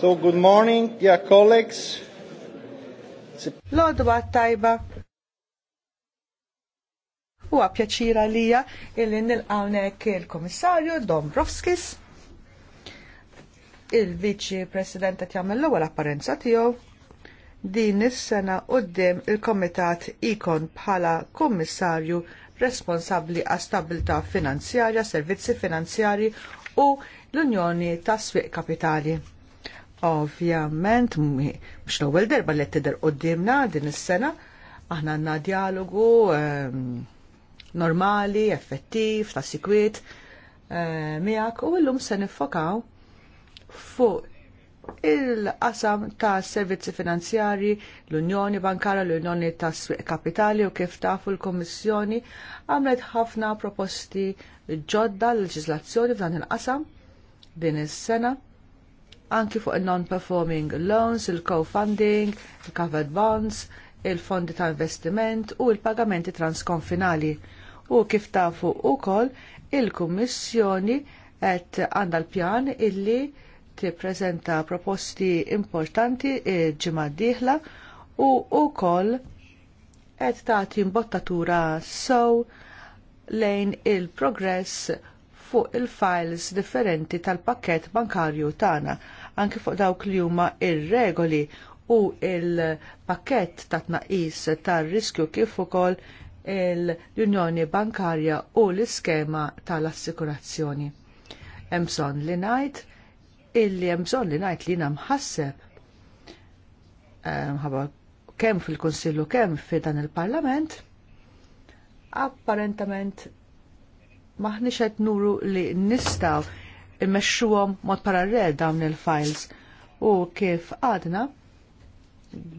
So, good morning, dear colleagues. Lodwa tajba. Huwa pjaċira lija illi nilqawnek il-Komissarju Dombrovskis, il-Viċi President qed jagħmel l apparenza tiegħu din is-sena quddiem il-Komitat ikon bħala Kummissarju responsabbli għas finanzjarja, servizzi finanzjarji u l-Unjoni tas Swieq Kapitali. Ovvjament, mux l-ewwel darba li tider qudiemna din is-sena, aħna għandna dialogu ehm, normali, effettiv, ta' sikwiet eh, miak u l-lum se niffokaw fuq il-qasam ta' servizzi finanzjari, l-Unjoni Bankara, l-Unjoni ta' Swiq Kapitali u kif tafu l-Kommissjoni għamlet ħafna proposti ġodda l-leġislazzjoni f'dan il-qasam din is-sena anki fuq il-non-performing loans, il-co-funding, il-covered bonds, il-fondi ta' investiment u il-pagamenti transkonfinali. U kif tafu wkoll il-Kummissjoni qed għandha l-pjan illi tippreżenta proposti importanti ġimgħa d-dieħla u wkoll qed tagħti mbottatura sow lejn il-progress fuq il-files differenti tal-pakket bankarju tagħna anki fuq dawk li huma ir-regoli u il-pakket ta' tnaqis tar-riskju kif ukoll l-Unjoni Bankarja u l-iskema tal-assikurazzjoni. Hemm bżonn li ngħid illi hemm bżonn li ngħid li jiena mħasseb eh, ħabba kemm fil-Konsillu kemm fi dan il-Parlament, apparentament maħniex qed nuru li nistaw immexxuhom mod parallel dawn il-files u kif għadna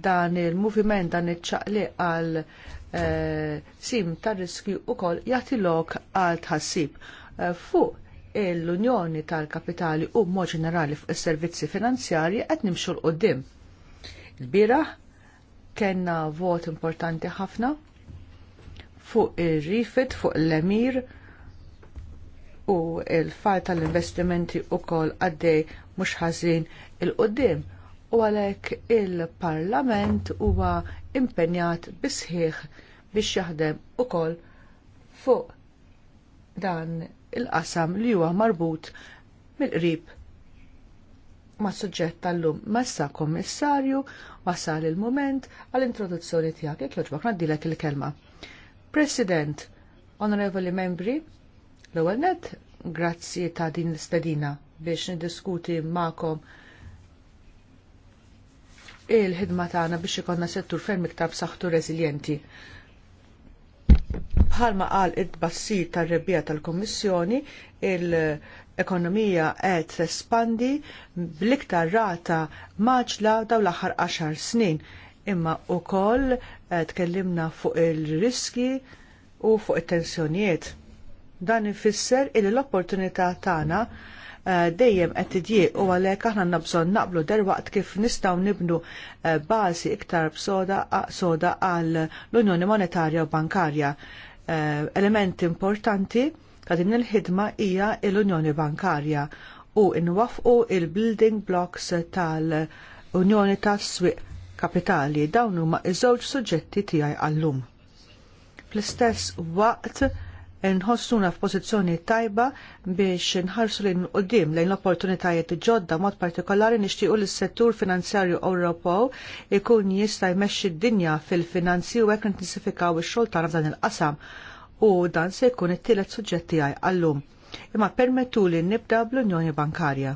dan il-moviment dan iċ-ċaqli għal eh, sim tar riskju wkoll jagħti lok għal tħassib eh, fuq l-Unjoni tal-Kapitali u mod ġenerali fuq is-servizzi finanzjarji qed nimxu l qoddim Il-bieraħ kellna vot importanti ħafna fuq ir-rifit fuq l-emir u il-fat tal-investimenti u kol għaddej mux ħazin il-qoddim u għalek il-parlament huwa impenjat bisħiħ biex jaħdem u kol fuq dan il-qasam li huwa marbut mill-qrib ma' suġġett tal-lum massa kommissarju wasal il-moment għall-introduzzjoni tiegħek jekk joġbok naddilek il-kelma. President, onorevoli membri, L-ewwel nett, grazzi ta' din l-istedina biex nidiskuti ma'kom il-ħidma tagħna biex ikonna settur ferm iktar b'saħħtu reżiljenti. Bħalma qal id-bassir tar-rebbija tal-Kummissjoni, l ekonomija qed tespandi bl-iktar rata maġla daw l-aħħar 10 snin. Imma wkoll eh, tkellimna fuq ir riski u fuq it-tensjonijiet. Dan ifisser illi l-opportunità tagħna eh, dejjem qed tidjieq u għalhekk aħna għandna bżonn naqblu derwaqt kif nistgħu nibnu eh, bażi iktar b'soda soda għal l-Unjoni Monetarja u Bankarja. Eh, element importanti ta' din il-ħidma hija l-Unjoni Bankarja u nwaffqu il-building blocks tal-Unjoni tas-Swieq Kapitali dawn huma iż-żewġ suġġetti tiegħi għallum. Fl-istess waqt nħossuna f'pożizzjoni tajba biex nħarsu lejn qudiem lejn l-opportunitajiet ġodda mod partikolari nixtiequ li s-settur finanzjarju Ewropew ikun jista' jmexxi d-dinja fil-finanzi u hekk intensifikaw ix-xogħol tagħna f'dan il-qasam u dan se jkun it-tielet suġġett tiegħi għallum. Imma permettuli nibda bl-Unjoni Bankarja.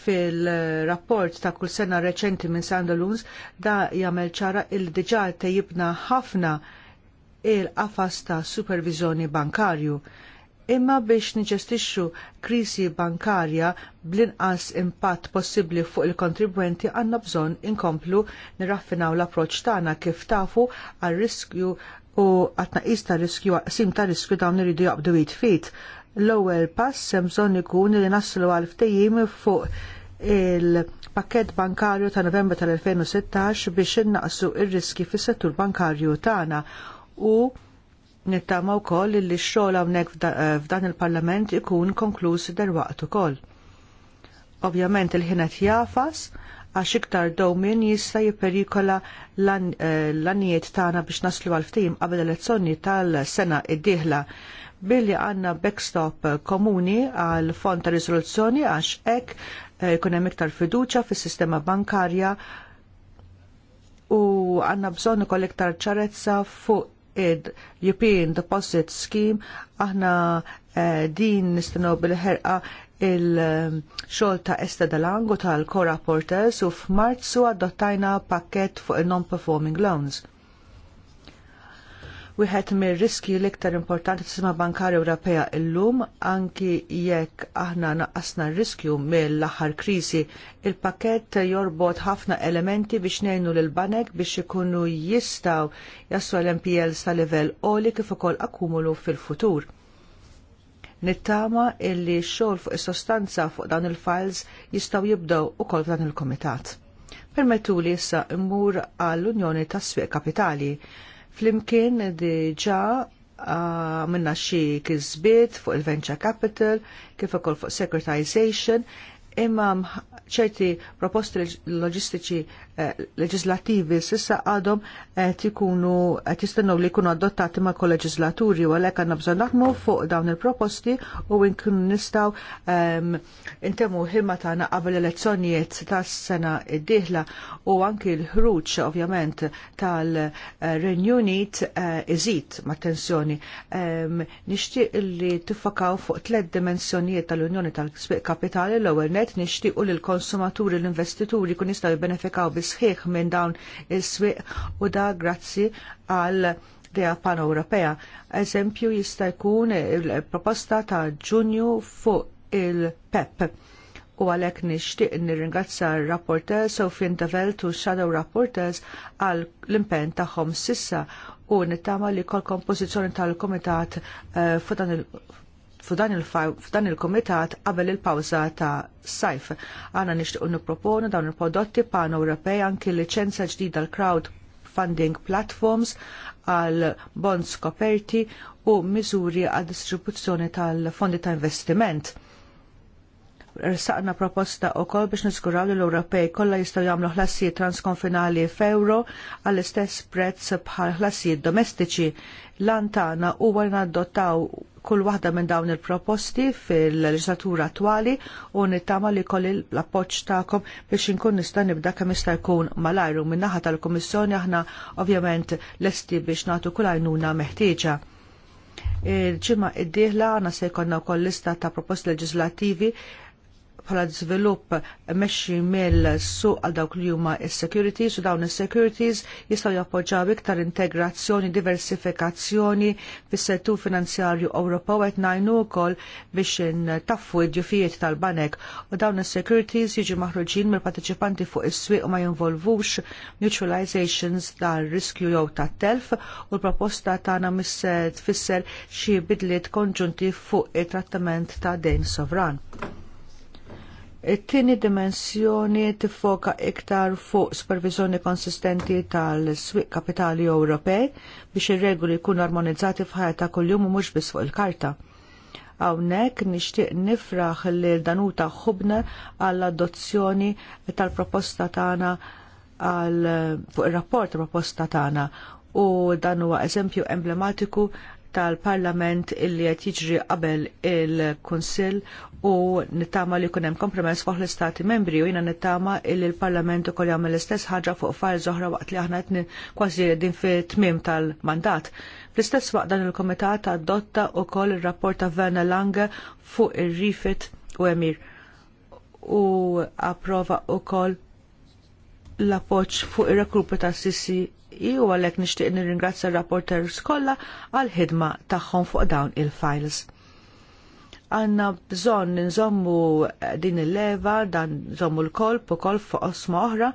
fil-rapport ta' kull sena reċenti minn Sandalons da jagħmel ċara il diġà jibna ħafna il-qafas ta' supervizjoni bankarju imma biex niġestixxu krisi bankarja bl-inqas impatt possibbli fuq il-kontribwenti għandna bżonn inkomplu niraffinaw l-approċċ tagħna kif tafu għar riskju u għatnaqis ta' riskju sim ta' riskju dawn iridu jaqbdu jitfit. L-ewwel pass hemm bżonn ikun li naslu għal ftehim fuq il-pakket bankarju ta' Novembru tal-2016 biex innaqsu ir-riski fis-settur bankarju tagħna u nittama wkoll li x-xogħol hawnhekk eh, f'dan il-Parlament ikun konkluż derwaqt ukoll. Ovvjament il-ħinet jafas għax iktar dowmin jista' jipperikola eh, l-anijiet tagħna biex naslu għal ftim qabel elezzjoni tal-sena id-dieħla billi għandna backstop komuni għal fond ta' riżoluzzjoni għax hekk jkun eh, hemm iktar fiduċja fis-sistema bankarja u għandna bżonn ukoll iktar ċarezza fuq id-European Deposit Scheme aħna eh, din nistennew bil-ħerqa il-xol ta' Esta Dalango tal-Kora Porters u f'Marzu adottajna pakket fuq il-Non-Performing Loans wieħed mir-riski l-iktar importanti tas-sistema bankarja Ewropea llum anki jekk aħna naqqasna r-riskju mill-aħħar kriżi, il-pakett jorbot ħafna elementi biex ngħinu lil banek biex ikunu jistgħu jaslu l-MPL sa livell qoli kif ukoll akkumulu fil-futur. Nittama illi xogħol fuq is-sostanza fuq dawn il-files jistgħu jibdew ukoll f'dan il-komitat permettu li issa immur għall-Unjoni tas swieq Kapitali Flimkien diġa ah, minna xi kizbiet fuq il-venture capital, kif ukoll fuq securitization, imma ċerti proposti loġistiċi leġislattivi sissa għadhom qed ikunu qed jistennew li jkunu adottati ma' kol-leġislaturi u għalhekk għandna bżonn naħdmu fuq dawn il-proposti u nkunu nistgħu ehm, intemmu ħilma tagħna qabel elezzjonijiet tas-sena d-dieħla u anki l-ħruġ ovvjament tal-Renew Unit eh, iżid ma' tensjoni. Ehm, nixtieq li tiffakaw fuq tliet dimensjonijiet tal-Unjoni tal-Kapitali l-ewwel net nixtiequ lill konsumaturi l-investituri kun jistgħu jibbenefikaw bis sħiħ minn dawn is-swieq u da grazzi għal idea pan-Ewropea. Eżempju jista' jkun il-proposta ta' Ġunju fuq il-PEP. U għalhekk nixtieq nirringrazza r-rapporter Sofien Davelt u Shadow Rapporters għal l-impenn tagħhom sissa u nittama li kol kompożizzjoni tal-Komitat uh, eh, fuq dan il- f'dan il-komitat qabel il-pawza ta' sajf. Għana nixtiequ nipproponu dawn il-prodotti pan Ewropej anki licenza ġdida l-crowd funding platforms għal bonds koperti u miżuri għal distribuzzjoni tal-fondi ta' investiment. Rsaqna proposta u kol biex niskuraw li l-Ewropej kollha jistgħu jagħmlu ħlasijiet transkonfinali f'euro għall-istess prezz bħal ħlasijiet domestiċi Lantana huwa li nadottaw kull waħda minn dawn il-proposti fil-leġislatura attwali u nittama li koll l-appoġġ tagħkom biex inkun nista' nibda kemm jista' jkun malajru min-naħa tal-Kummissjoni aħna ovvjament lesti biex nagħtu kull għajnuna meħtieġa. Il-ġimgħa id-dieħla għandna se jkollna wkoll lista ta' proposti leġislattivi bħala żvilupp mexxi mill-suq għal dawk li huma s-securities u dawn is-securities jistgħu jappoġġaw iktar integrazzjoni, diversifikazzjoni fis-settur finanzjarju Ewropew qed ngħinu wkoll biex intaffu id-djufijiet tal-banek u dawn is-securities jiġu maħruġin mill-parteċipanti fuq is-swieq u ma jinvolvux mutualizations tal-riskju jew tat-telf u l-proposta tagħna mis tfisser xi bidliet konġunti fuq it-trattament ta' dejn sovran. It-tieni dimensjoni tifoka iktar fuq supervizjoni konsistenti tal-swieq kapitali Ewropej biex ir-regoli jkunu armonizzati f'ħajta kuljum u mhux biss fuq il-karta. Hawnhekk nixtieq nifraħ lil Danuta ħubna għall-adozzjoni tal-proposta tagħna għal fuq ir-rapport proposta tagħna u dan huwa eżempju emblematiku tal-Parlament illi qed jiġri qabel il-Kunsill u nittama li jkun hemm kompromess fuq l-Istati membri u jiena nittama illi l-Parlament ukoll jagħmel l-istess ħaġa fuq fajl oħra waqt li aħna qed kważi din fi tmiem tal-mandat. Fl-istess waqt dan il-Komitat adotta wkoll ir-rapport ta' Verna Lange fuq ir-Rifit u Emir u approva wkoll l-appoġġ fuq ir-rekrupa ta' Sissi i u għalek nishtiq nirringrazzja r-rapporter skolla għal-ħidma tagħhom fuq dawn il-files. Għanna bżon nżommu eh, din il-leva, dan nżommu l kolp u kolb fuq osma oħra,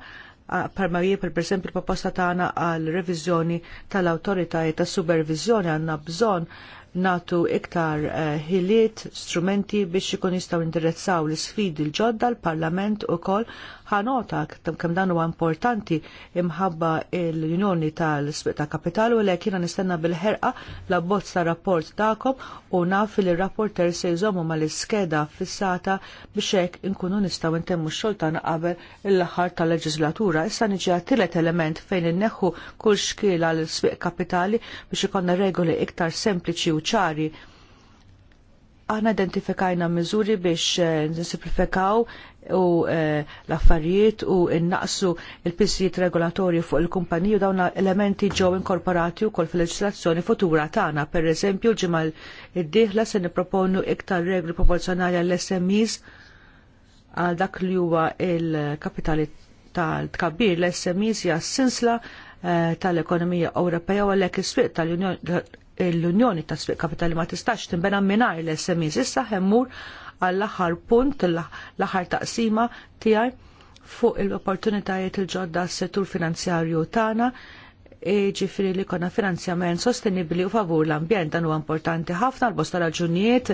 parma per per proposta tagħna għal reviżjoni tal e ta' supervizjoni għanna bżon natu iktar eh, ħiliet, strumenti biex ikun jistgħu interessaw l isfidi l-ġodda l-Parlament ukoll ħanota kem dan huwa importanti imħabba l-Unjoni tal-Sbiq ta' Kapitalu li kiena nistenna bil-ħerqa la bozza rapport dakom, u naf li rapporter se jżommu mal-iskeda fissata biex hekk inkunu nistgħu ntemmu x-xogħol qabel l-aħħar tal-leġislatura. Issa niġi għat element fejn inneħħu kull xkiel l-Sbiq Kapitali biex ikonna regoli iktar sempliċi u ċari Aħna identifikajna miżuri biex eh, nisimplifikaw u eh, l-affarijiet u innaqsu il-pissijiet regolatorju fuq il-kumpaniju dawna elementi ġew inkorporati wkoll fil-leġislazzjoni futura tagħna. Pereżempju ġimal id-dieħla se nipproponu iktar regli proporzjonali għall-SMEs għal dak li huwa il-kapitali tal-tkabbir l-SMEs hija sinsla eh, tal-ekonomija Ewropea u għalhekk is-swieq tal-Unjoni l-Unjoni ta' Sfiq Kapitali ma tistax timbena minar l-SMEs. Issa hemmur għall-aħħar punt, l-aħħar taqsima tiegħi fuq l-opportunitajiet il-ġodda s-settur finanzjarju tagħna e ġifiri li konna finanzjament sostenibli u favur l-ambjent dan huwa importanti ħafna l-bosta raġunijiet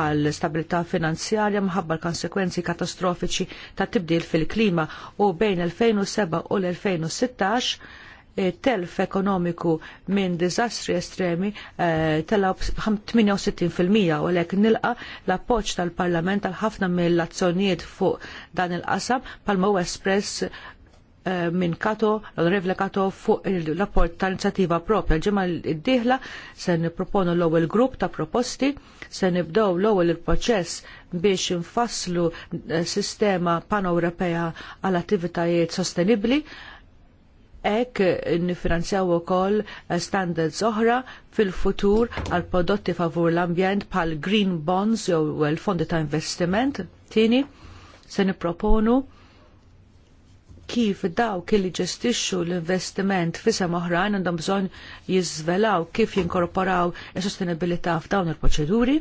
għal stabilità finanzjarja mħabba l-konsekwenzi katastrofiċi ta' tibdil fil-klima u bejn 2007 u l-2016 telf ekonomiku minn diżastri estremi eh, telaw 68% u lek nilqa l-appoċ tal-Parlament għal ħafna mill-azzjonijiet fuq dan il-qasam palma u espress eh, minn Kato, l-Onorevole Kato fuq l-rapport ta' inizjattiva propja. Ġemma id-dihla se niproponu l-ewwel grupp ta' proposti, se nibdew l-ewwel il-proċess biex infasslu eh, sistema pan-Ewropea għal attivitajiet sostenibbli Ek nifinanzjaw ukoll eh, standards oħra fil-futur għal prodotti favur l-ambjent bħal green bonds jew l-fondi ta' investiment. tini se nipproponu kif dawk li ġestixxu l-investiment fisem oħrajn għandhom bżonn jiżvelaw kif jinkorporaw is-sostenibilità f'dawn il-proċeduri.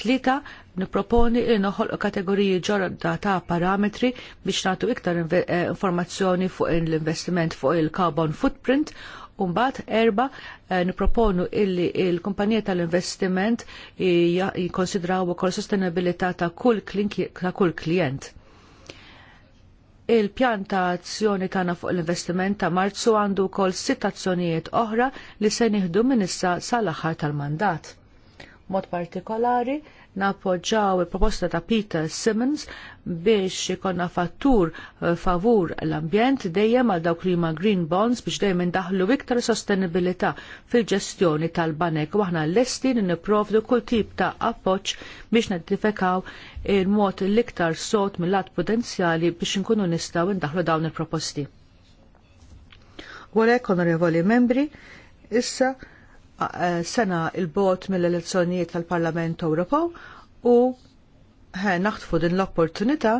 Tlieta nipproponi li noħolqu kategoriji ġodda ta' parametri biex nagħtu iktar eh, informazzjoni fuq l-investiment fuq il-carbon footprint Umbat erba eh, niproponu illi il-kumpanija tal-investiment jikonsidraw ukoll sostenibilità ta' kull ta' kull klient. Il-pjan ta' azzjoni tagħna fuq l-investiment ta' Marzu għandu wkoll sitt azzjonijiet oħra li se nieħdu minn issa sal-aħħar tal-mandat. Mod partikolari nappoġġaw il-proposta ta' Peter Simmons biex ikonna fattur eh, favur l-ambjent dejjem għal dawk li ma' green bonds biex dejjem indaħlu iktar sostenibilità fil-ġestjoni tal-banek u aħna l-esti nipprovdu kull tip ta' appoġġ biex nettifikaw il-mod l-iktar sot mill-lat potenzjali biex nkunu nistgħu indaħlu dawn il-proposti. Għolek, onorevoli membri, issa Eh, sena il-bot mill-elezzjonijiet tal-Parlament Ewropew u eh, naħtfu din l-opportunità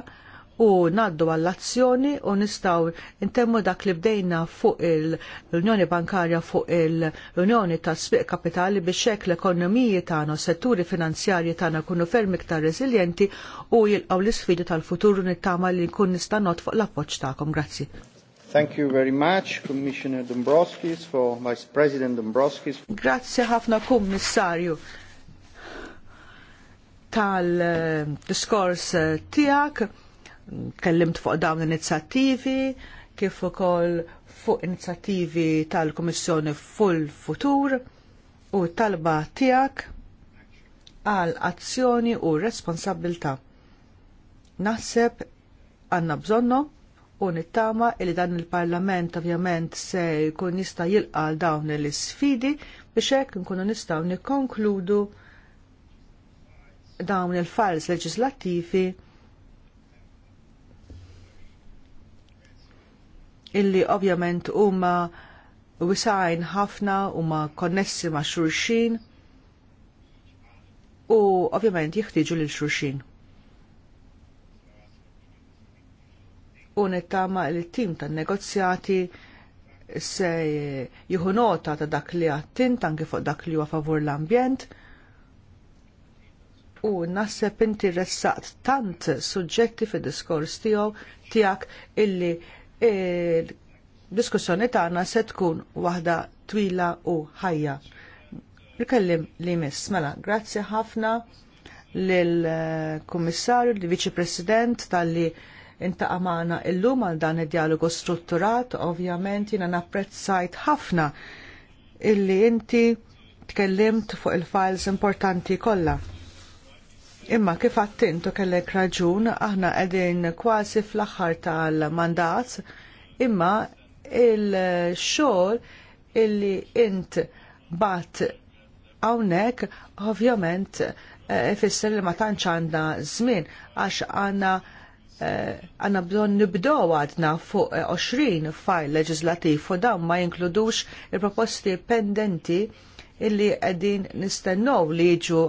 u naddu għall-azzjoni u nistaw intemmu dak li bdejna fuq l-Unjoni Bankarja fuq l-Unjoni ta' Sbiq Kapitali biex hekk l-ekonomiji tagħna u setturi finanzjarji tagħna kunu ferm iktar reżiljenti u jilqgħu l-isfidi tal-futur nittama li nkun nista' not fuq l-appoġġ tagħkom. Grazzi. Thank you very much, Commissioner Dombrovskis, for Vice President Dombrovskis. Grazie ħafna kummissarju tal-diskors tijak, kellimt fuq dawn l-inizjattivi, kif ukoll fuq inizjattivi tal-Kummissjoni full futur u talba tijak għal azzjoni u responsabilta. Naħseb għanna bżonno u nittama li dan il-Parlament ovvjament se jkun jista' jilqa' dawn l-isfidi biex hekk nkunu nistgħu nikkonkludu dawn il-files leġislattivi illi ovvjament huma wisajn ħafna huma konnessi ma' xulxin u ovvjament jeħtieġu lil xulxin. u nittama li tim tan negozjati se jieħu nota ta' dak li għattin tanki fuq dak li huwa favur l-ambjent u naħseb inti ressaqt tant suġġetti fid diskors tiegħu tiegħek illi il-diskussjoni tagħna se tkun waħda twila u ħajja. Nikellim li miss, mela, grazzi ħafna lill-Kummissarju, li viċi President tal-li inta għamana illum għal dan id-dialogu strutturat, ovvjament jiena napprezzajt ħafna illi inti tkellimt fuq il-files importanti kollha. Imma kif għattintu kellek raġun, aħna qegħdin kważi fl-aħħar tal-mandat, imma il-xogħol illi int bat hawnhekk ovvjament eh, ifisser li ma tantx għandna żmien għax għandna Eh, għanna bżon nibdow għadna fuq 20 eh, fajl leġislativ u dawn ma jinkludux il-proposti pendenti illi għedin nistennow li jiġu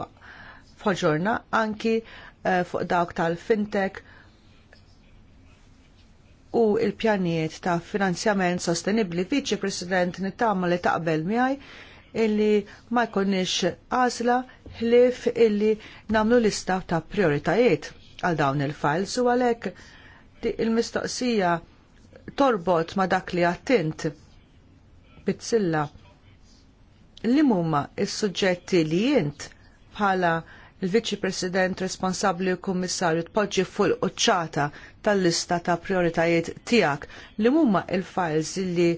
foġorna anki eh, fuq dawk tal-fintech u il-pjanijiet ta' finanzjament sostenibli viċi president nittama li taqbel miħaj illi ma jkunix għazla ħlif illi namlu lista ta' prioritajiet għal dawn il-files u għalhekk il-mistoqsija torbot ma dak li għattint bitzilla li mumma il suġġetti li jint bħala il-Viċi President responsabli u kummissarju tpoġġi fuq il tal-lista ta' prioritajiet tiegħek li mumma il-files li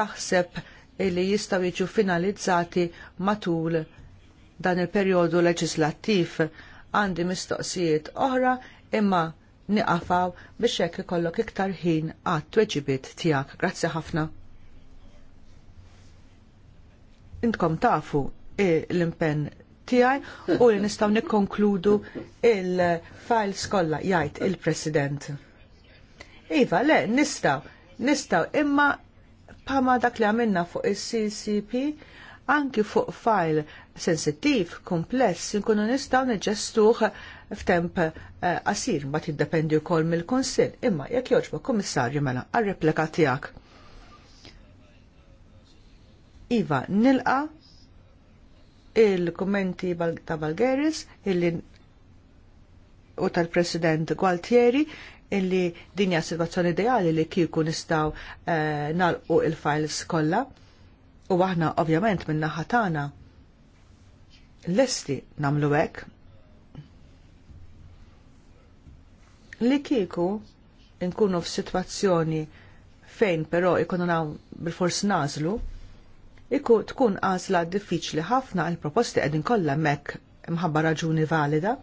taħseb li jistgħu jiġu finalizzati matul dan il-perjodu leġislattiv għandi mistoqsijiet oħra imma niqafaw biex hekk ikollok iktar ħin għat tweġibiet tiegħek. Grazzi ħafna. Intkom tafu l-impenn tiegħi u li nistgħu nikkonkludu il file skolla jgħid il-President. Iva, le, nistaw, nistaw, imma bħama dak li għamilna fuq is ccp anki fuq fajl sensittiv, kompless, inkunu nistgħu neġestuħ f'temp eh, qasir, uh, mbagħad jiddependi wkoll mill-Kunsill. Imma jekk joġba komissarju mela għal replika tiegħek. Iva, nilqa il-kommenti ta' Balgeris illi u tal-President Gualtieri illi dinja situazzjoni ideali li kieku nistaw eh, nalqu il-files kollha U aħna ovvjament minna naħa tagħna lesti nagħmlu hekk. Li kieku nkunu f'sitwazzjoni fejn però ikunu naw bil-fors nażlu, iku tkun għażla diffiċli ħafna għal proposti qegħdin kollha hemmhekk imħabba raġuni valida.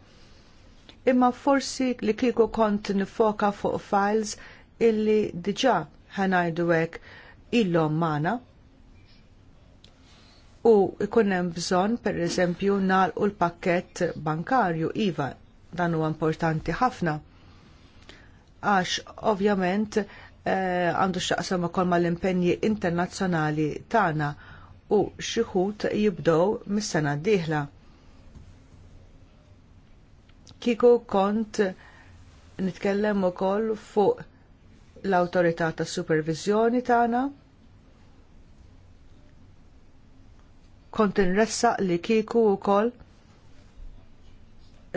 Imma forsi li kieku kont nifoka fuq files illi diġà ħanajdu hekk ilhom magħna u jkun hemm bżonn pereżempju nagħlqu l-pakkett bankarju iva dan huwa importanti ħafna. Għax ovvjament eh, għandu eh, x'aqsam ukoll mal-impenji internazzjonali tagħna u xi jibdow jibdew mis-sena d-dieħla. Kieku kont nitkellem ukoll fuq l autorità tas supervizjoni tagħna kont inressa li kieku wkoll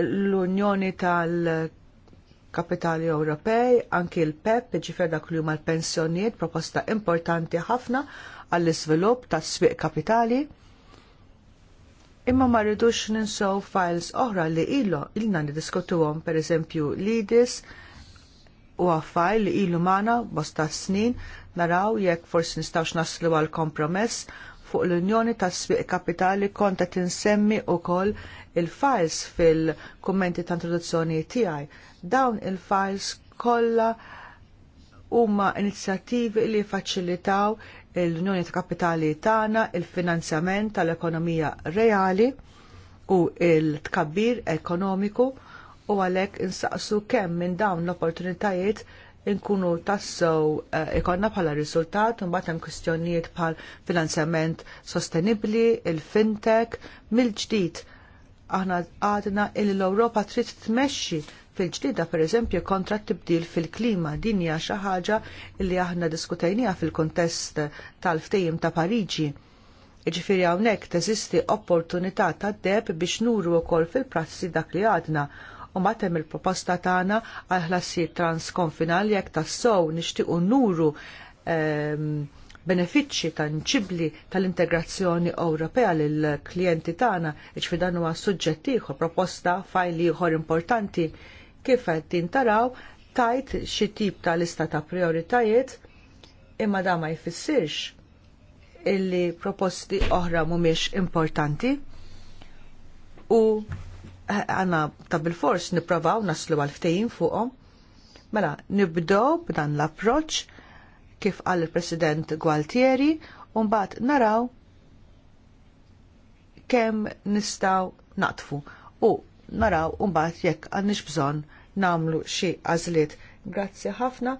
l-Unjoni tal-Kapitali Ewropej, anki l-PEP, ġifer dak li huma l-pensjonijiet, proposta importanti ħafna għall-iżvilupp tas-swieq kapitali. Imma ma rridux ninsew files oħra li ilu ilna niddiskutuhom, pereżempju l-IDIS, u għaffaj li ilu mana bosta snin naraw jekk forsi nistawx naslu għal kompromess fuq l-Unjoni tas Sviq Kapitali konta tinsemmi wkoll il-files fil-kummenti ta' introduzzjoni tiegħi. Dawn il-files kollha huma inizjattivi li faċilitaw l-Unjoni ta' Kapitali tagħna il-finanzjament tal-ekonomija reali u l tkabbir ekonomiku u għalhekk insaqsu kemm minn dawn l-opportunitajiet inkunu tassew eh, ikonna bħala riżultat mbagħad hemm kwistjonijiet bħal finanzjament sostenibbli, il-fintech, mill-ġdid aħna għadna il l-Ewropa trid tmexxi fil-ġdida pereżempju kontra t-tibdil fil-klima din hija xi ħaġa li aħna diskutejniha fil-kontest tal ftejim ta' Pariġi. Iġifieri hawnhekk teżisti opportunità tad-deb biex nuru wkoll fil-prassi dak li għadna u matem il-proposta tagħna għal ħlassi transkonfinali jekk tassow nixtiequ nuru ehm, benefiċċji tanċibli tal-integrazzjoni Ewropea lill klijenti tagħna iġfi dan huwa suġġett ieħor proposta fajli ieħor importanti kif qed tintaraw tajt xi tip ta' lista ta' prioritajiet imma da ma jfissirx illi proposti oħra mhumiex importanti u għanna ta' bil-fors nipravaw naslu għal-ftejn fuqom. Mela, nibdow b'dan l-approċ kif għal il-President Gualtieri un bat naraw kem nistaw natfu u naraw un bat jekk għannix bżon namlu xie għazliet. Grazzi ħafna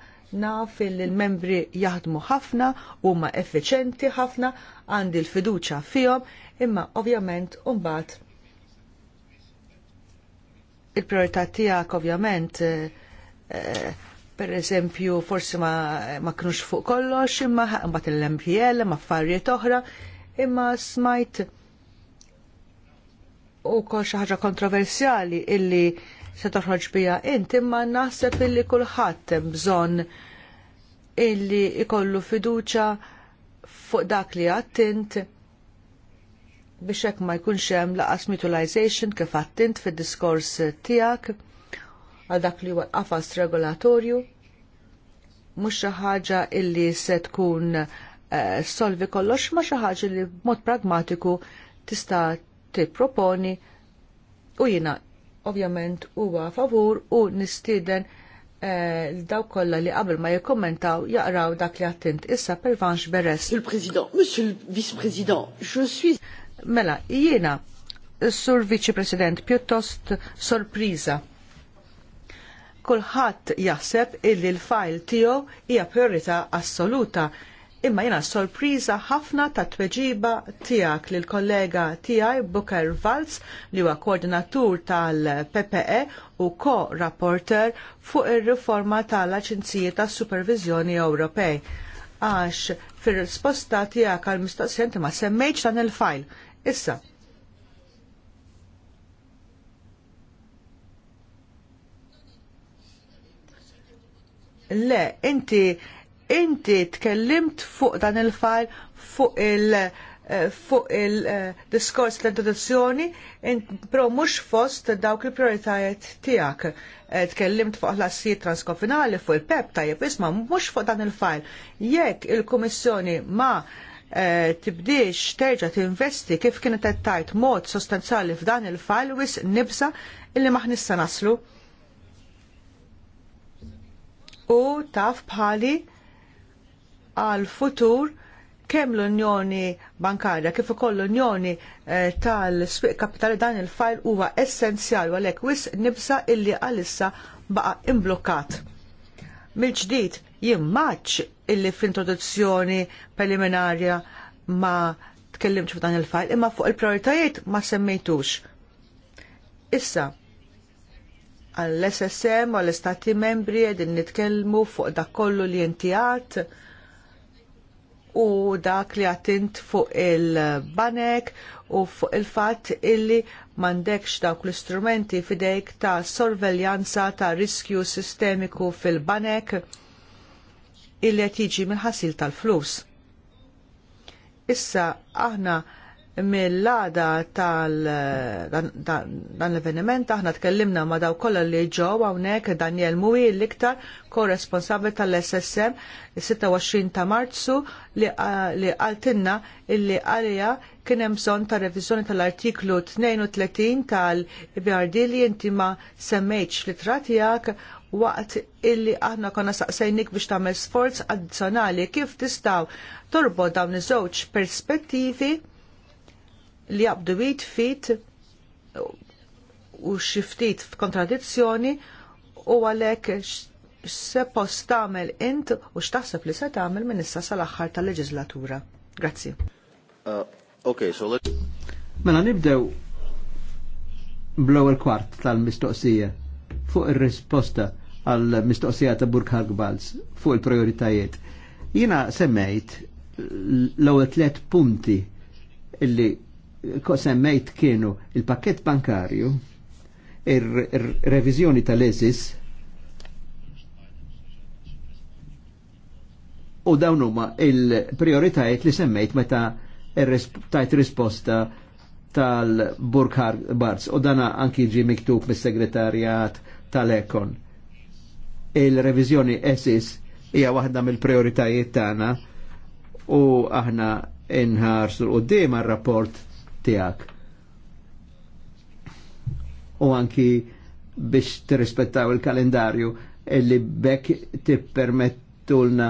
naf il-membri jaħdmu ħafna u ma effiċenti ħafna għandi l-fiduċa fihom imma ovvjament un bat il-priorità tiegħek ovvjament eh, eh, per forsi ma, ma kinux fuq kollox imma mbagħad l-MPL ma affarijiet oħra imma smajt u kol xi ħaġa kontroversjali illi se toħroġ bija inti imma naħseb illi kulħadd hemm bżonn illi ikollu fiduċja fuq dak li għattint biex hekk ma jkunx hemm laqas mutualization kif għattint fid-diskors tiegħek għal dak li huwa regolatorju mhux xi ħaġa illi se tkun uh, solvi kollox ma xi ħaġa li b'mod pragmatiku tista' tipproponi u jiena ovvjament huwa favur u nistieden eh, daw kolla li qabel ma jikkommentaw jaqraw dak li għattint issa per vanx beres. Monsieur le Monsieur le vice president je suis... Mela, jiena, sur Viċi President, pjuttost sorpriża. Kulħadd jaħseb illi l-fajl tiegħu hija priorità assoluta, imma jiena sorpriża ħafna ta' tweġiba tiegħek lil kollega tiegħi Booker Valls li huwa koordinatur tal-PPE u ko-rapporter fuq ir-riforma tal-Aġenziji tas-Supervizjoni Ewropej għax fir risposta tiegħek għall mistoqsijiet ma semmejtx dan il-fajl. Issa, le, inti inti tkellimt fuq dan il-fajl fuq il- eh, fuq il-diskors eh, l introduzzjoni pro mux fost dawk il-prioritajiet tijak. Eh, tkellimt fuq l-assijiet transkofinali, fuq il-pep tajib, isma mux fuq dan il-fajl. Jekk il-Komissjoni ma' Eh, tibdiex terġa tinvesti kif kienet qed tajt mod sostanzjali f'dan il-fall wis nibsa illi nista naslu. U taf bħali għal futur kemm l-Unjoni Bankarja kif ukoll l-Unjoni eh, tal swieq Kapitali dan il-fajl huwa essenzjali għalhekk wis nibsa illi għalissa baqa imblokkat. Mill-ġdid jimmaċ illi fl-introduzzjoni preliminarja ma tkellimx f'dan il-fajl imma fuq il-prioritajiet ma semmejtux. Issa, għall-SSM, għall-Istati membri għedin nitkellmu fuq dak kollu li jentijat u dak li għatint fuq il-banek u fuq il-fat illi mandekx dawk l-istrumenti fidejk ta' sorveljanza ta' riskju sistemiku fil-banek illi qed jiġi mill-ħasil tal-flus. Issa aħna mill-għada tal-dan l-avveniment aħna tkellimna ma daw kollha li ġew hawnhekk Daniel Mui l-iktar korresponsabbli tal-SSM 26 ta' Marzu li qaltilna illi għalija kien hemm bżonn ta' reviżjoni tal-artiklu 32 tal-BRD li inti ma semmejtx fl-ittra tiegħek waqt illi aħna konna saqsajnik biex tagħmel sforz addizzjonali kif tistaw torbod dawn iż-żewġ perspettivi li jabdu wit fit u xiftit f'kontradizzjoni u għalhekk se post tagħmel int u x'taħseb li se tagħmel minn issa sal-aħħar tal-leġislatura. Grazzi. Uh, ok, so let's... Mela nibdew bl-ewwel kwart tal-mistoqsija fuq ir-risposta għal mistoqsija ta' Burkhard Balz fuq il-prioritajiet. Jina semmejt l-ewwel tliet punti illi semmejt kienu il-pakket bankarju, ir-reviżjoni tal-eżis u dawn huma il-prioritajiet li semmejt meta tajt risposta tal-Burkhard Barz u dana anki ġi miktub mis-segretarjat tal-Ekon il-revizjoni esis hija waħda mill-prioritajiet tagħna u aħna inħar sul qoddim rapport tiegħek. U anki biex tirrispettaw il-kalendarju illi bekk tippermettulna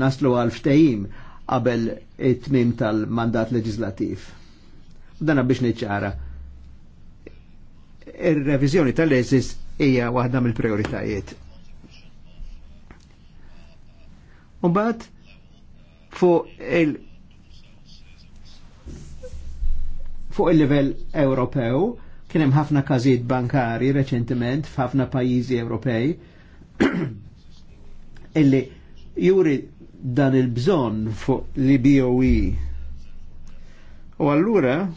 naslu għal ftehim qabel it-tmim tal-mandat leġislativ. Dana biex niċċara. Ir-reviżjoni tal-eżis hija waħda mill-prioritajiet. bat fuq il- fuq il-livell Ewropew kien hemm ħafna każijiet bankari reċentement f'ħafna pajjiżi Ewropej illi juri dan il-bżonn fuq li BOE. U allura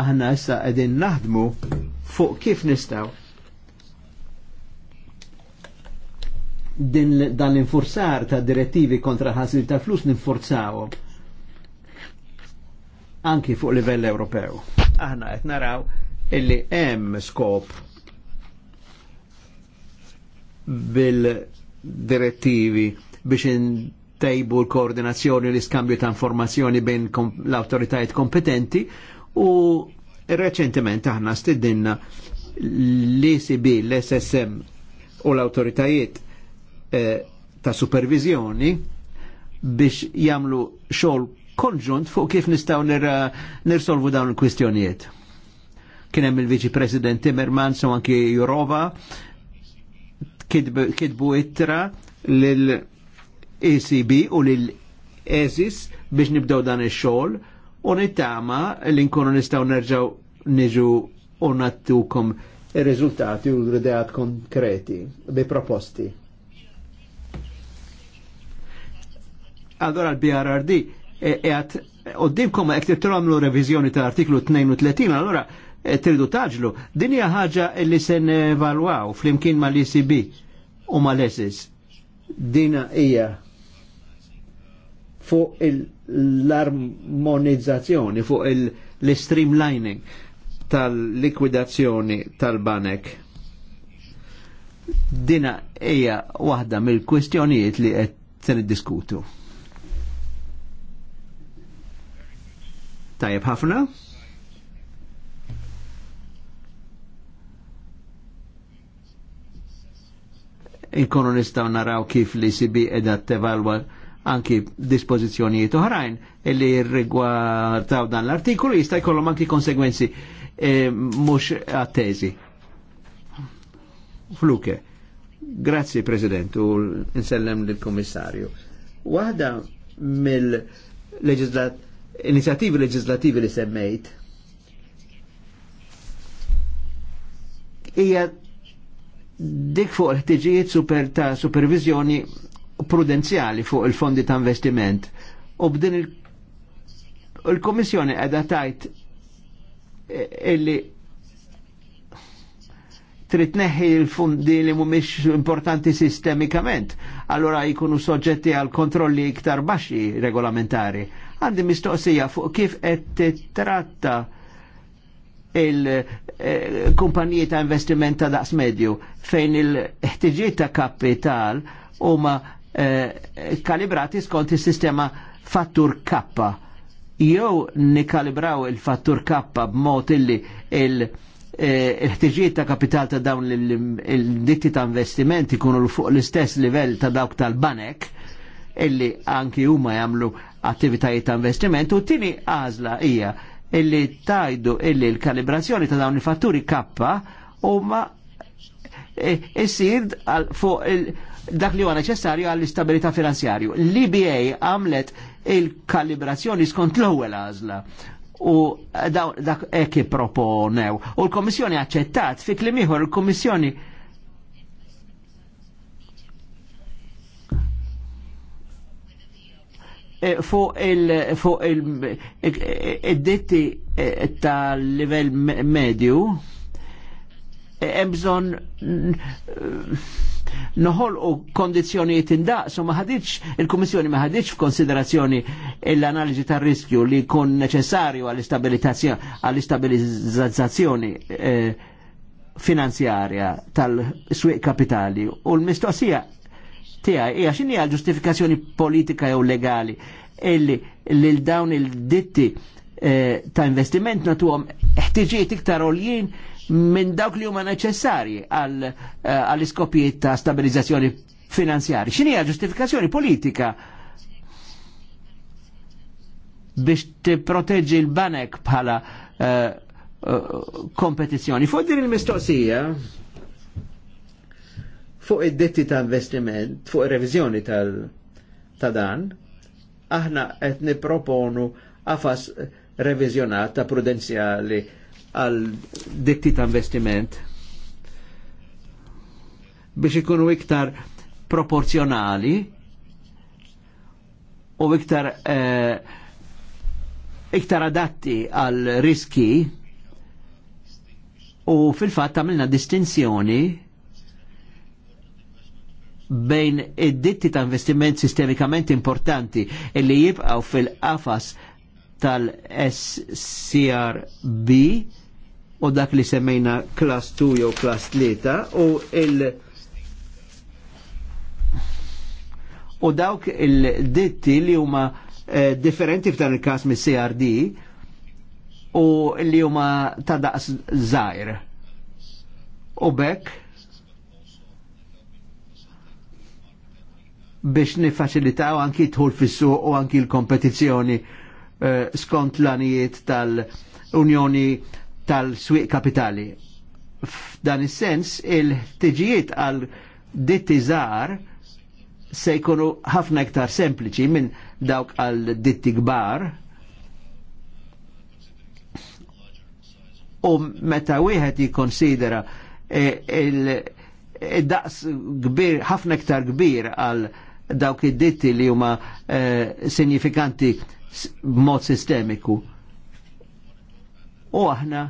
aħna issa qegħdin naħdmu fuq kif nistgħu dan l-infurzar ta' direttivi kontra ħasil ta' flus ninfurzaw anki fuq livell Ewropew. Aħna qed naraw illi hemm skop bil-direttivi biex intejbu l-koordinazzjoni l-iskambju ta' informazzjoni bejn l-autoritajiet kompetenti U reċentement aħna stiddinna l-ECB, l-SSM u l-autoritajiet eh, ta' supervizjoni biex jamlu xogħol konġunt fuq kif nistaw nirsolvu dawn il-kwistjonijiet. Kien hemm il-Viċi President Timmermans u anki Jurova kitbu ittra lil ECB u lil ESIS biex nibdew dan ix-xogħol u nittama li nkunu nistaw nerġaw niġu u nattukom il-rizultati u l-ideat konkreti bi proposti. Allora l-BRRD e, e għat e, għoddimkom e għek titramlu revizjoni tal-artiklu 32, allora e, tridu taġlu. Din hija ħaġa li sen nevalwaw fl-imkien ma l-ECB u ma l-ESIS. Dina hija fuq il- l-armonizzazzjoni fuq l-streamlining tal-likwidazzjoni tal-banek. Dina hija waħda mill kwestjonijiet li qed se niddiskutu. Tajjeb ħafna. Inkonu nistaw naraw kif li sibi edat tevalwa anki dispożizzjonijiet oħrajn li rigwardaw dan l-artikolu jista' jkollhom anki konsegwenzi e, mhux attesi. Fluke. Grazzi President u nsellem lill-Kummissarju. Waħda mill iniziativi leġislativi li semmejt hija dik fuq l ħtiġijiet super ta' supervizjoni prudenzjali fuq il-fondi ta' investiment. U b'din il-Komissjoni il tajt e, illi trid neħi l-fundi li mhumiex importanti sistemikament, allura jkunu soġġetti għal kontrolli iktar baxxi regolamentari. Għandi mistoqsija fuq kif qed titratta il-kumpaniji e, ta' investiment ta' daqs medju fejn il-ħtiġiet ta' kapital huma Eh, kalibrati skont is-sistema fattur K. Jew nikalibraw il-fattur K b'mod illi eh, il-ħtiġijiet ta' kapital ta' dawn il-ditti ta' investimenti ikunu fuq l-istess livell ta' dawk tal-banek illi anki huma jagħmlu attivitajiet ta' investiment u tini għażla hija illi tajdu illi l-kalibrazzjoni ta' dawn il-fatturi kappa huma eh, issir fuq il- dak li huwa neċessarju għall-istabilità finanzjarju. L-IBA għamlet il-kalibrazzjoni skont l-ewwel għażla u dak ekki proponew. U l-Komissjoni aċċettat, fi klim ieħor il-Komissjoni e, fuq il-detti e, tal-livell medju e, hemm bżonn noħol u kondizjoniet indaqs so maħadiċ, il-Komissjoni maħadiċ f'konsiderazzjoni l-analiġi ta' riskju li kun neċessarju għall-istabilizzazzjoni eh, finanzjarja tal-swiq kapitali u l-mistoqsija tiegħi hija x'inhi għal-ġustifikazzjoni politika jew legali illi li l dawn il-ditti eh, ta' investiment natuhom ħtiġiet iktar oljien minn dawk li huma neċessarji eh, għall-iskopijiet ta' stabilizzazzjoni finanzjari. X'inhi ġustifikazzjoni politika biex tipproteġġi l-banek bħala uh, kompetizzjoni. Fuq din il-mistoqsija fuq id-detti ta' investiment, fuq ir-reviżjoni ta' dan, aħna qed nipproponu għafas revizjonat prudenzjali għal ditti ta' investiment biex ikunu iktar proporzjonali u iktar eh, iktar adatti għal riski u fil-fatt għamilna distinzjoni bejn id-ditti ta' investiment sistemikament importanti illi jibqaw fil-qafas tal-SCRB u dak li semmejna klas 2 jew klas 3 u il- u dawk il-ditti li huma eh, differenti f'dan il-kas mis crd u li huma ta' daqs żgħir. U bekk biex nifaċilitaw anki tħul fis-suq u anki l-kompetizzjoni eh, skont l-anijiet tal-Unjoni tal-swieq kapitali. F'dan is-sens il-ħtiġijiet għal ditti żgħar se jkunu ħafna iktar sempliċi minn dawk għal ditti kbar. U meta wieħed jikkonsidera e, il-daqs e, kbir, ħafna iktar kbir għal dawk id-ditti li huma eh, sinifikanti mod sistemiku u aħna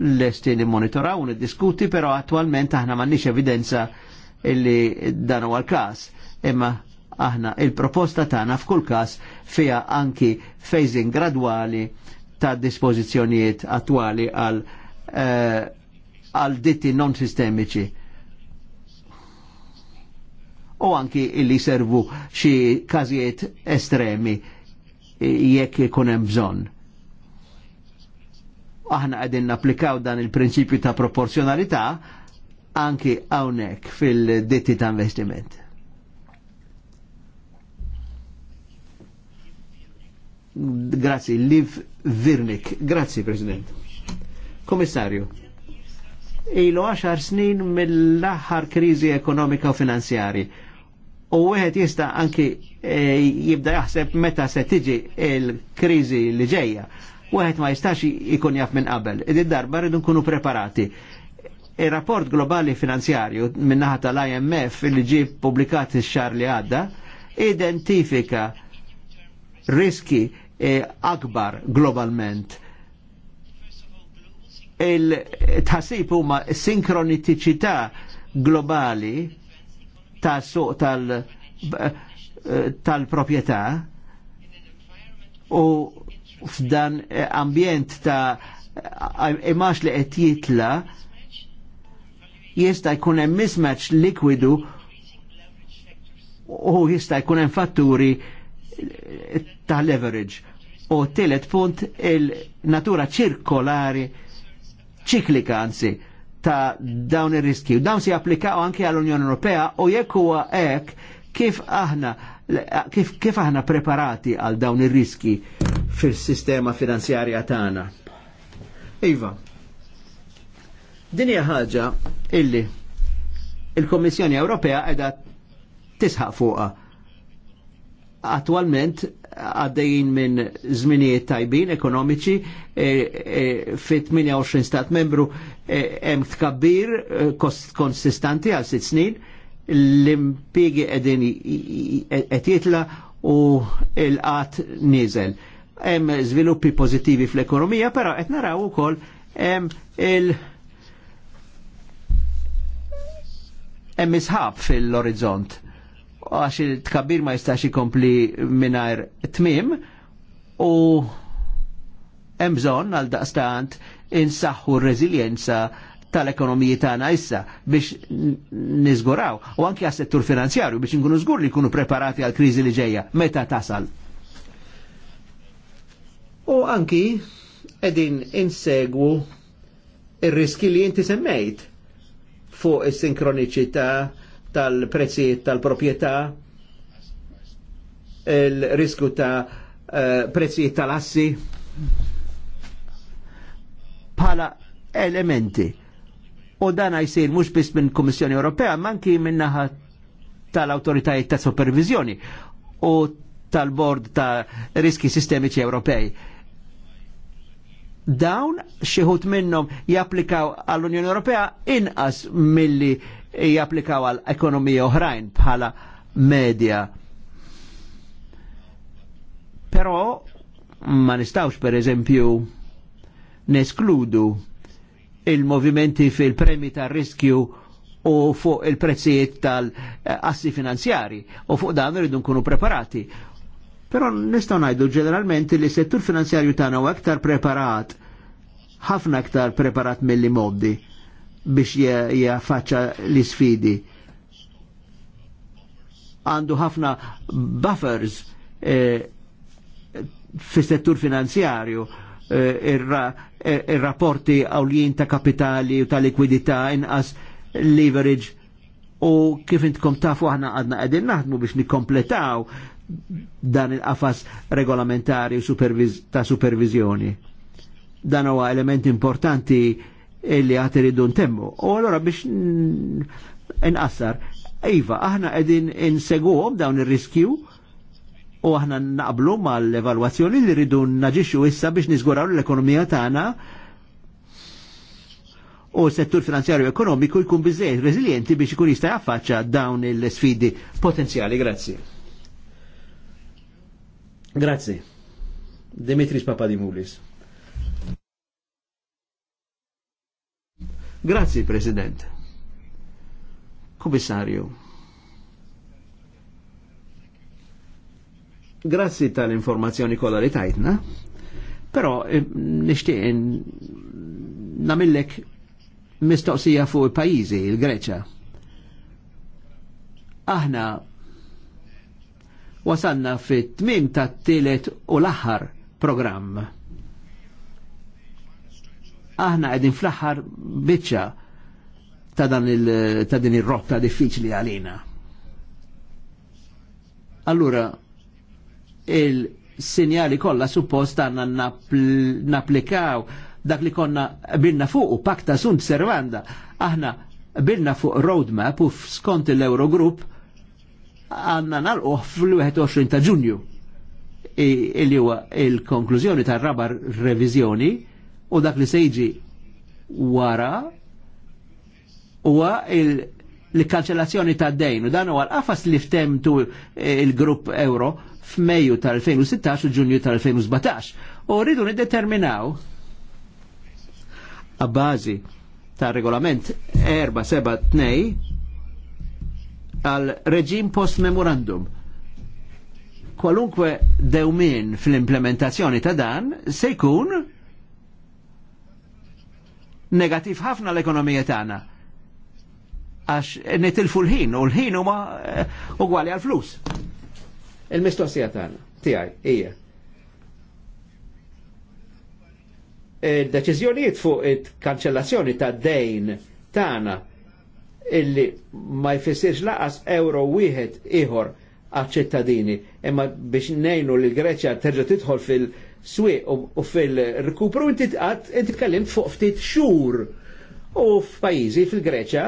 l-esti li monitoraw u diskuti pero attualment aħna mannix evidenza illi dan għal kas każ Imma aħna il-proposta tagħna f'kull każ fiha anki phasing gradwali ta' dispożizzjonijiet attwali għal eh, għal ditti non sistemiċi. U anki illi servu xi każijiet estremi jekk ikun hemm bżonn aħna għedin applikaw dan il-prinċipju ta' proporzjonalità anki għawnek fil-ditti ta' investiment. Grazzi, Liv Virnik. Grazzi, President. Komissarju, ilu 10 snin mill-aħħar krizi ekonomika u finanzjari. U għed jista' anki e, jibda jaħseb meta se tiġi il-krizi li ġejja Wieħed ma jistax ikun jaf minn qabel. Id darba rridu nkunu preparati. Il-rapport globali finanzjarju min-naħa tal-IMF li ġi publikat il xar li għadda identifika riski e, akbar globalment il-tħassib huma sinkroniticità globali ta' suq e, tal-propieta tal u f'dan eh, ambjent ta' imax li qed jitla jista' jkun hemm mismatch likwidu u jista' jkun hemm fatturi ta' leverage. U telet punt il-natura ċirkolari ċiklika anzi ta' dawn ir-riski. Dawn si applikaw anke għall-Unjoni Ewropea u jekk huwa hekk kif aħna kif aħna preparati għal dawn ir-riski fil-sistema finanzjarja tagħna. Iva, din hija ħaġa illi il-Kommissjoni Ewropea qiegħda tisħaq fuqha. Attualment għaddejjin minn żminijiet tajbin ekonomiċi e, e, 28 stat membru e, hemm e, tkabbir konsistanti għal sitt snin l-impiegi qegħdin qed jitla u l-qat niżel hemm żviluppi pożittivi fl-ekonomija, però qed naraw ukoll hemm il- hemm isħab fil-orizzont għax il-tkabbir ma jistax ikompli mingħajr tmim u hemm bżonn għal daqstant insaħħu r-reżiljenza tal-ekonomiji tagħna issa biex niżguraw u anke għas-settur finanzjarju biex inkunu żgur li jkunu preparati għal kriżi li ġejja meta tasal u anki edin insegwu il riski li inti semmejt fuq is-sinkroniċità tal-prezzijiet tal-proprjetà il-risku ta' uh, prezzijiet tal-assi pala elementi u dan jsir mhux biss minn Komissjoni Ewropea manki minn naħa tal-autoritajiet ta' supervizjoni u tal-bord ta' riski sistemiċi Ewropej dawn xieħut minnom japplikaw għall-Unjoni Ewropea inqas milli japplikaw għall ekonomija oħrajn bħala media. Però ma nistawx per eżempju neskludu il-movimenti fil-premi ta' riskju u fuq il-prezzijiet tal-assi finanzjari u fuq dan rridu nkunu preparati Però nistgħu ngħidu ġeneralment li settur finanzjarju tagħna u aktar preparat ħafna aktar preparat mill-li moddi biex jaffaċċa l-isfidi. Għandu ħafna buffers fi eh, fis-settur finanzjarju eh, eh, ir-rapporti ir għawlijin ta' kapitali u ta' likwidità inqas leverage u kif intkom tafu aħna għadna għadin naħdmu biex nikkompletaw dan il-qafas regolamentari superviz ta' supervizjoni. Dan huwa element importanti illi għat iridu ntemmu. U għallura biex nqassar, iva, aħna qegħdin inseguhom dawn ir-riskju u aħna naqblu mal-evalwazzjoni li rridu naġixxu issa biex niżguraw l-ekonomija tagħna u settur finanzjarju ekonomiku jkun bizzejt rezilienti biex ikun jista' jaffaċċa dawn il-sfidi potenzjali. Grazzi. Grazie. Dimitris Papadimoulis. Grazie, President. Commissario. Grazie tal-informazzjoni kollha li tajtna, però eh, nixtieq namillek mistoqsija fuq il-pajjiżi, il-Greċa. Aħna wasanna fit-tmim ta' t u l-aħħar programm. Aħna qegħdin fl-aħħar biċċa ta' dan il ta' din ir-rotta diffiċli għalina. Allura il-sinjali kollha suppost għanna napplikaw dak li konna bilna fuq u pakta sunt servanda. Aħna bilna fuq roadmap u skont l eurogrupp għanna nalqoħ fl-21 ta' ġunju illi huwa il-konklużjoni tar rabar revizjoni u dak li sejġi wara huwa l-kanċellazzjoni ta' dejn u dan huwa l-qafas li ftemtu eh, il-grupp euro f'Mejju tal-2016 u Ġunju tal-2017. U rridu niddeterminaw a bażi ta' regolament 472 għal reġim post-memorandum. Kwalunkwe dewmin fil implementazzjoni ta' dan se jkun negativ ħafna l-ekonomija tagħna. Għax nitilfu l-ħin u l-ħin huma eh, ugwali għal-flus. Il-mistoqsija tagħna tiegħi hija. Eh, deċiżjonijiet fuq it-kanċellazzjoni ta' dejn tagħna illi ma jfissirx laqas euro wieħed ieħor għal-ċittadini, imma biex nejnu li l-Greċja terġa tidħol fil-swieq u fil-rekupru inti tkellimt fuq ftit xhur. U f'pajjiżi fil-Greċja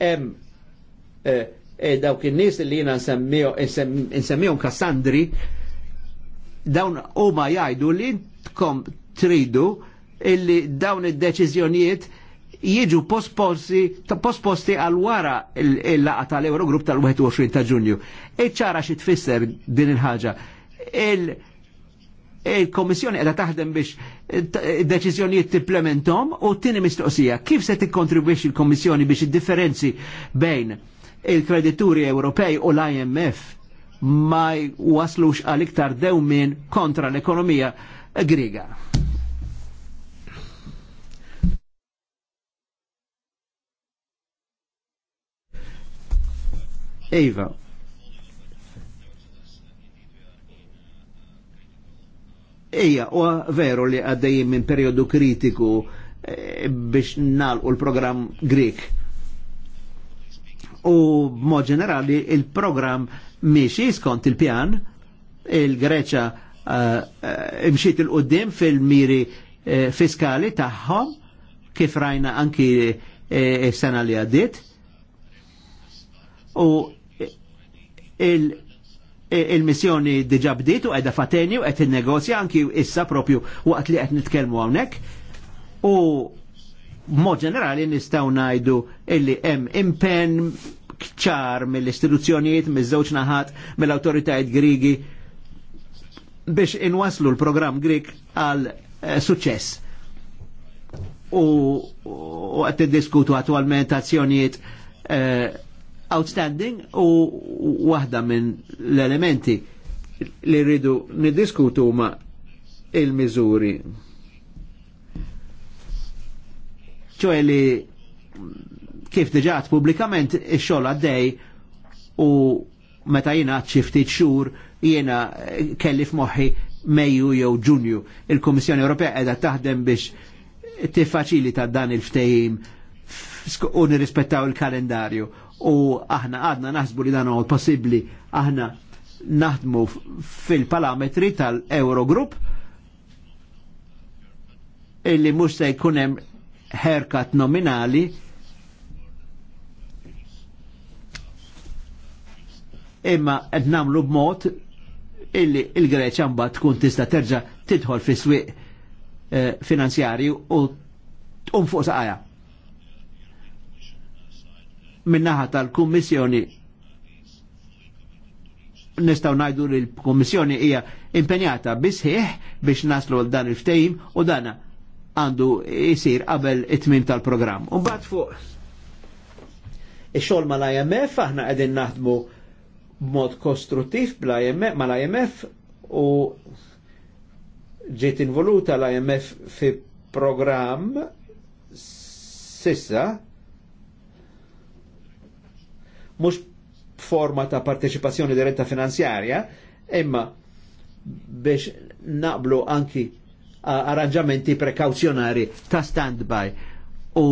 hemm eh, eh, dawk in-nies li jiena nsemmihom Kassandri dawn huma jgħidu li tkom tridu illi dawn id-deċiżjonijiet il jiġu posposti għal wara il-laqa tal-Eurogrupp tal-21 ta' ġunju. Eċċara xi tfisser din il-ħaġa. Il-Komissjoni qiegħda taħdem biex eh, eh, deċiżjonijiet tipplementom u tieni mistoqsija kif se tikkontribwix il-Komissjoni biex id-differenzi bejn il-kredituri Ewropej u l-IMF ma waslux għal iktar dewmien kontra l-ekonomija grega. Eva. Eja, u veru li għaddejjim minn periodu kritiku e, biex nalqu l-program Grek. U b'mod ġenerali il-program miex jiskont il-pjan, il-Greċa imxiet eh, eh, il-qoddim fil-miri fiskali tagħhom kif rajna anki s sena li għaddit. U il-missjoni il diġa bdiet u qiegħda fateni u qed innegozja anki issa propju waqt li qed nitkellmu hawnhekk u mod ġenerali nistgħu ngħidu illi hemm impenn ċar mill-istituzzjonijiet, miż-żewġ naħat, mill-awtoritajiet Grigi biex inwaslu l-programm Grik għal eh, suċċess. U għat diskutu attualment azzjonijiet eh, outstanding u waħda minn l-elementi li rridu niddiskutu ma il-miżuri. ċoħe li kif diġat publikament il-xol għaddej u meta jina ċifti ċur jena kelli f-moħi Mejju jew Ġunju. il komissjoni Ewropea qiegħda taħdem biex tiffaċilita dan il-ftehim u nirrispettaw il-kalendarju u aħna għadna naħsbu li dan għod possibli aħna naħdmu fil-parametri tal eurogrupp illi mux se jkunem herkat nominali imma qed namlu b'mod illi il-Greċja mbagħad tkun tista' terġa' tidħol fi swieq eh, finanzjarju u tqum fuq saqajja minnaħa tal-Kummissjoni nistaw najdu li l-Kommissjoni hija impenjata bisħiħ biex naslu l dan il-ftejim u dana għandu jisir qabel it-tmim tal-programm. U bat fuq il-xol xogħol mal-IMF aħna qegħdin naħdmu b'mod kostruttiv bl imf u ġiet involuta l-IMF fi programm sissa mhux forma ta' partecipazzjoni diretta finanzjarja, imma biex naqblu anki arranġamenti prekauzjonari ta' standby u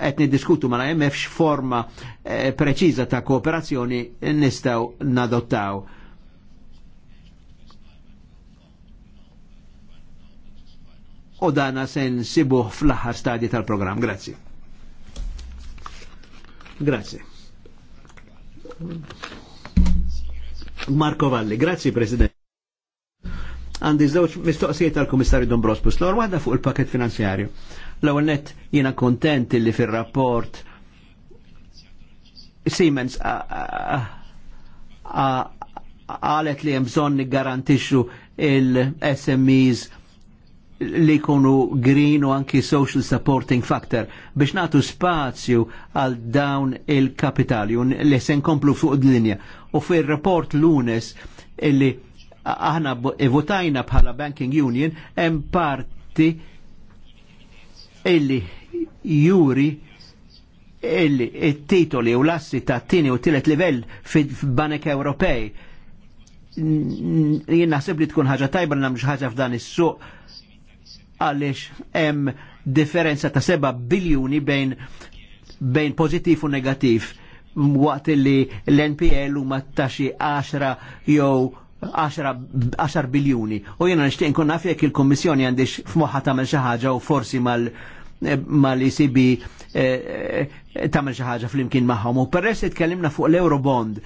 qed diskutu ma la imf forma eh, preċiża ta' kooperazzjoni nistgħu nadottaw. U dana se nsibuh fl-aħħar stadji tal-programm. Grazzi. Grazie. Grazie. Marco Valli, grazzi President. Għandi żewġ mistoqsijiet tal komissarju Dombrospus, l għadda fuq il-paket finanzjarju. l għor net jena kontent li fil rapport Siemens għalet li jemżon bżonn garantixxu il-SMEs li jkunu green u anki social supporting factor biex natu spazju għal dawn il-kapitali un li se nkomplu fuq d-linja. U fil rapport lunes illi aħna votajna bħala Banking Union hemm parti illi juri illi it-titoli u l-assi ta' tini u tilet livell fil-Banek Ewropej. Jien naħseb li tkun ħaġa tajba namġ ħaġa f'dan is-suq għaliex hemm differenza ta' seba' biljuni bejn bejn pozitiv u negativ waqt li l-NPL huma taxi 10 jew 10, biljuni. U jiena nixtieq nkun naf jekk il-Kummissjoni għandix f'moħħa tagħmel xi ħaġa u forsi mal eh, mal-ECB eh, eh, tagħmel xi ħaġa flimkien magħhom. U peress li tkellimna fuq l-Eurobond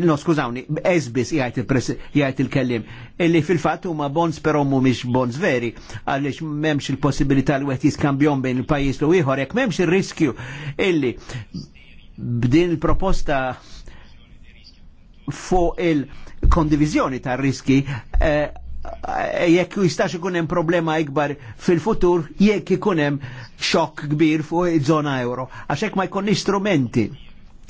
no skużawni, esbis jgħajt il-kellim, illi fil-fat huma bonds mu mhumiex bonds veri, għalix m'hemmx il-possibilità li wieħed jiskambjon bejn il pajis u ieħor, jek m'hemmx il riskju illi b'din il-proposta fuq il-kondivizjoni ta' riski eh, jekk jistax ikunem hemm problema ikbar fil-futur jekk ikun hemm xokk kbir fuq zona żona euro għax hekk ma jkun strumenti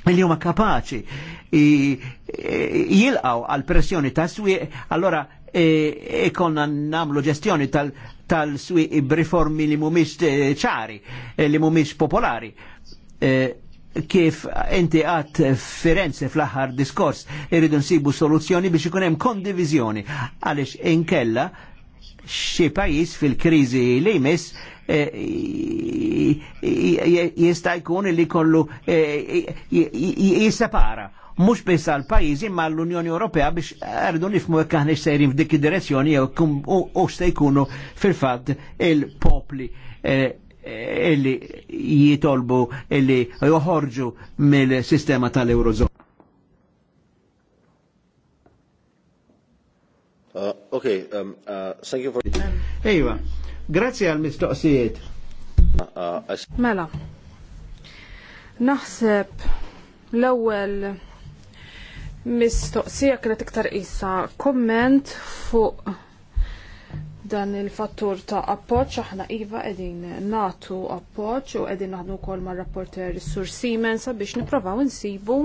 li huma kapaċi jilqaw għal pressjoni ta' swieq, allora ikonna e, e namlu ġestjoni tal swi b'riformi li mumiex e, ċari, li mumiex popolari kif inti għat Firenze fl-aħħar diskors irridu nsibu soluzzjoni biex ikun hemm kondivizjoni għaliex inkella xi pajjiż fil-kriżi li jmiss jista' jkun li kollu jissepara mhux biss għal pajjiżi ma l-Unjoni Ewropea biex għardu nifmu jekk aħna sejrin f'dik id-direzzjoni jew u se jkunu fil-fatt il-popli eh, eh, illi jitolbu illi joħorġu mill-sistema tal-Eurozone. Uh, okay, um, uh, thank you for... Ejwa, iva, grazie għal-mistoqsijiet. Uh, uh, mela, naħseb l-ewwel Mistoqsija kienet iktar isa komment fuq dan il-fattur ta' appoċ, aħna Iva edin natu appoċ u edin naħdu kol ma' rapporter Sur Siemens biex niprofaw nsibu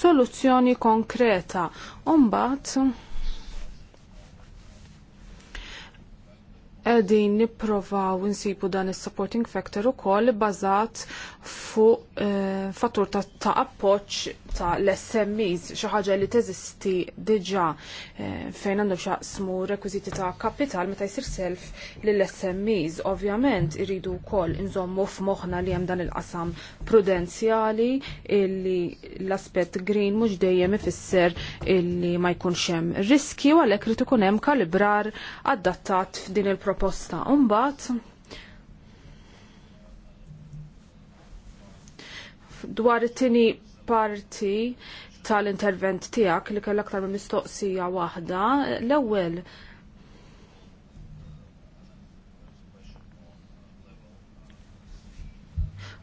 soluzzjoni konkreta. Umbat, edin niprofaw nsibu dan il-supporting factor u kol bazat fuq eh, fattur ta', ta appoċ ta' l-SMEs xi ħaġa li teżisti diġà eh, fejn għandhom xaqsmu rekwiżiti ta' kapital meta jsir self lill smes Ovvjament iridu wkoll inżommu f'moħħna li hemm dan il-qasam prudenzjali illi l-aspett green mhux dejjem ifisser illi ma jkunx hemm riski u għalhekk irid ikun hemm kalibrar adattat f'din il-proposta. Mbagħad dwar it-tini parti tal-intervent tiegħek li kellha aktar mistoqsija waħda. L-ewwel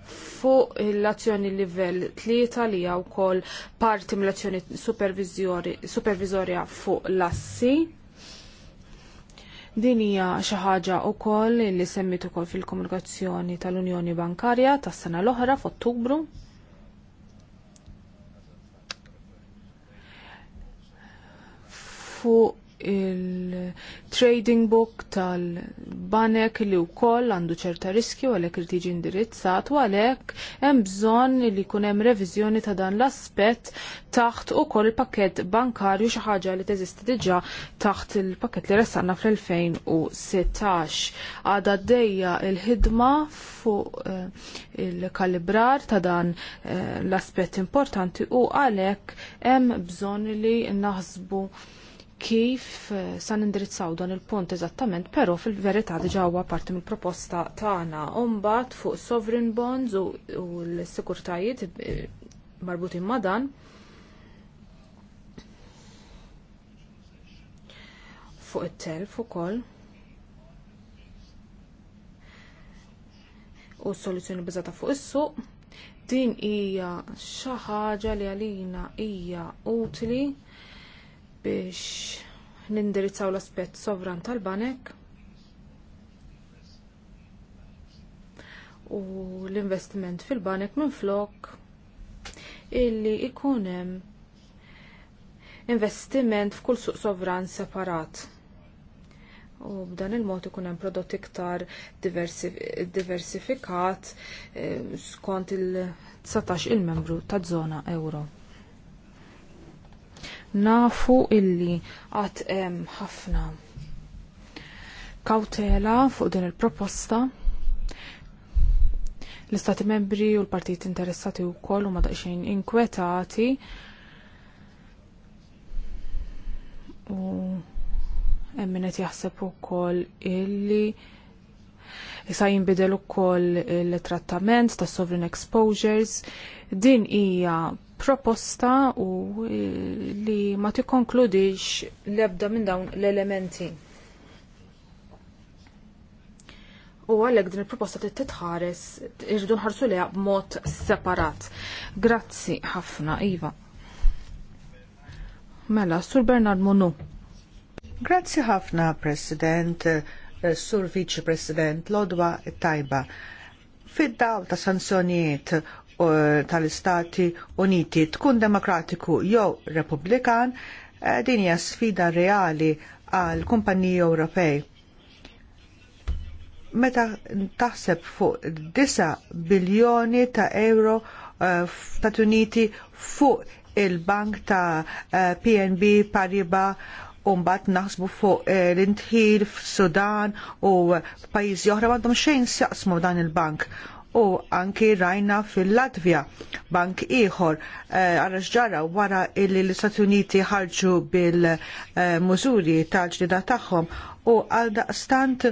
fuq l-azzjoni livell tlieta li hija wkoll parti mill-azzjoni supervizorja fuq l-assi. Din hija xi ħaġa wkoll li semmitu ukoll fil-komunikazzjoni tal-Unjoni Bankarja tas-sena l-oħra f'Ottubru. fuq il-trading book tal-banek li wkoll għandu ċerta riskju għalhekk għalek tiġi indirizzat u għalhekk hemm bżonn li jkun hemm reviżjoni ta' dan l-aspett taħt ukoll il-pakkett bankarju xi ħaġa li teżisti diġà taħt il-pakkett li ressanna fl-2016. Għada d-dejja il-ħidma fuq eh, il-kalibrar ta' dan eh, l-aspett importanti u għalhekk hemm bżonn li naħsbu kif eh, san indirizzaw dan il-punt eżattament, pero fil-verità diġa huwa parti mill-proposta tagħna. Umbat fuq sovereign bonds u, u l sekurtajiet eh, marbutin ma' dan. Fuq it-telf ukoll. U soluzzjoni biżata fuq is-suq. Din hija xi ħaġa li għalina hija utli biex nindirizzaw l-aspett sovran tal-banek u l-investiment fil-banek minn flok illi ikunem investiment f'kull suq sovran separat. U b'dan il-mod ikun hemm prodott iktar diversif diversifikat eh, skont il-19 il-membru taż żona euro nafu illi għat hemm ħafna kautela fuq din il-proposta l-istati membri u l-partijiet interessati u koll u madaxin inkwetati u emminet jaħseb u koll illi sa jinbidel ukoll il-trattament ta' sovereign exposures din hija proposta u eh, li ma tikkonkludix l-ebda minn dawn l-elementi. u għalek din il-proposta t titħares, irridu nħarsu leha b'mod separat. Grazzi ħafna, Iva. Mela, Sur Bernard Monu. Grazzi ħafna, President, eh, Sur Vice President, Lodwa Tajba. Fid-dawl ta' sanzjonijiet tal-Istati Uniti tkun demokratiku jew repubblikan eh, din hija sfida reali għal kumpaniji Ewropej. Meta taħseb fuq 9 biljoni ta' euro eh, Stati Uniti fuq il-bank ta' eh, PNB Pariba Umbat naħsbu fuq l-intħil f'Sudan u pajjiżi oħra m'għandhom xejn saqsmu dan il-bank u anki rajna fil-Latvja. Bank ieħor eh, għarax eh, ġara wara illi l-Istati Uniti ħarġu bil-mużuri eh, tal-ġdida tagħhom u għal daqstant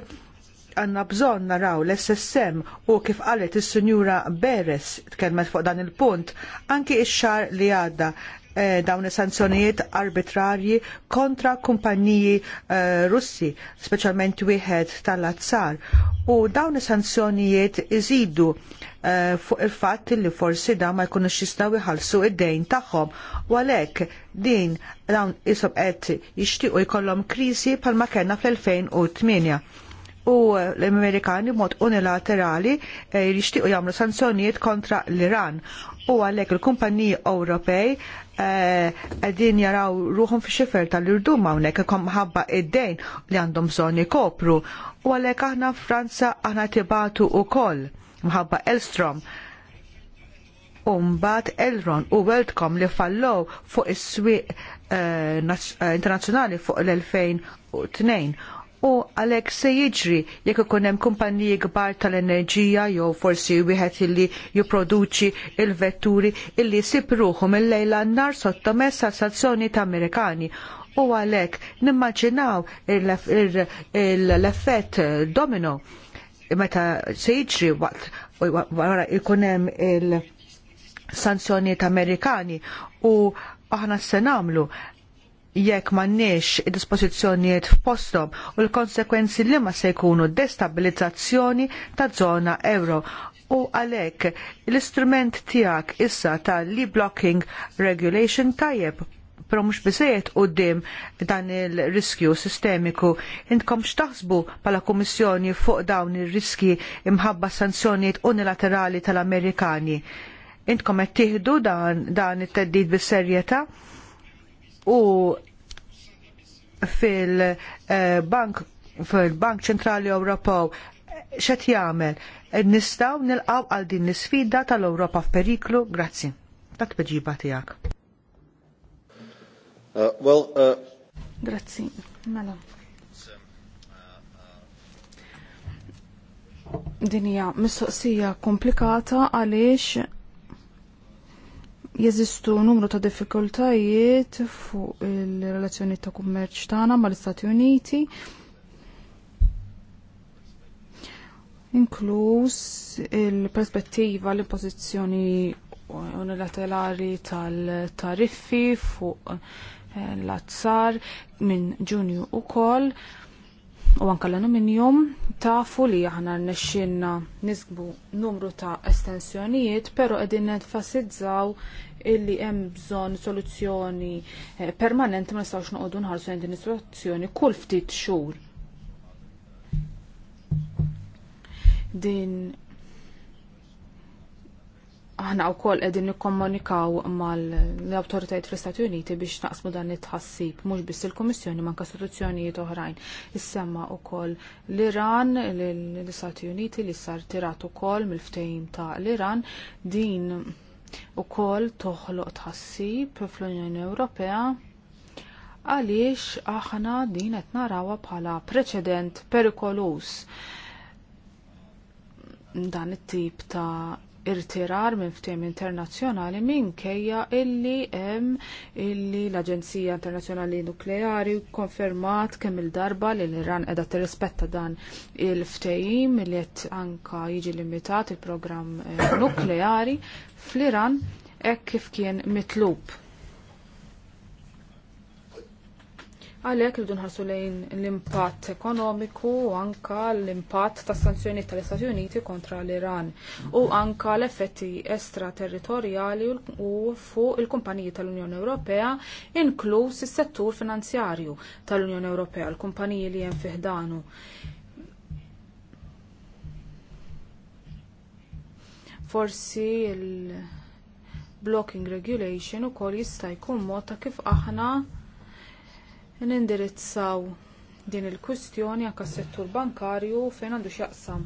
għanna bżon naraw l-SSM u kif qalet is senjura Beres tkellmet fuq dan il-punt, anki ix-xar li għadda Eh, dawn is-sanzjonijiet arbitrarji kontra kumpaniji eh, Russi, speċjalment wieħed tal-azzar. U dawn is-sanzjonijiet iżidu eh, fuq il-fatt li forsi da ma jkunux jistgħu jħallsu id-dejn tagħhom. U għalhekk din dawn isob qed jixtiequ jkollhom krisi bħalma kellna fl-2008 u l-Amerikani mod unilaterali jixtiequ jagħmlu sanzjonijiet kontra l-Iran u għalhekk il kumpanji Ewropej eh, għedin jaraw ruhom fi xifer tal-irdum hawnhekk ikom ħabba id-dejn li għandhom bżonn kopru. u għalhekk aħna Franza aħna tibatu wkoll mħabba Elstrom u mbagħad Elron u Weltcom li fallow fuq is-swieq eh, eh, internazzjonali fuq l-2002 U għalhekk se jiġri jekk ikun hemm kumpaniji kbar tal-enerġija jew forsi wieħed illi jipproduċi il-vetturi illi sipruħu mill-lejla nar sottomessa għal stazzjoni ta' Amerikani u għalhekk nimmaġinaw l-effett domino meta se jiġri waqt wara ikun hemm il-sanzjonijiet Amerikani u aħna se nagħmlu jekk m'għandniex id-dispożizzjonijiet f'posthom u l-konsekwenzi li ma se jkunu destabilizzazzjoni ta' żona euro. U għalhekk l-istrument tiegħek issa tal-li blocking regulation tajjeb pero mhux biżejjed u dim dan il-riskju sistemiku. Intkom xtaħsbu pala komissjoni fuq dawn il-riski imħabba sanzjoniet unilaterali tal-Amerikani. Intkom qed tieħdu dan, dan it-teddid bis-serjeta? u fil-Bank fil-Bank Ċentrali Ewropew xed jagħmel. Nistgħu nilqgħu għal din l-isfida tal-Ewropa f'periklu. Grazzi. Dak beġiba tiegħek. Uh, well, uh... Grazzi. Mela. Din hija mistoqsija komplikata għaliex jeżistu numru ta' diffikultajiet fuq il-relazzjoni ta' kummerċ tagħna mal-Istati Uniti. Inkluż il-perspettiva l-impożizzjoni unilaterali tal-tariffi fuq l-azzar minn Ġunju ukoll u anka l-aluminium tafu li aħna rnexxinna nizgbu numru ta' estensjonijiet, pero qegħdin nenfasizzaw illi hemm bżonn soluzzjoni eh, permanenti ma nistgħux noqogħdu nħarsu din is-soluzzjoni kull ftit xhur. Din aħna u koll edin nikkomunikaw mal-autoritajt fl-Istati Uniti biex naqsmu dan it-tħassib, mux biss il-Komissjoni man kostituzzjonijiet oħrajn. Issemma u koll l-Iran, l-Istati Uniti li sar tirat u koll mil-ftejn ta' l-Iran, din u koll toħloq tħassib fl-Unjoni Ewropea għaliex aħna din qed narawha bħala preċedent perikolus dan it-tip ta' irtirar minn ftehim internazzjonali minkejja illi hemm illi l-Aġenzija Internazzjonali Nukleari konfermat kemm il-darba li l-Iran qiegħda tirrispetta dan il-ftehim li qed anka jiġi limitat il-programm eh, nukleari fl-Iran hekk kif kien mitlub Għalhekk li nħarsu lejn l-impatt ekonomiku u anka l-impatt tas sanzjoni tal-Istati Uniti kontra l-Iran u anka l-effetti estraterritorjali u fuq il-kumpaniji tal-Unjoni Ewropea inkluż is-settur finanzjarju tal-Unjoni Ewropea, l-kumpaniji li hemm fiħdanu. Forsi il-blocking regulation ukoll jista' jkun mod ta' kif aħna nindirizzaw din il-kustjoni anke s-settur bankarju fejn għandu x'jaqsam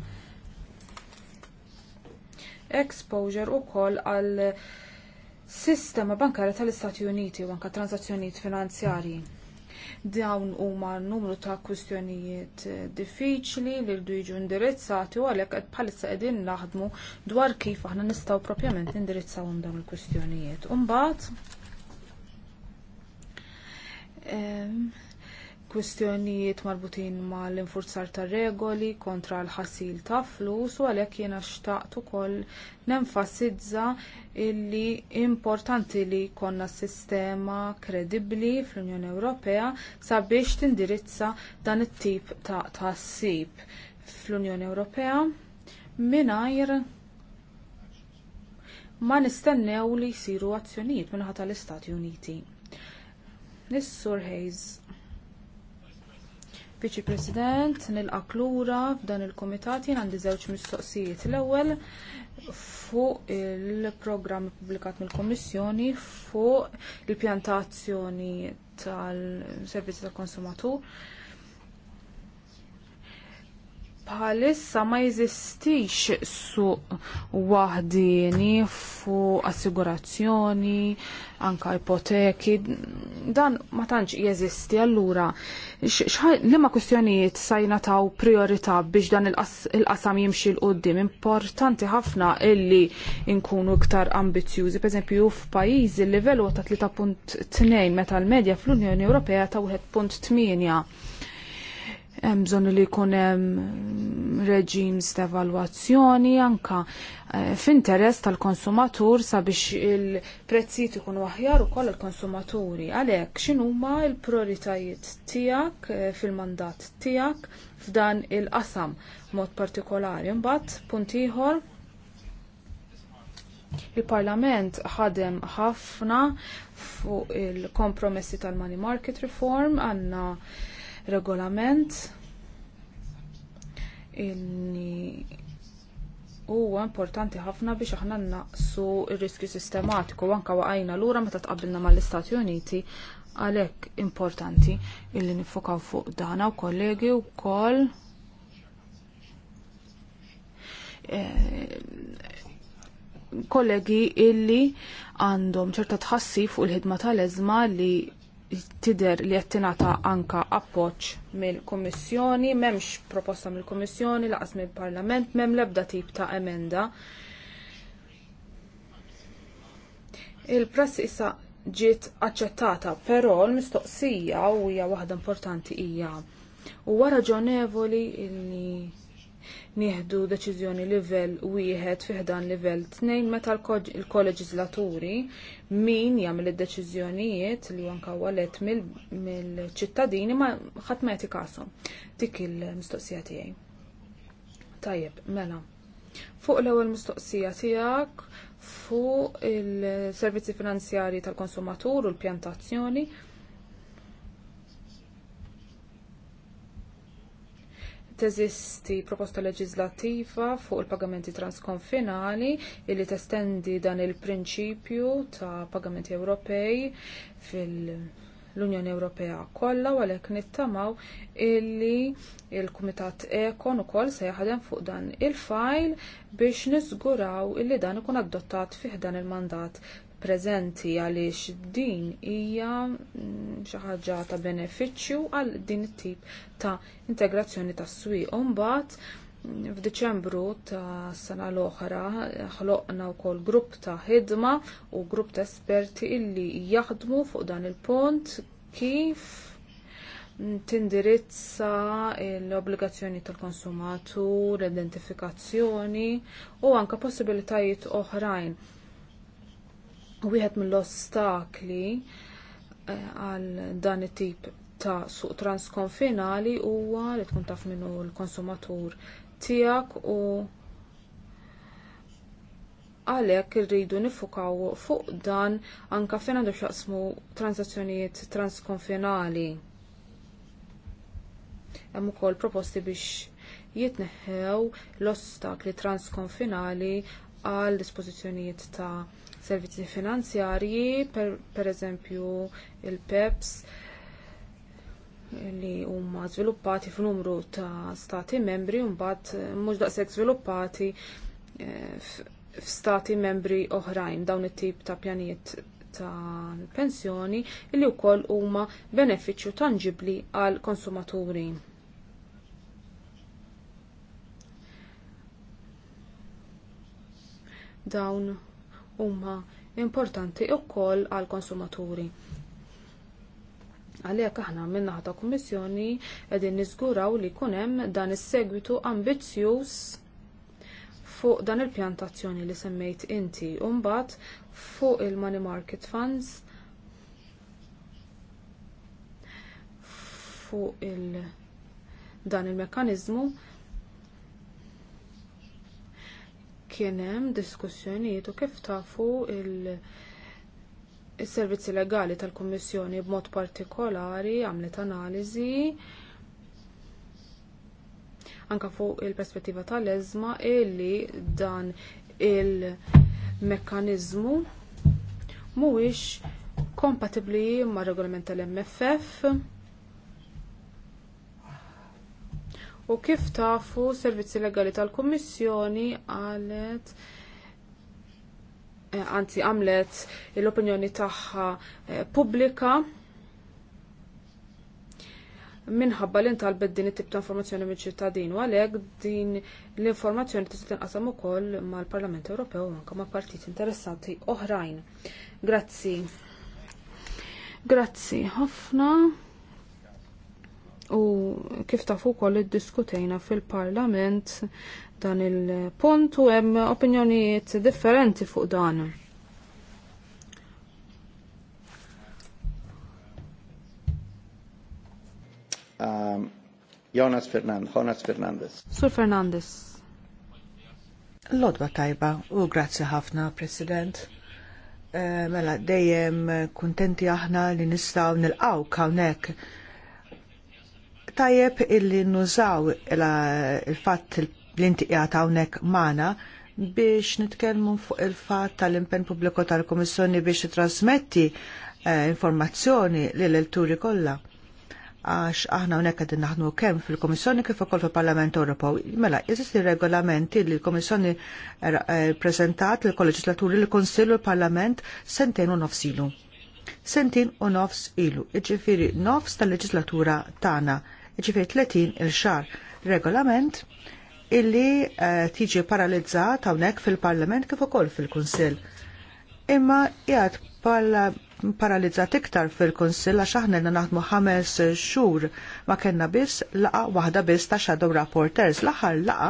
exposure wkoll għal sistema bankarja tal-Istati Uniti u anka transazzjonijiet finanzjarji. Dawn huma numru ta' kwistjonijiet diffiċli li rdu jiġu indirizzati u għalhekk qed bħalissa qegħdin naħdmu dwar kif aħna nistgħu propjament indirizzawhom dawn il-kwistjonijiet. mbagħad. kwistjonijiet marbutin mal-infurzar tar regoli kontra l-ħassil ta' flus u għalhekk jiena xtaqt ukoll nenfasizza li importanti li jkollna sistema kredibbli fl-Unjoni Ewropea sabiex tindirizza dan it-tip ta' tassib fl-Unjoni Ewropea mingħajr ma nistennew li jsiru azzjonijiet minħata tal istati Uniti. Is-Sur Hayes Viċi President, nil-aklura f'dan il-komitat jien għandi żewġ mistoqsijiet. L-ewwel fuq il-programm pubblikat mill-Kommissjoni fuq il-pjantazzjoni tal-servizzi tal-konsumatur. Bħalissa ma jeżistix su waħdini fu assigurazzjoni, anka ipoteki, dan ma tantx jeżisti allura. Lima kwistjonijiet sajna taw priorita biex dan il-qasam jimxi l qoddim Importanti ħafna illi nkunu iktar ambizjużi, pereżempju f'pajjiżi l livellu ta' 3.2 meta l-medja fl-Unjoni Ewropea ta' 1.8 hemm bżonn li jkun hemm reġims ta' evalwazzjoni anka eh, f'interess tal-konsumatur sabiex il-prezzijiet ikunu aħjar ukoll il-konsumaturi. Għalhekk x'inhuma l-prioritajiet tiegħek eh, fil-mandat tiegħek f'dan il-qasam mod partikolari. Imbagħad punt ieħor Il-Parlament ħadem ħafna fuq il-kompromessi tal-Money Market Reform għanna regolament illi huwa importanti ħafna biex aħna naqsu r-riskju sistematiku anke waqajna lura meta tqabbilna mal-Istati Uniti għalhekk importanti illi nifokaw fuq dana u kollegi wkoll eh, kollegi illi għandhom ċerta tħassi fuq il-ħidma tal-eżma li tider li qed tingħata anka appoġġ mill-Kummissjoni, m'hemmx proposta mill-Kummissjoni laqas mill-Parlament, m'hemm l-ebda tip ta' emenda. Il-press issa ġiet aċċettata, però l-mistoqsija u hija waħda importanti hija huwa raġonevoli li nieħdu deċiżjoni livell wieħed fi ħdan livell tnejn meta l-kolleġislaturi min jagħmel id-deċiżjonijiet li anke walet mill-ċittadini ma ħadd ma jagħti kasom. Dik il-mistoqsija tiegħi. Tajjeb, mela. Fuq l-ewwel mistoqsija tiegħek fuq il-servizzi finanzjarji tal-konsumatur u l-pjantazzjoni. teżisti proposta leġislattiva fuq il-pagamenti transkonfinali illi testendi dan il-prinċipju ta' pagamenti Ewropej fil-Unjoni Ewropea kollha u għalhekk nittamaw illi il-Kumitat Ekon ukoll se jaħdem fuq dan il-fajl biex niżguraw illi dan ikun adottat fih dan il-mandat preżenti għaliex din hija mm, xi ħaġa ta' benefiċċju għal din it-tip ta' integrazzjoni tas-swieq. Mbagħad mm, f'Diċembru ta' sena l-oħra ħloqna wkoll grupp ta' ħidma u grupp ta' esperti illi jaħdmu fuq dan il-pont kif tindirizza l-obbligazzjoni tal-konsumatur, l-identifikazzjoni u anke possibilitajiet oħrajn Wieħed mill-ostakli eh, għal dan it-tip ta' suq transkonfinali huwa li tkun taf minnu l-konsumatur tiegħek u għalhekk irridu nifukaw fuq dan anke fejn għandu xaqsmu transazzjonijiet transkonfinali. Hemm ukoll proposti biex jitneħħew l-ostakli transkonfinali għal dispożizzjonijiet ta' servizzi finanzjarji, per, per eżempju il-PEPS, li huma żviluppati f'numru ta' stati membri u mbagħad eh, mhux daqshekk żviluppati eh, f'stati membri oħrajn dawn it-tip ta' pjanijiet ta' pensjoni li wkoll huma benefiċċju tangibbli għal konsumaturi. Dawn huma importanti wkoll għall konsumaturi. Għalhekk aħna min-naħa ta' kummissjoni qegħdin niżguraw li jkun hemm dan is-segwitu ambizzjuż fuq dan il-pjantazzjoni li semmejt inti u mbagħad fuq il-money market funds fuq il- dan il-mekkanizmu kien hemm diskussjonijiet u kif tafu il-servizzi legali tal-Kummissjoni b'mod partikolari għamlet analiżi anke fuq il-perspettiva tal-eżma illi dan il-mekkaniżmu mhuwiex kompatibbli mar regolament tal-MFF U kif tafu servizzi legali tal-Kummissjoni għalet eh, anzi għamlet l-opinjoni tagħha eh, pubblika minħabba li ntalbet din it-tip ta' informazzjoni mill ċittadin u għalhekk din l-informazzjoni tista' tinqasam ukoll mal-Parlament Ewropew u anke ma' partiti interessanti oħrajn. Grazzi. Grazzi ħafna u kif tafu koll iddiskutejna fil-parlament dan il-punt u hemm opinjonijiet differenti fuq dan. Um, Jonas Fernand Jonas Fernandez. Sur Fernandez. Lodba tajba u grazzi ħafna, President. Eh, mela, dejjem kuntenti aħna li nistaw nil għaw kawnek tajjeb illi nużaw il-fatt l ta' hawnhekk mana biex nitkellmu fuq il-fatt tal-impenn pubbliku tal-Kummissjoni biex trasmetti eh, informazzjoni lil elturi kollha għax aħna unek għedin naħnu kem fil-Komissjoni kif ukoll fil-Parlament Ewropew. Mela, jeżisti regolamenti li l-Komissjoni eh, prezentat l kolleġislaturi l konsilu u l-Parlament sentin u nofs ilu. Sentin u nofs ilu, iġifiri nofs tal-leġislatura tagħna ġifir 30 il-xar regolament illi uh, tiġi paralizzat hawnhekk fil-Parlament kif ukoll fil-Kunsill. Imma jgħad paralizzat iktar fil-Kunsill għax aħna naħdmu ħames xhur ma kellna biss laqa waħda biss ta' Shadow Rapporters. L-aħħar laqa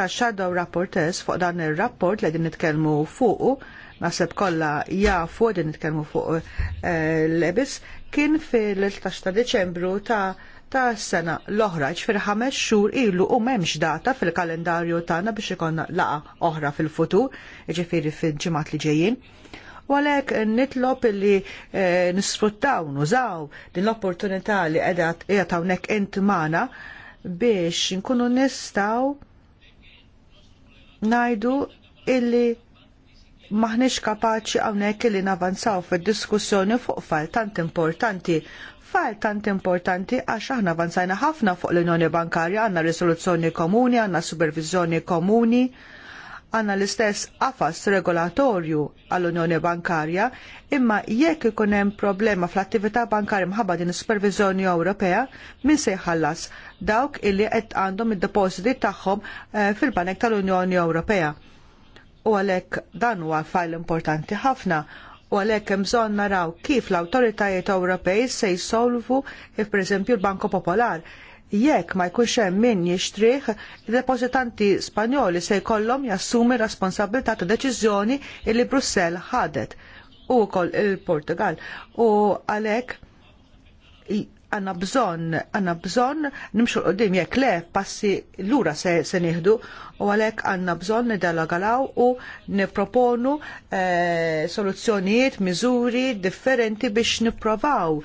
ta' Shadow Rapporters fuq dan ir-rapport li din nitkellmu fuqu naħseb kollha jafu din nitkellmu fuq eh, l-ebis kien fil-13 ta' Deċembru ta' ta' sena l oħraġ fil ħames xhur ilu u m'hemmx data fil-kalendarju tagħna biex ikun laqa oħra fil-futur, ġifiri fil-ġimgħat li ġejjin. U għalhekk nitlob li eh, nisfruttaw, nużaw din l-opportunità li qiegħed hawnhekk int magħna biex nkunu nistgħu najdu illi maħniex kapaċi għawnek li navanzaw fil-diskussjoni fuq fal tant importanti Fal tant importanti għax aħna avanzajna ħafna fuq l-Unjoni Bankarja, għandna risoluzzjoni komuni, għandna supervizjoni komuni, għandna l-istess qafas regolatorju għall-Unjoni Bankarja, imma jekk ikun hemm problema fl-attività bankarja mħabba din is-supervizjoni Ewropea, min se jħallas dawk illi qed għandhom id-depositi tagħhom eh, fil-Banek tal-Unjoni Ewropea u għalek dan huwa fajl importanti ħafna u għalhekk hemm bżonn naraw kif l-awtoritajiet Ewropej se jsolvu if pereżempju l-Banko Popolar. Jekk ma jkunx hemm min jixtrih, id-depożitanti Spanjoli se jkollhom jassumi responsabilità ta' deċiżjoni li Brussell ħadet u wkoll il-Portugal. U għalhekk għanna bżon, għanna bżon nimxu l-qoddim jek le passi l-ura se, se nieħdu u għalek għanna bżon nidalagalaw u niproponu eh, soluzzjonijiet, miżuri differenti biex niprovaw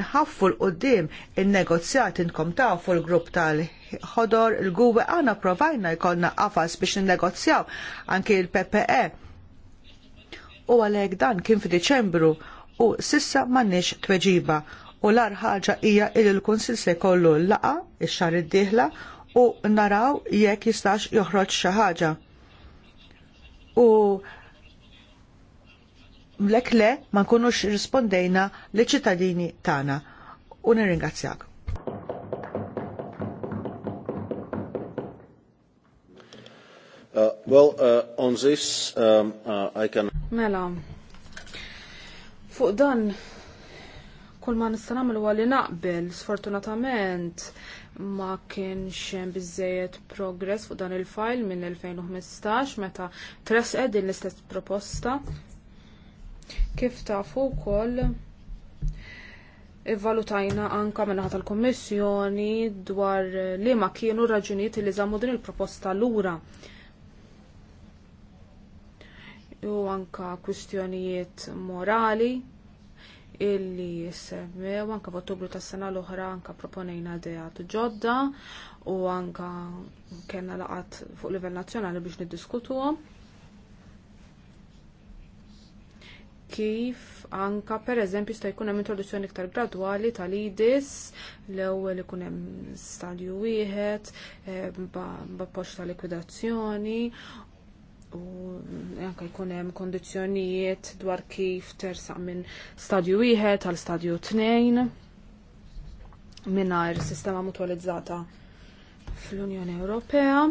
nħaffu l-qoddim il-negozjat inkom ta' fu l-grupp tal-ħodor il-gwe għana provajna jkollna għafas biex negozjaw anki l ppe U għalek dan kien fi Deċembru u sissa mannix tweġiba u l-ar ħaġa hija il l-Kunsil se jkollu laqa il-xar id-dieħla u naraw jekk jistax joħroġ xi ħaġa. U lek le ma nkunux rispondejna li ċittadini tagħna u nirringrazzjak. Uh, well, uh, on this, um, uh, I can... Mela, fuq dan Kull ma nista' nagħmel għalli li naqbel, sfortunatament ma kienx hemm biżejjed progress fuq dan il-fajl minn 2015 meta tresqed din l-istess proposta. Kif tafu wkoll Ivvalutajna anka minnaħa tal-Kommissjoni dwar li ma kienu raġunijiet li zammu din il-proposta lura. U anka kwistjonijiet morali illi jissemmew anka f'Ottubru tas-sena l-oħra anka proponejna dejat ġodda u anka kena laqat fuq livell nazzjonali biex niddiskutuhom. Kif anka per eżempju sta jkun hemm introduzzjoni iktar gradwali tal-IDIS l-ewwel ikun hemm stadju wieħed eh, b'appoġġ ta' likwidazzjoni u anke jkun hemm kondizzjonijiet dwar kif tersaq minn stadju wieħed għal stadju tnejn mingħajr sistema mutwalizzata fl-Unjoni Ewropea.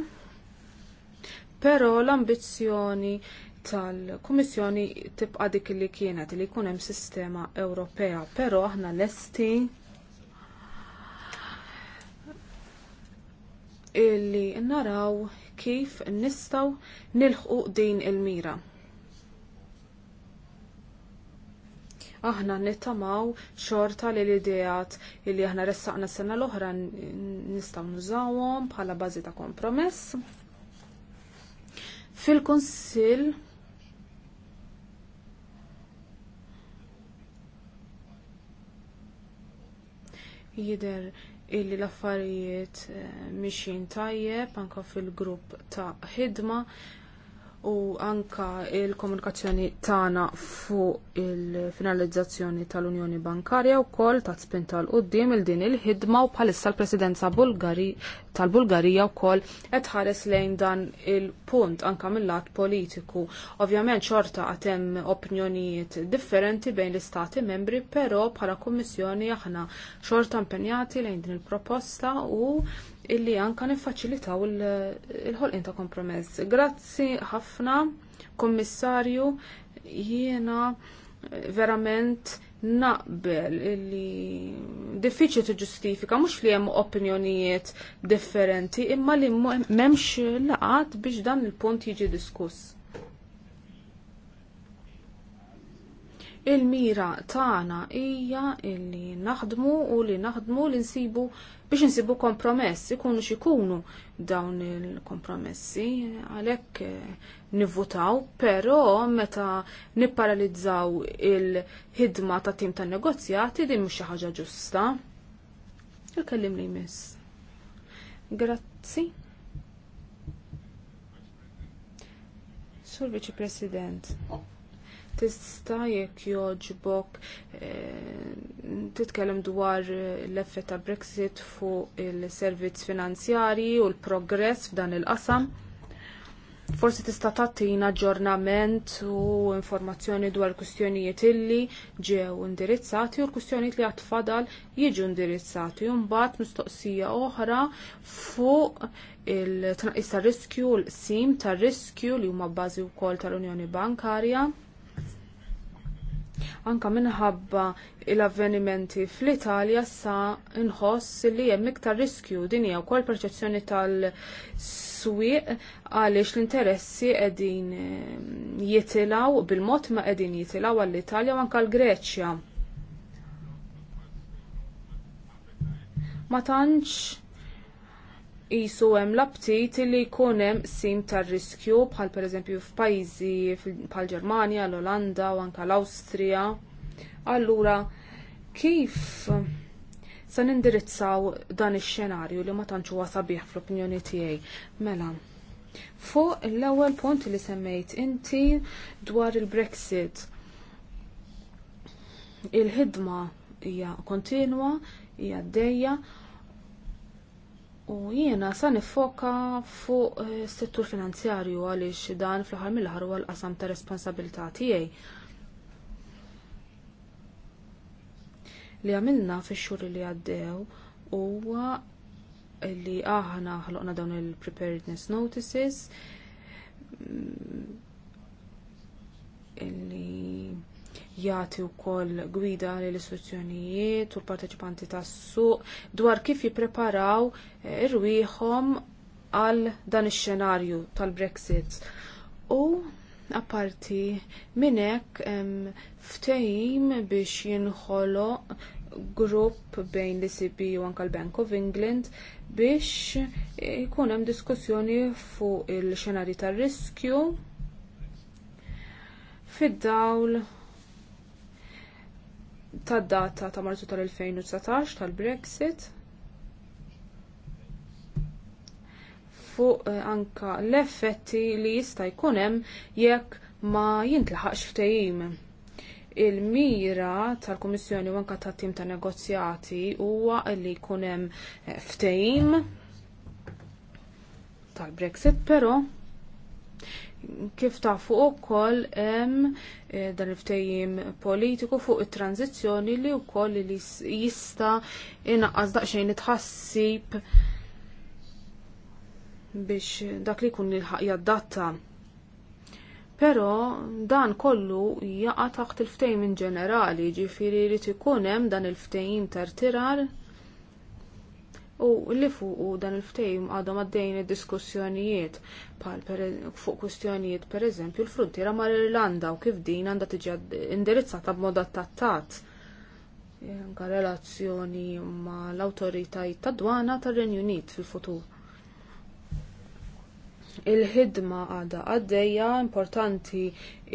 Però l-ambizzjoni tal-Kummissjoni tibqa' dik li kienet li jkun hemm sistema Ewropea, però aħna lesti illi naraw kif nistaw nilħu din il-mira. Aħna nittamaw xorta li l-idejat li aħna ressaqna s-sena l-oħra nistaw nużawhom bħala bażi ta' kompromess. Fil-Konsil jider illi l-affarijiet eh, mixin tajjeb anka fil-grupp ta' ħidma u anka il-komunikazzjoni tagħna fuq il-finalizzazzjoni tal-Unjoni Bankarja wkoll ta' spin tal-qudiem il din il-ħidma u bħalissa l-Presidenza tal-Bulgarija wkoll qed ħares lejn dan il-punt anka mill-lat politiku. Ovvjament xorta għatem opinjonijiet differenti bejn l-istati membri, però bħala kommissjoni aħna xorta impenjati lejn din il-proposta u illi anka niffaċilitaw il-ħolqin ta' kompromess. Grazzi ħafna, kommissarju, jiena eh, verament naqbel illi diffiċli ġustifika mhux li hemm opinjonijiet differenti imma li m'hemmx laqat biex dan il-punt jiġi diskuss. Il-mira tagħna hija li naħdmu u li naħdmu li nsibu biex nsibu kompromess, ikunu xikunu dawn il-kompromessi, għalek eh, nivvutaw, pero meta nipparalizzaw il-ħidma ta' tim ta' negozjati din mhux xi ħaġa ġusta. Il-kellim li jmiss. Grazzi. Sur Vice President tista' jekk joġbok eh, titkellem dwar l-effett ta' Brexit fuq il-servizz finanzjarji u l-progress f'dan il-qasam. Forsi tista' tagħtina aġġornament u informazzjoni dwar kwistjonijiet illi ġew indirizzati u l-kwistjonijiet li għatfadal jiġu indirizzati. u mbagħad mistoqsija oħra fuq il-tnaqqis tar riskju u l-qsim tar riskju li huma bbażi wkoll tal-Unjoni Bankarja Anka minħabba l-avvenimenti fl-Italja sa nħoss li hemm iktar riskju din hija wkoll perċezzjoni tal-swieq għaliex l-interessi qegħdin eh, jitilaw bil-mod ma qegħdin jitilaw għall-Italja u anke l-Greċja. Ma tantx jisu hemm l-aptit li jkun hemm sim tar-riskju bħal pereżempju f'pajjiżi bħal Ġermanja, l-Olanda u anke l-Awstrija. Allura kif se nindirizzaw dan ix-xenarju li ma tantx huwa sabiħ fl-opinjoni tiegħi? Mela, fuq l-ewwel punt li semmejt inti dwar il-Brexit il-ħidma hija kontinwa, hija dejja U jiena sa nifoka fuq eh, settur finanzjarju għaliex dan fl-ħar mill-ħar huwa l-qasam ta' responsabilità tiegħi. Li għamilna fix-xhur li għaddew huwa li aħna ħloqna dawn il-preparedness notices mm, illi jagħti wkoll gwida lill istituzzjonijiet u l-parteċipanti tas-suq dwar kif jippreparaw eh, irwieħhom għal dan ix-xenarju tal-Brexit. U apparti minn hekk ftehim biex jinħoloq grupp bejn l-ECB u anke l-Bank of England biex jkun hemm diskussjoni fuq il xenarji tar-riskju fid-dawl tad-data ta' Marzu tal-2019 tal-Brexit fuq eh, anka l-effetti li jista' jkun hemm jekk ma jintlaħaqx ftehim. Il-mira tal-Kummissjoni u anka tat-tim ta' negozjati huwa li jkun hemm eh, ftehim tal-Brexit, però kif ta' fuq ukoll hemm eh, dan il-ftehim politiku fuq it-tranzizzjoni li wkoll li jista' inaqqas daqsxejn itħassib biex dak li jkun il jaddatta. Però dan kollu jaqa' taħt il-ftehim in ġenerali, ġifieri li ikun hemm dan il-ftehim tartirar u li fuq dan il-ftejm għadhom għaddejn id-diskussjonijiet fuq kwistjonijiet pereżempju l-fruntiera mal-Irlanda u kif din għandha tiġi indirizzata b'mod attattat anka relazzjoni mal awtoritajiet tad dwana tar-Renju Unit fil-futur il-ħidma għadha għaddejja importanti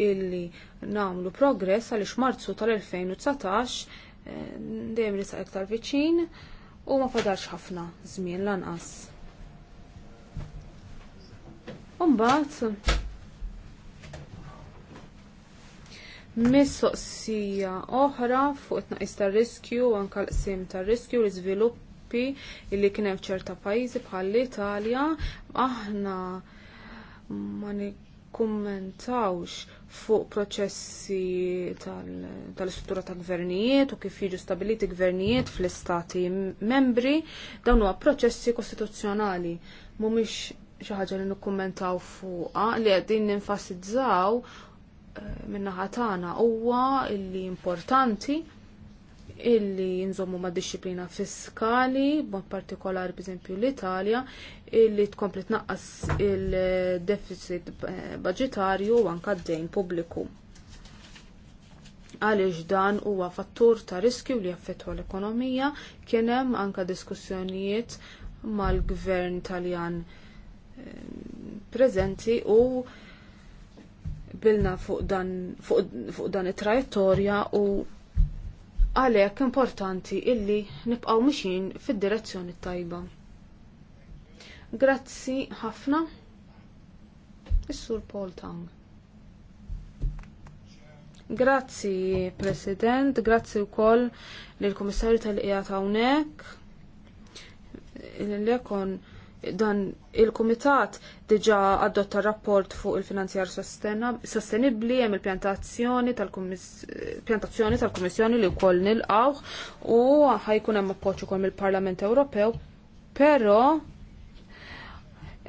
illi nagħmlu progress għaliex marzu tal-2019 eh, dejjem nisa iktar viċin u ma fadalx ħafna żmien lanqas. Umbagħad mistoqsija oħra fuq it naqis tar-riskju anke l-qsim tar-riskju l-iżviluppi li kien hemm ċerta pajjiżi bħal l-Italja aħna ma nikkummentawx fuq proċessi tal-istruttura ta' gvernijiet u kif jiġu stabiliti gvernijiet fl-istati membri, dawn huwa proċessi kostituzzjonali mhumiex xi ħaġa li nikkummentaw fuqha li qegħdin ninfasizzaw eh, min-naħa tagħna huwa li importanti illi jinżommu ma' disċiplina fiskali, ma' partikolari b'eżempju l-Italja, illi tkompli tnaqqas il-deficit budgetarju u anka d-dejn pubbliku. Għaliex dan huwa fattur ta' riskju li jaffettwa l-ekonomija, kien hemm anka diskussjonijiet mal-gvern Taljan ehm, preżenti u bilna fuq dan, fuq, fuq dan it trajettorja u għalhekk importanti illi nibqgħu mixin fid-direzzjoni tajba. Grazzi ħafna. Is-Sur Paul Tang. Grazzi President, grazzi wkoll lill-Kummissarju tal-Qija hawnhekk. l dan il-Kumitat diġa adotta rapport fuq il-finanzjar sostenibli hemm il-pjantazzjoni tal-pjantazzjoni tal-Kummissjoni li wkoll nilqgħu u ħajkun hemm appoġġ ukoll mill-Parlament Ewropew, però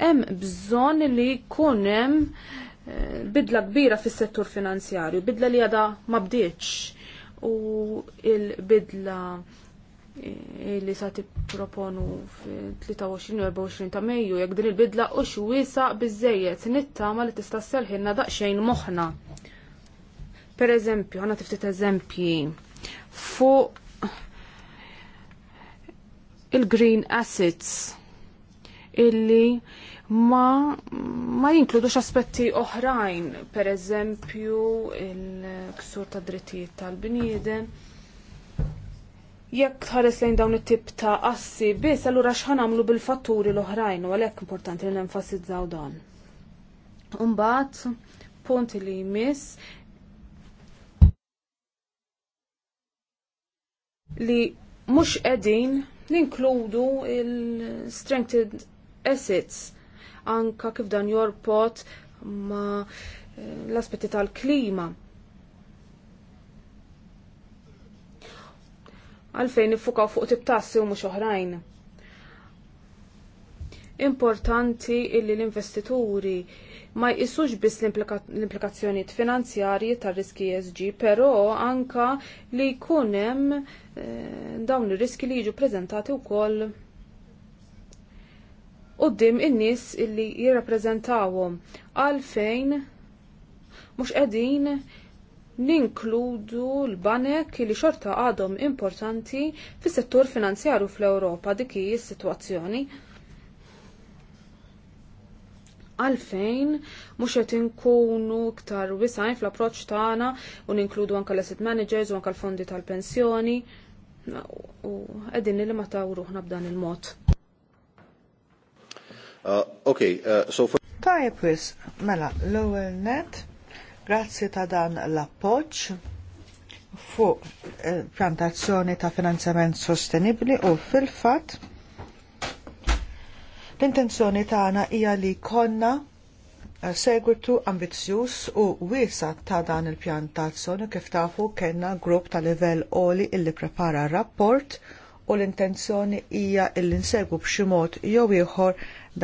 hemm bżonn li jkun hemm eh, bidla kbira fis-settur finanzjarju, bidla li għada ma bdietx u il-bidla Eh, li sa tipproponu fil-23 ta' Mejju jekk din il-bidla u xwiesa biżejjed nittama li tista' sselħilna daqsxejn moħħna. Per eżempju, ħana tiftit eżempji fuq il-green assets illi ma, ma jinkludux aspetti oħrajn, per eżempju il-ksur ta' drittijiet tal-bniedem, jekk tħares lejn dawn it-tip ta' assi biss, allura x'ħan għamlu bil-fatturi l-oħrajn u għalhekk importanti li nenfasizzaw dan. Imbagħad punt li jmiss li mhux qegħdin ninkludu il-strengthened assets anka kif dan jorpot ma l-aspetti tal-klima għalfejn nifukaw fuq tip tassi u mhux oħrajn. Importanti illi l-investituri ma jqisux biss l-implikazzjonijiet finanzjarji tar-riski ESG, però anka li jkun hemm eh, dawn ir-riski li jiġu preżentati wkoll qudiem in-nies illi jirrappreżentawhom għalfejn mhux qegħdin ninkludu l-banek li xorta għadhom importanti fis settur finanzjaru fl-Ewropa dik hi s-sitwazzjoni. Għalfejn mhux qed inkunu iktar wisajn fl-approċċ tagħna u ninkludu anke l-asset managers u anke l-fondi tal-pensjoni u qegħdin li ma taw ruħna b'dan il-mod. Uh, okay, uh, so for... Tajpis, mela, l-ewwel net Grazzi ta' dan l-appoċ fuq eh, pjantazzjoni ta' finanzjament sostenibli u fil-fat l-intenzjoni tagħna hija li konna eh, segwitu ambizzjuż u wiesa ta' dan il-pjantazzjoni kif tafu kellna grupp ta' livell oli illi prepara rapport u l-intenzjoni hija illi nsegwu b'xi mod jew ieħor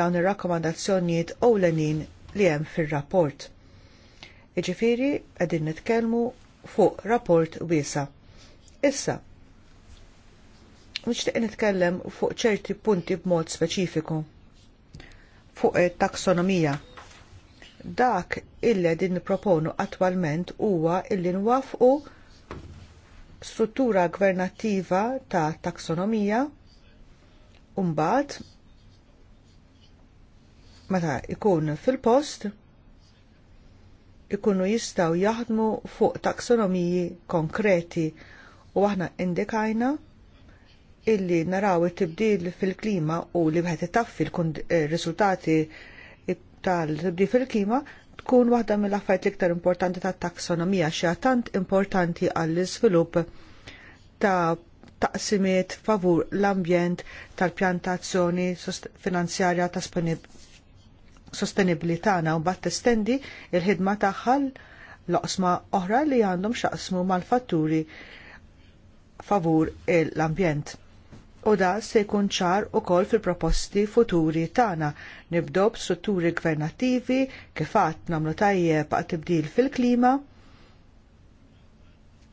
dawn ir-rakkomandazzjonijiet ewlenin li hemm fir-rapport. Iġifiri, għedin nitkelmu fuq rapport wiesa. Issa, nixtieq nitkellem fuq ċerti punti b'mod speċifiku. Fuq eh, taksonomija. Dak illi din niproponu attwalment huwa illi nwafqu struttura gvernattiva ta' taksonomija u mbagħad meta ikun fil-post ikunu jistaw jaħdmu fuq taksonomiji konkreti u aħna indikajna illi naraw it-tibdil fil-klima u li bħet taffi l-risultati eh, tal-tibdil fil-klima tkun waħda mill-affarijiet l-iktar importanti tat-taksonomija xi tant importanti għall-iżvilupp ta' taqsimiet favur l-ambjent tal-pjantazzjoni finanzjarja ta' sostenibbli tagħna u mbagħad testendi l ħidma tagħha l-oqsma oħra li għandhom xaqsmu mal-fatturi favur l-ambjent. U da se jkun ċar ukoll fil-proposti futuri tagħna nibdob b'strutturi gvernattivi kif għadd nagħmlu tajjeb għat tibdil fil-klima.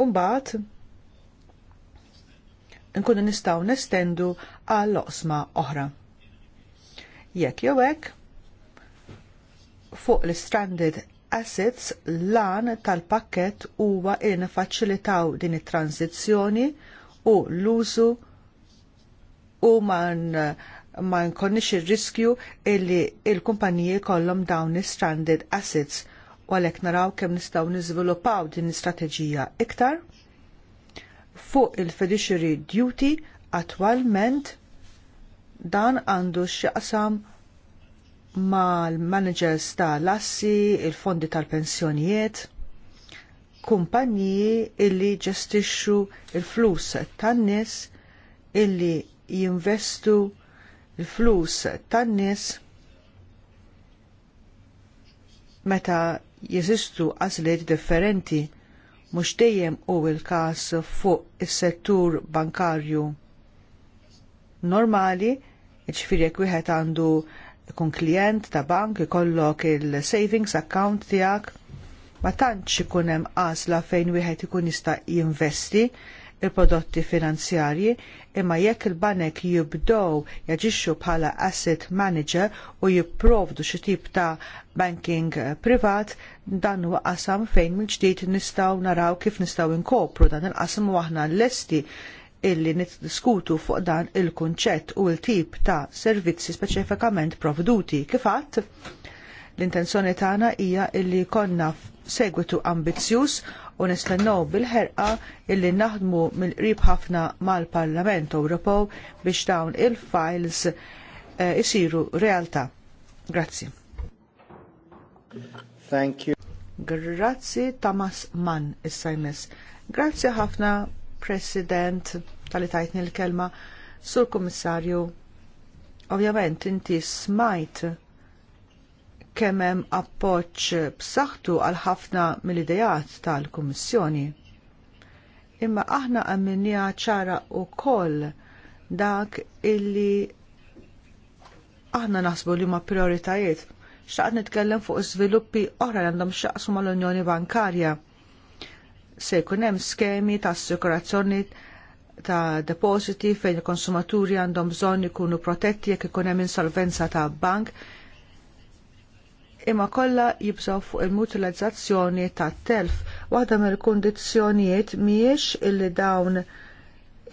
u mbagħad nkunu nistgħu nestendu għal oqsma oħra. Jekk jew hekk, fuq l-stranded assets lan tal-pakket huwa jinfaċilitaw din it-tranzizzjoni u l-użu u man ma nkonniex ir-riskju illi il-kumpaniji kollhom dawn stranded assets u għalhekk naraw kemm nistgħu niżviluppaw din l-istrateġija iktar fuq il-fiduciary duty attwalment dan għandu x'jaqsam mal-managers tal-assi, il-fondi tal-pensjonijiet, kumpanji illi ġestixxu il-flus tan-nies illi jinvestu il-flus tan-nies meta jeżistu għażliet differenti mhux dejjem hu l-każ fuq is-settur bankarju normali, ġifieri wieħed għandu ikun klient ta' bank ikollok il-savings account tiegħek ma tantx ikun hemm għażla fejn wieħed ikun jista' jinvesti il-prodotti finanzjarji imma jekk il-banek jibdow jaġixxu bħala asset manager u jipprovdu xi tip ta' banking eh, privat dan huwa qasam fejn mill ġdid nistgħu naraw kif nistgħu inkopru dan il-qasam u aħna lesti illi niddiskutu fuq dan il-kunċett u l-tip ta' servizzi speċifikament provduti. Kifat, l-intenzjoni tagħna hija illi konna segwitu ambizzjuż u nistennew bil-ħerqa illi naħdmu mill-qrib ħafna mal-Parlament Ewropew biex dawn il-files eh, isiru realtà. Grazzi. Thank you. Grazzi Thomas Mann is-sajmes. Grazzi ħafna President, tal tajtni l-kelma, Sur Kummissarju, ovvjament inti smajt kemm hemm appoġġ b'saħħtu għal ħafna mill-idejat tal-Kummissjoni. Imma aħna għamminija ċara wkoll dak illi aħna nasbu li ma prioritajiet. Xaqt nitkellem fuq żviluppi oħra li għandhom xaqsu mal-Unjoni Bankarja se jkun hemm skemi ta' assikurazzjoni ta' depositi fejn il-konsumaturi għandhom bżonn ikunu protetti jekk ikun hemm insolvenza ta' bank imma kollha jibżgħu fuq il-mutilizzazzjoni ta' telf. Waħda mill-kundizzjonijiet mhijiex illi dawn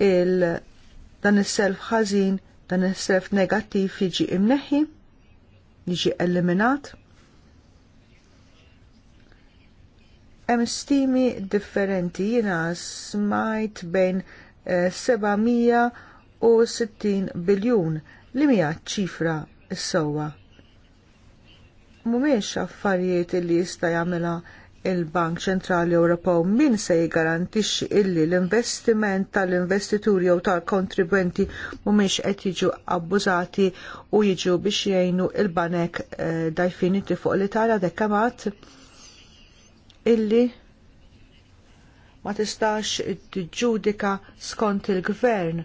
il dan is-self ħażin, dan is-self negattiv jiġi imneħħi, jiġi eliminat Hemm stimi differenti jiena smajt bejn 760 eh, biljun li mija ċifra s-sowa. Mumiex affarijiet li jista' jagħmilha il-Bank Ċentrali Ewropew min se jgarantixxi illi l-investiment tal-investituri jew tal-kontribwenti mhumiex qed jiġu abbużati u jiġu biex jgħinu il-banek eh, dajfiniti fuq l-Italja dekkamat illi ma tistax tiġġudika skont il-gvern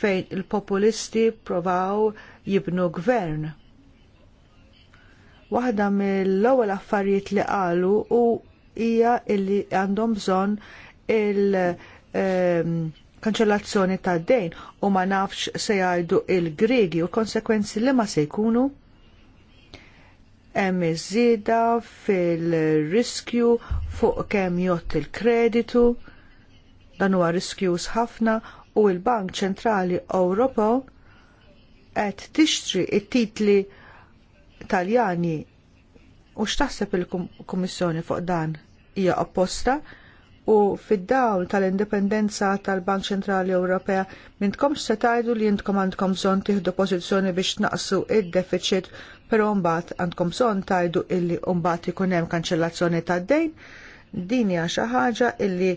fejn il-populisti provaw jibnu gvern. Waħda mill-ewwel affarijiet li qalu u hija illi għandhom bżonn il-kanċellazzjoni ehm, tad dejn u ma nafx se jgħidu il-Gregi u l konsekwenzi li ma se jkunu hemm iż-żieda fil-riskju fuq kemm jott il-kreditu dan huwa riskjuż ħafna u l-Bank Ċentrali Ewropew qed tixtri t titli Taljani u x'taħseb il-Kummissjoni fuq dan hija opposta u fid-dawl tal-indipendenza tal-Bank Ċentrali Ewropea mintkom se tajdu li jintkom għandkom bżonn tieħdu pożizzjoni biex naqsu id-deficit però mbagħad għandkom bżonn tajdu illi mbagħad ikun hemm kanċellazzjoni tad-dejn din hija xi ħaġa illi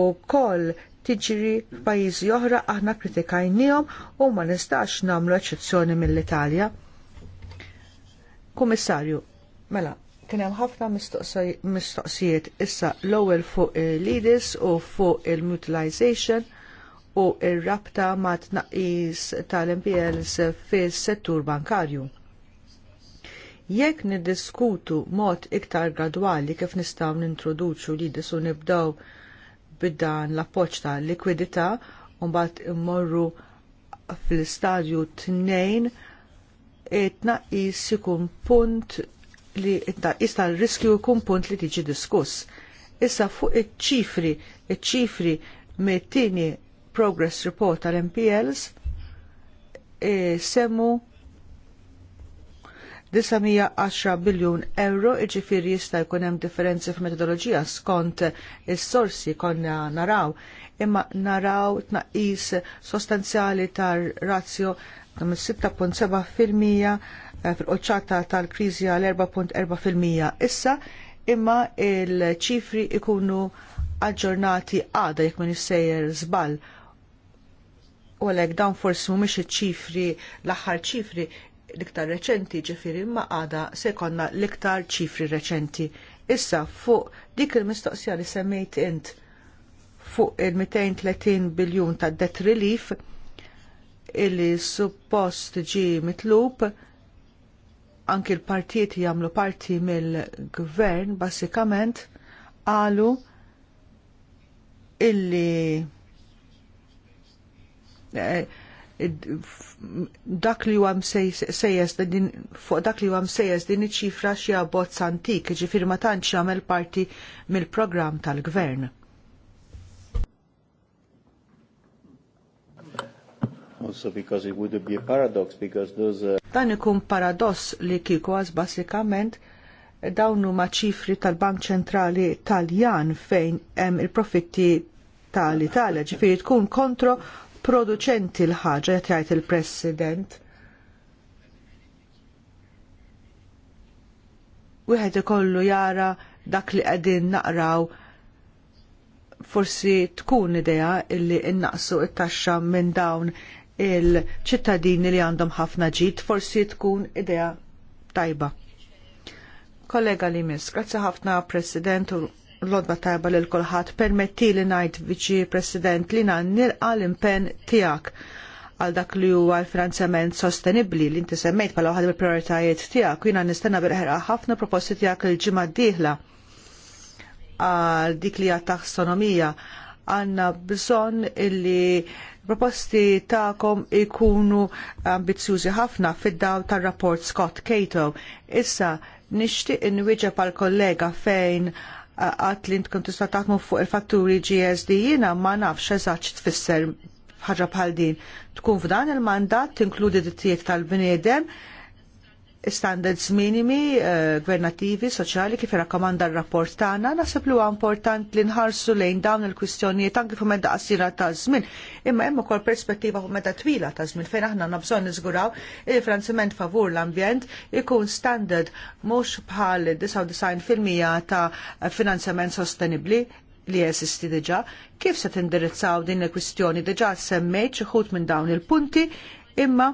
wkoll tiġri f'pajjiżi oħra aħna kritikajniehom u ma nistax nagħmlu eċċezzjoni mill-Italja. Kummissarju, mela, Kien hemm ħafna mistoqsijiet issa l-ewwel fuq il leaders u fuq il-mutilization u r-rabta ma' tnaqqis tal-MPLs fis-settur bankarju. Jekk niddiskutu mod iktar gradwali kif nistgħu nintroduċu leaders u nibdew bid-dan l-appoġġ ta' likwidità u mbagħad immorru fl-istadju tnejn it-tnaqqis ikun punt li jista daqis tal-riskju jkun punt li tiġi diskuss. Issa fuq iċ-ċifri, iċ-ċifri mit-tieni progress report tal-MPLs e, semmu 910 biljun euro, iġifiri jista jkun hemm differenzi f'metodoloġija skont is-sorsi konna naraw, imma naraw tnaqqis sostanzjali tar razzjo ta' 6.7 fil-mija Eh, fil-qoċċata tal-kriżi għal 4.4%. Issa imma il-ċifri ikunu aġġornati għada jekk ma nissejjer żball. U għalhekk dawn forsi mhumiex iċ-ċifri l-aħħar ċifri l-iktar reċenti ġifiri imma għada se jkollna l-iktar ċifri reċenti. Issa fuq dik il-mistoqsija li semmejt int fuq il-230 biljun ta' debt relief illi suppost ġie mitlub anki l-partijiet jagħmlu parti mill-gvern basikament qalu illi eh, dak li għam sejjes fuq dak li huwa sejjes din iċ-ċifra xi abbozz antik, ma tantx jagħmel parti mill-programm tal-gvern. also because it would be a paradox because those uh... Dan ikun paradoss li kieku għaz basikament dawn huma ċifri tal-Bank Ċentrali Taljan fejn hemm il-profitti tal-Italja, ġifieri tkun kontro produċenti l-ħaġa qed jgħid il-President. Wieħed ikollu jara dak li qegħdin naqraw forsi tkun idea illi innaqsu it-taxxa minn dawn il-ċittadini li għandhom ħafna ġid forsi tkun idea tajba. Kollega li mis, grazzi ħafna President u l-odba tajba l kulħadd permetti li ngħid viċi President li nan nilqa l-impen tiegħek għal dak li huwa l-finanzjament sostenibbli li inti semmejt bħala waħda mill-prioritajiet tiegħek u jiena nistenna bil ħafna proposti tiegħek il-ġimgħa d-dieħla għal dik li hija taħsonomija għanna bżonn illi proposti tagħkom ikunu ambizjużi ħafna fid-daw tar rapport Scott Cato. Issa, nixtieq inwieġeb għal kollega fejn għat li tkun tista' taħmu fuq il-fatturi GSD jiena ma nafx eżatt tfisser ħaġa bħal din. Tkun f'dan il-mandat tinkludi dittijiet tal-bniedem standards minimi uh, eh, gvernativi, soċjali kif irrakkomanda r-rapport tagħna, naħseb li huwa important li nħarsu lejn dawn il-kwistjonijiet anke fuq medda qasira ta' żmien, imma hemm ukoll perspettiva fuq meta twila ta' żmien fejn aħna għandna bżonn niżguraw li franziment favur l-ambjent ikun standard mhux bħal 99% ta' finanzjament sostenibbli li jesisti diġa, kif se tindirizzaw din il-kwistjoni diġa semmejt xi ħut minn dawn il-punti, imma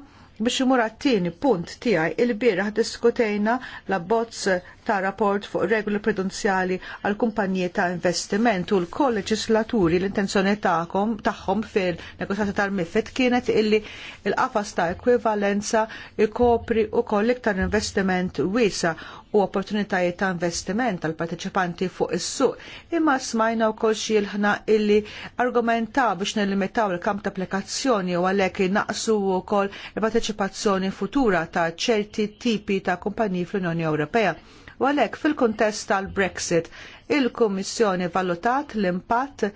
Biex imur għattini punt tiegħi il-bieraħ diskutejna la bozz ta' rapport fuq regoli prudenzjali għal kumpaniji ta' investiment u l-kolleġislaturi l-intenzjoni tagħhom tagħhom fil-negozjati tal-mifet kienet illi l-qafas ta' ekwivalenza ikopri u koll iktar investiment wiesa u opportunitajiet ta' investiment tal parteċipanti fuq is-suq, imma smajna wkoll xi ħna illi argumentaw biex nelimitaw il-kamp ta' applikazzjoni u għalhekk u wkoll il-parteċipazzjoni futura ta' ċerti tipi ta' kumpaniji fl-Unjoni Ewropea. U għalhekk fil-kuntest tal-Brexit, il-Kummissjoni valutat l-impatt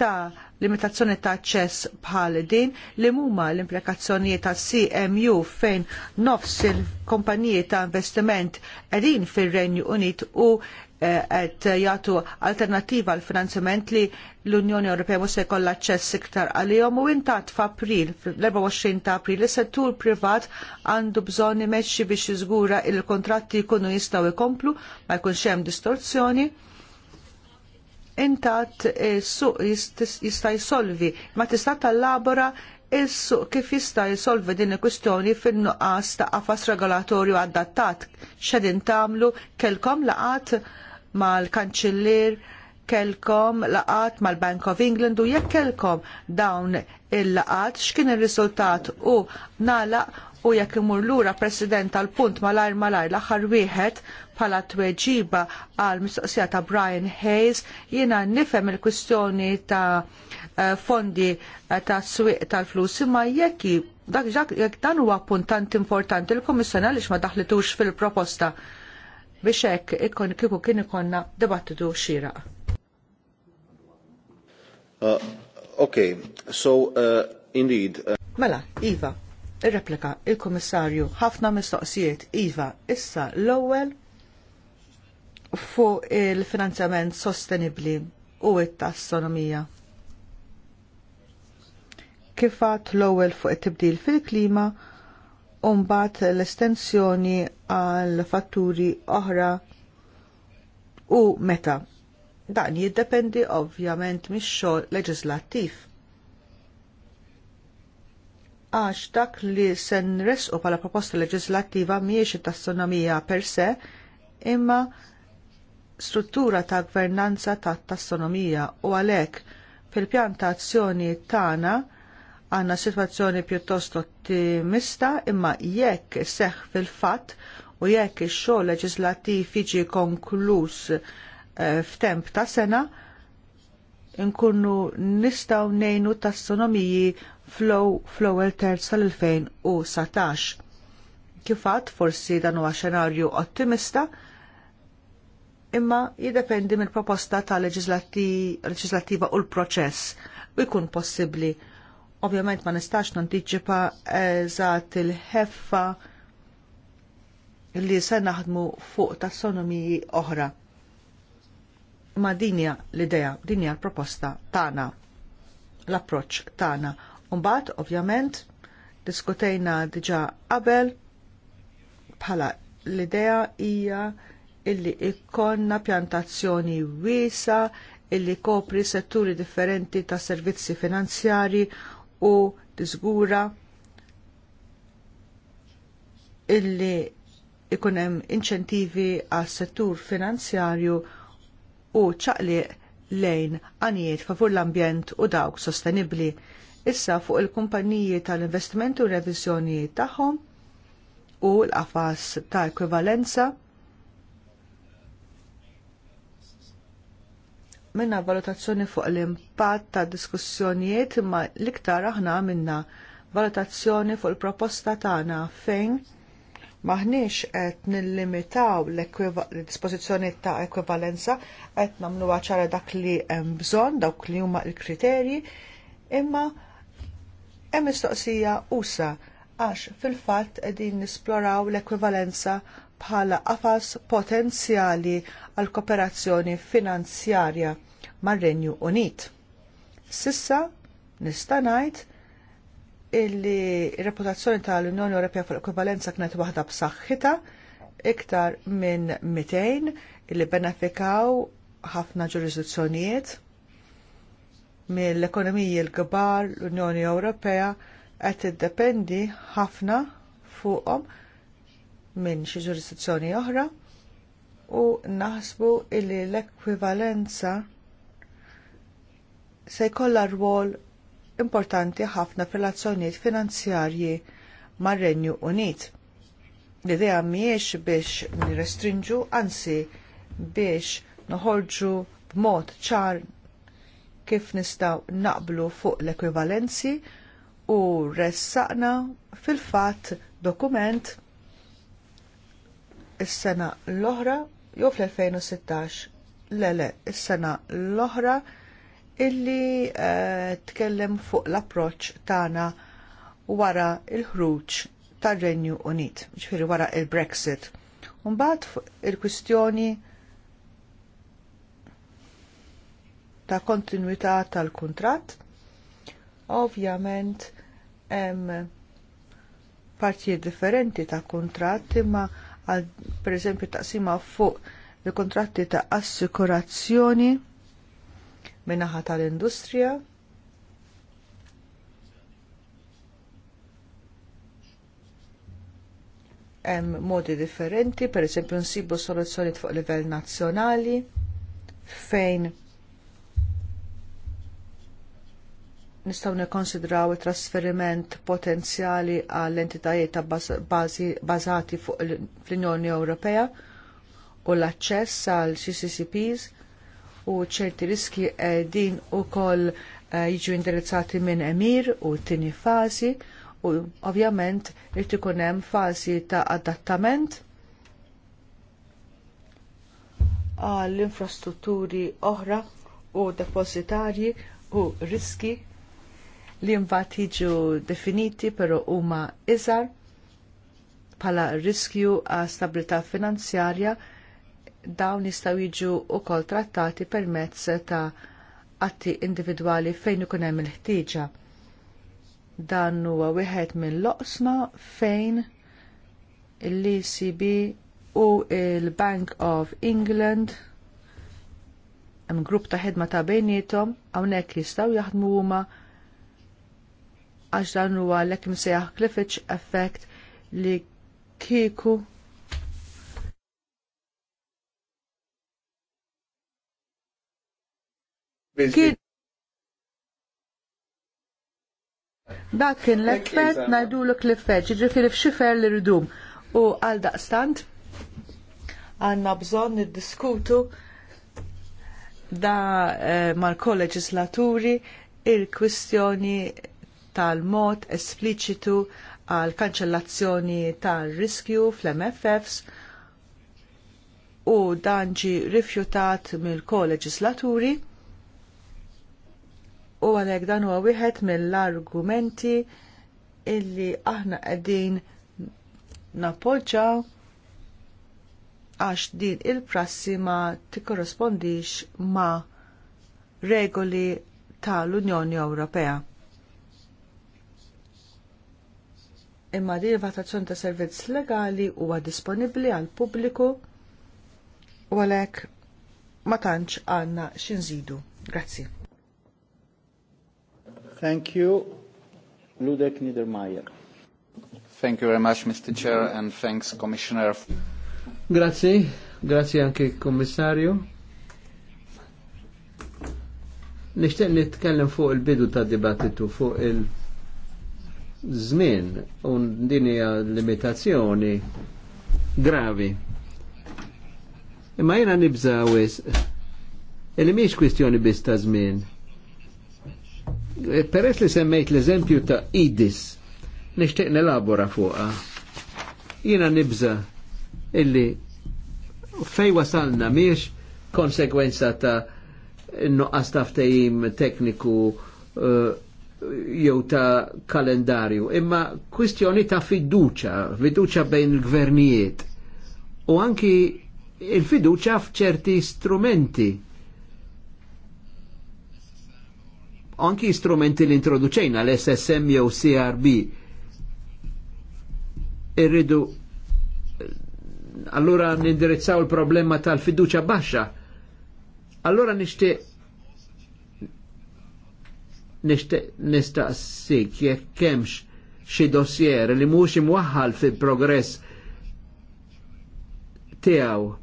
ta' limitazzjoni ta' ċess bħal din li huma l-implikazzjonijiet ta' CMU fejn nofs il kumpaniji ta' investiment edin fir-Renju Unit u eh, qed jagħtu alternattiva għal finanzjament li l-Unjoni Ewropea mhux se jkollha aċċess iktar jom u intat f'April l-24 ta' April is-settur privat għandu bżonn imexxi biex jiżgura il-kontratti jkunu jistgħu jkomplu ma jkunx hemm distorzjoni intat is-suq jista' jsolvi, ma tista' tallabora is-suq kif jista' jsolvi din il-kwistjoni fin-nuqqas ta' qafas regolatorju adattat x'edin tagħmlu kelkom laqat mal-kanċillier kelkom laqat mal-Bank of England u jekk kelkom dawn il-laqat x'kien ir-riżultat u nagħlaq u jekk imur lura President tal-punt malajr malajr l-aħħar wieħed bħala tweġiba għal mistoqsija ta' Brian Hayes jiena nifem il-kwistjoni ta' eh, fondi eh, ta' swiq tal-flus imma jekki, dak dan huwa puntant importanti l-Komissjoni għaliex ma daħlitux fil-proposta biex hekk ikun kieku kien ikonna dibattitu xieraq. Uh, ok, so uh, indeed. Uh... Mela, Iva, ir-replika, il-Komissarju, ħafna mistoqsijiet, Iva, issa l-ewwel fuq il-finanzjament sostenibli u it-tassonomija. Kifat l-ewwel fuq it-tibdil fil-klima u mbagħad l-estensjoni għal fatturi oħra u meta. Dan jiddependi ovvjament mix-xogħol leġislattiv. Għax dak li se nresqu bħala proposta leġislattiva mhijiex it-tassonomija per se, imma struttura ta' gvernanza ta' tassonomija u għalhekk fil azzjoni tagħna għandna sitwazzjoni pjuttost ottimista imma jekk seħħ fil-fatt u jekk ix-xogħol leġislattiv jiġi konkluż eh, f'temp ta' sena nkunu nistgħu ngħinu tassonomiji fl-ewwel terz tal-2017. Kifat forsi dan huwa xenarju ottimista, imma jiddependi mill-proposta ta' leġislattiva u l-proċess u jkun possibbli. Ovvjament ma nistax nantiġipa eżat il-ħeffa li se naħdmu fuq sonomiji oħra. Ma dinja l-idea, dinja l-proposta tagħna, l approċċ tagħna. Umbat, ovvjament, diskutejna diġà qabel bħala l-idea hija illi ikkonna pjantazzjoni wiesa illi kopri setturi differenti ta' servizzi finanzjari u tiżgura illi ikun hemm inċentivi għas settur finanzjarju u ċaqli lejn għanijiet favur l-ambjent u dawk sostenibbli. Issa fuq il-kumpaniji tal-investiment u revizjoni tagħhom u l-qafas ta' ekwivalenza minna valutazzjoni fuq l-impatt ta' diskussjonijiet imma l-iktar aħna minna valutazzjoni fuq il-proposta tagħna fejn maħniex qed nillimitaw l-dispożizzjoni ta' ekwivalenza qed nagħmluha ċara dak li hemm bżonn dawk li huma l-kriterji imma hemm mistoqsija usa għax fil-fatt qegħdin nisploraw l-ekwivalenza bħala qafas potenzjali għal kooperazzjoni finanzjarja mar-Renju Unit. Sissa nista' ngħid illi reputazzjoni tal-Unjoni Ewropea fuq l-ekwivalenza kienet waħda b'saħħitha iktar minn 200 illi benefikaw ħafna ġurisdizzjonijiet mill-ekonomiji l-kbar l-Unjoni Ewropea qed tiddependi ħafna fuqhom minn xi ġurisdizzjoni oħra u naħsbu illi l-ekwivalenza se jkollha rwol importanti ħafna fil relazzjonijiet finanzjarji mar-Renju Unit. L-idea mhijiex biex nirrestrinġu, anzi biex noħorġu b'mod ċar kif nistgħu naqblu fuq l-ekwivalenzi u ressaqna fil-fatt dokument is-sena l-oħra jew fl-2016. le, is-sena l-oħra illi uh, tkellem fuq l-approċ tagħna wara il-ħruġ tar-Renju Unit, ġifieri wara il-Brexit. Mbagħad fuq il-kwistjoni ta' kontinuità tal-kuntratt. Ovvjament hemm partijiet differenti ta' kuntratt imma għal pereżempju taqsima fuq il kuntratti ta' assikurazzjoni min-naħa tal-industrija. Hemm modi differenti, pereżempju nsibu soluzzjoni fuq livell nazzjonali fejn nistgħu nikkonsidraw it-trasferiment potenzjali għall entitajiet ta' bażati fuq l-Unjoni Ewropea u l-aċċess għal CCCPs u ċerti riski eh, din ukoll eh, jiġu indirizzati minn emir u t tini fażi u ovvjament irid ikun hemm ta' adattament għall infrastrutturi oħra u depożitarji u riski li mbagħad jiġu definiti però huma iżgħar bħala riskju għal stabilità finanzjarja dawn jistgħu jiġu wkoll trattati permezz ta' atti individwali fejn ikun hemm il-ħtieġa. Dan huwa wieħed minn loqsma fejn l-ECB u l bank of England hemm grupp ta' ħedma ta' bejnietom hawnhekk jistgħu jaħdmu huma għax dan huwa l-ek msejjaħ Cliffage effect li kieku Dak kien l-effett najdu l l ġifiri fxifer li ridum. U għal daqstant, għanna bżon niddiskutu da eh, mal-kolleġislaturi il-kwistjoni tal-mod espliċitu għal kanċellazzjoni tal-riskju fl-MFFs u dan ġie rifjutat mill-koleġislaturi u għalhekk dan huwa wieħed mill-argumenti illi aħna qegħdin nappoġġaw għax din il-prassi ma tikkorrespondix ma regoli tal-Unjoni Ewropea. imma di vatazzjoni ta' servizz legali huwa disponibbli għal pubbliku u għalhekk ma tantx għandna xinżidu. Grazzi. Thank you, Ludek Niedermayer. Thank you very much, Mr. Chair, and thanks, Commissioner. Grazie, grazie anche Commissario. Nishtiq nitkellem fuq il-bidu ta' dibattitu fuq il- -bidu, zmin u dinja limitazzjoni gravi. Imma jena nibżawis, wis miex mhix kwistjoni biss ta' żmien. E, peress li semmejt l-eżempju ta' Idis, nishtiq nelabora fuqha. Jena nibża illi fej wasalna miex konsekwenza ta' nuqqas ta' taftejim tekniku uh, jew ta' kalendarju, imma kwistjoni ta' fiduċa, fiduċa bejn il-gvernijiet u anki il-fiduċa f'ċerti strumenti. Anki strumenti li introduċejna l-SSM jew CRB. Irridu allura nindirizzaw il-problema tal-fiduċa baxxa. Allora nixtieq nistaqsik jekk kemx xi dossier li mhux imwaħħal fil-progress tiegħu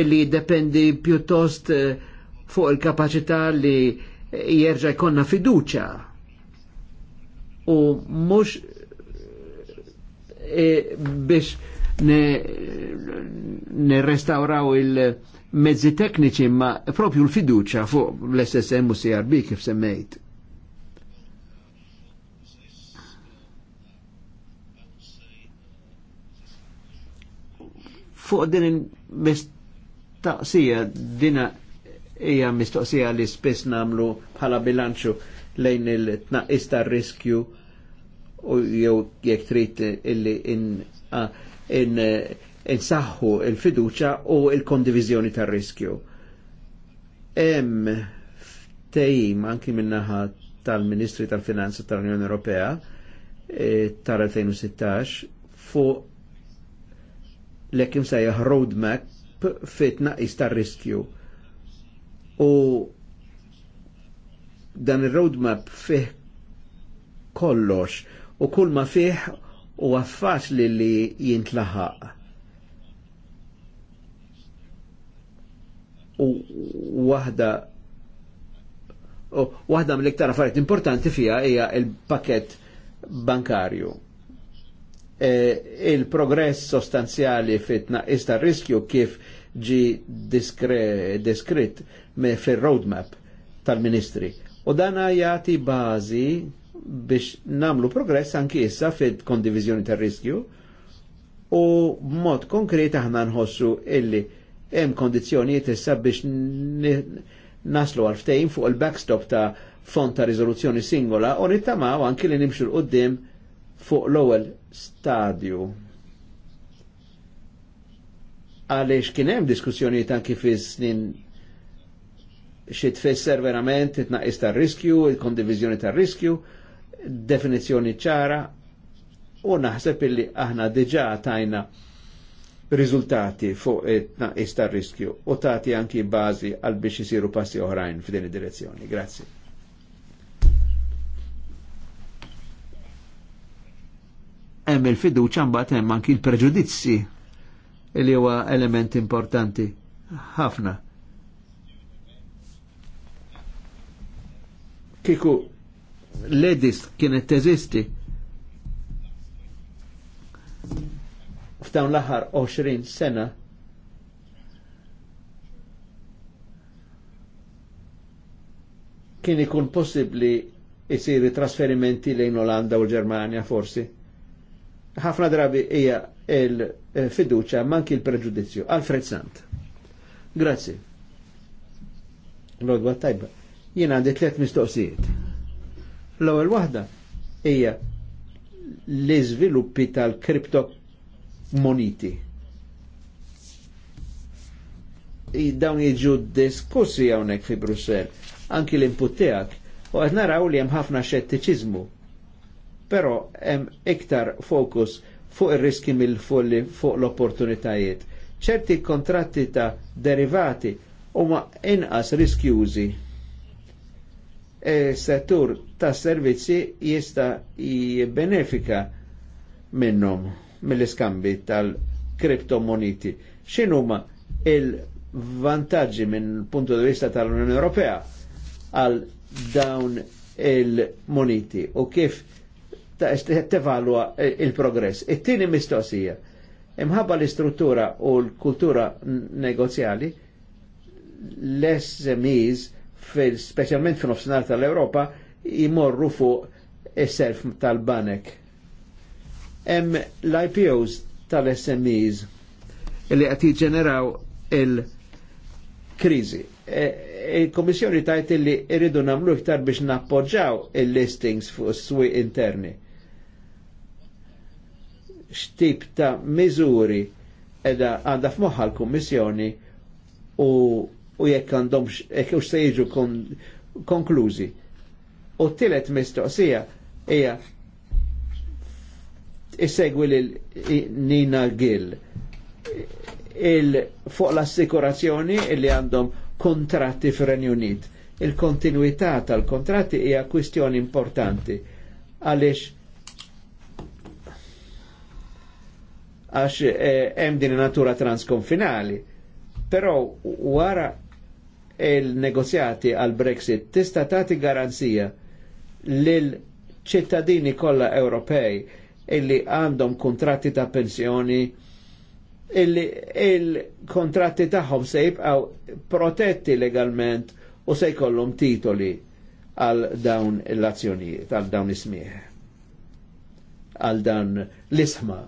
illi jiddependi pjuttost eh, fuq il-kapaċità li jerġa' jkollna fiduċja u mhux e, biex nirrestawraw il- mezzi tekniċi ma propju l-fiduċa fuq l-SSM u CRB kif semmejt. Fuq din il-mistaqsija, dina hija mistoqsija li spess namlu bħala bilanċu lejn il-tnaqqis ta' riskju u jew jekk trid illi in, in, in insaħħu il-fiduċa u il-kondivizjoni tar-riskju. Hemm ftehim anki minnaħa tal-Ministri tal-Finanza tal-Unjoni Ewropea eh, tar-2016 fuq l-ekim sejjaħ roadmap fit naqis tar-riskju. U dan il-roadmap fih kollox u kull ma fih u għaffaċ li li jintlaħaq. u waħda wahda mill-iktar affarijiet importanti fija hija il-pakett bankarju. E, il-progress sostanzjali fit naqis tar-riskju kif ġi diskrit fil-roadmap tal-ministri. U dan jati bażi biex namlu progress anki issa fil-kondivizjoni tar-riskju u mod konkret aħna nħossu illi hemm kondizzjonijiet issa biex naslu għal ftejn fuq il-backstop ta' font ta' riżoluzzjoni singola u nittamaw anki li nimxu l-qoddim fuq l-ewwel stadju. Għaliex kien hemm diskussjonijiet anki fi snin xi tfisser verament it-tnaqqis tar-riskju, il kondivizjoni tar-riskju, definizzjoni ċara u naħseb illi aħna diġà tajna riżultati fuq it-naqis tar-riskju u tagħti anki bażi għal biex isiru passi oħrajn f'din id-direzzjoni. Grazzi. Hemm il-fiduċa mbagħad hemm anki l-preġudizzi li huwa element importanti ħafna. Kiku l-edis kienet teżisti f'dawn l-aħħar 20 sena kien ikun possibbli jisiri trasferimenti lejn Olanda u Ġermanja forsi. Ħafna drabi hija il-fiduċa manki il-preġudizzju. Alfred Sant. Grazzi. Lodwa tajba. Jien għandi tliet mistoqsijiet. L-ewwel waħda hija l-iżviluppi tal-kripto moniti. I dawn jiġu diskussi hawnhekk fi Brussel, anki l-input u għed naraw li hemm ħafna xettiċizmu. Però hemm iktar fokus fuq il riski mill-folli fuq l-opportunitajiet. ċerti kontratti ta' derivati huma inqas riskjużi. E settur ta' servizzi jista' jibbenefika minnom mill-iskambi tal-kriptomoniti. X'inhuma il-vantaġġi minn punto di vista tal-Unjoni Ewropea għal dawn il-moniti u kif tevalwa il-progress. it tini mistoqsija. Imħabba l-istruttura u l-kultura negozjali, l-SMEs, specialment fin nofsinar tal-Europa, jimorru fuq is-self tal-banek hemm l-IPOs tal-SMEs li qed jiġġeneraw il-kriżi. E, e, Il-Komissjoni tajt li irridu nagħmlu iktar biex nappoġġaw il-listings fuq s-swi interni. X'tip ta' miżuri edha għandha f'moħħa l-Kummissjoni u u jekk għandhomx jekk se jiġu konklużi. U t-tielet mistoqsija hija Isegwi lil Nina Gill il-fuq l-assikurazzjoni li għandhom kontratti fir-Renju Unit. Il-kontinuità tal-kontratti hija kwistjoni importanti għaliex għax eh, hemm din natura transkonfinali. Però wara il-negozjati għal Brexit tista' tagħti garanzija lil ċittadini kollha Ewropej illi għandhom kontratti ta' pensjoni illi il-kontratti tagħhom se jibqgħu protetti legalment u se jkollhom titoli għal dawn l-azzjonijiet, għal dawn ismieħ, għal dan l-isma.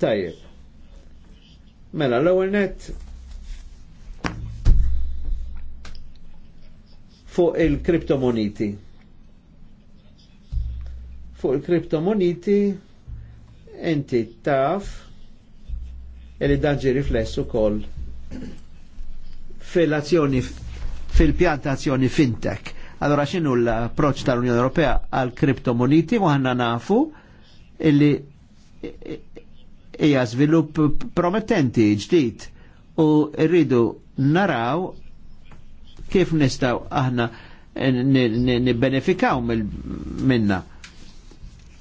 Tajjeb. Mela, l-ewwel net fuq il-kriptomoniti fuq il-kriptomoniti enti taf li daġi riflessu kol fil-azzjoni fil-pjantazzjoni fintech. Allora xinu l-approċ tal-Unjoni Ewropea għal kriptomoniti u għanna nafu illi hija żvilupp promettenti ġdid u rridu naraw kif nistaw aħna nibbenefikaw minna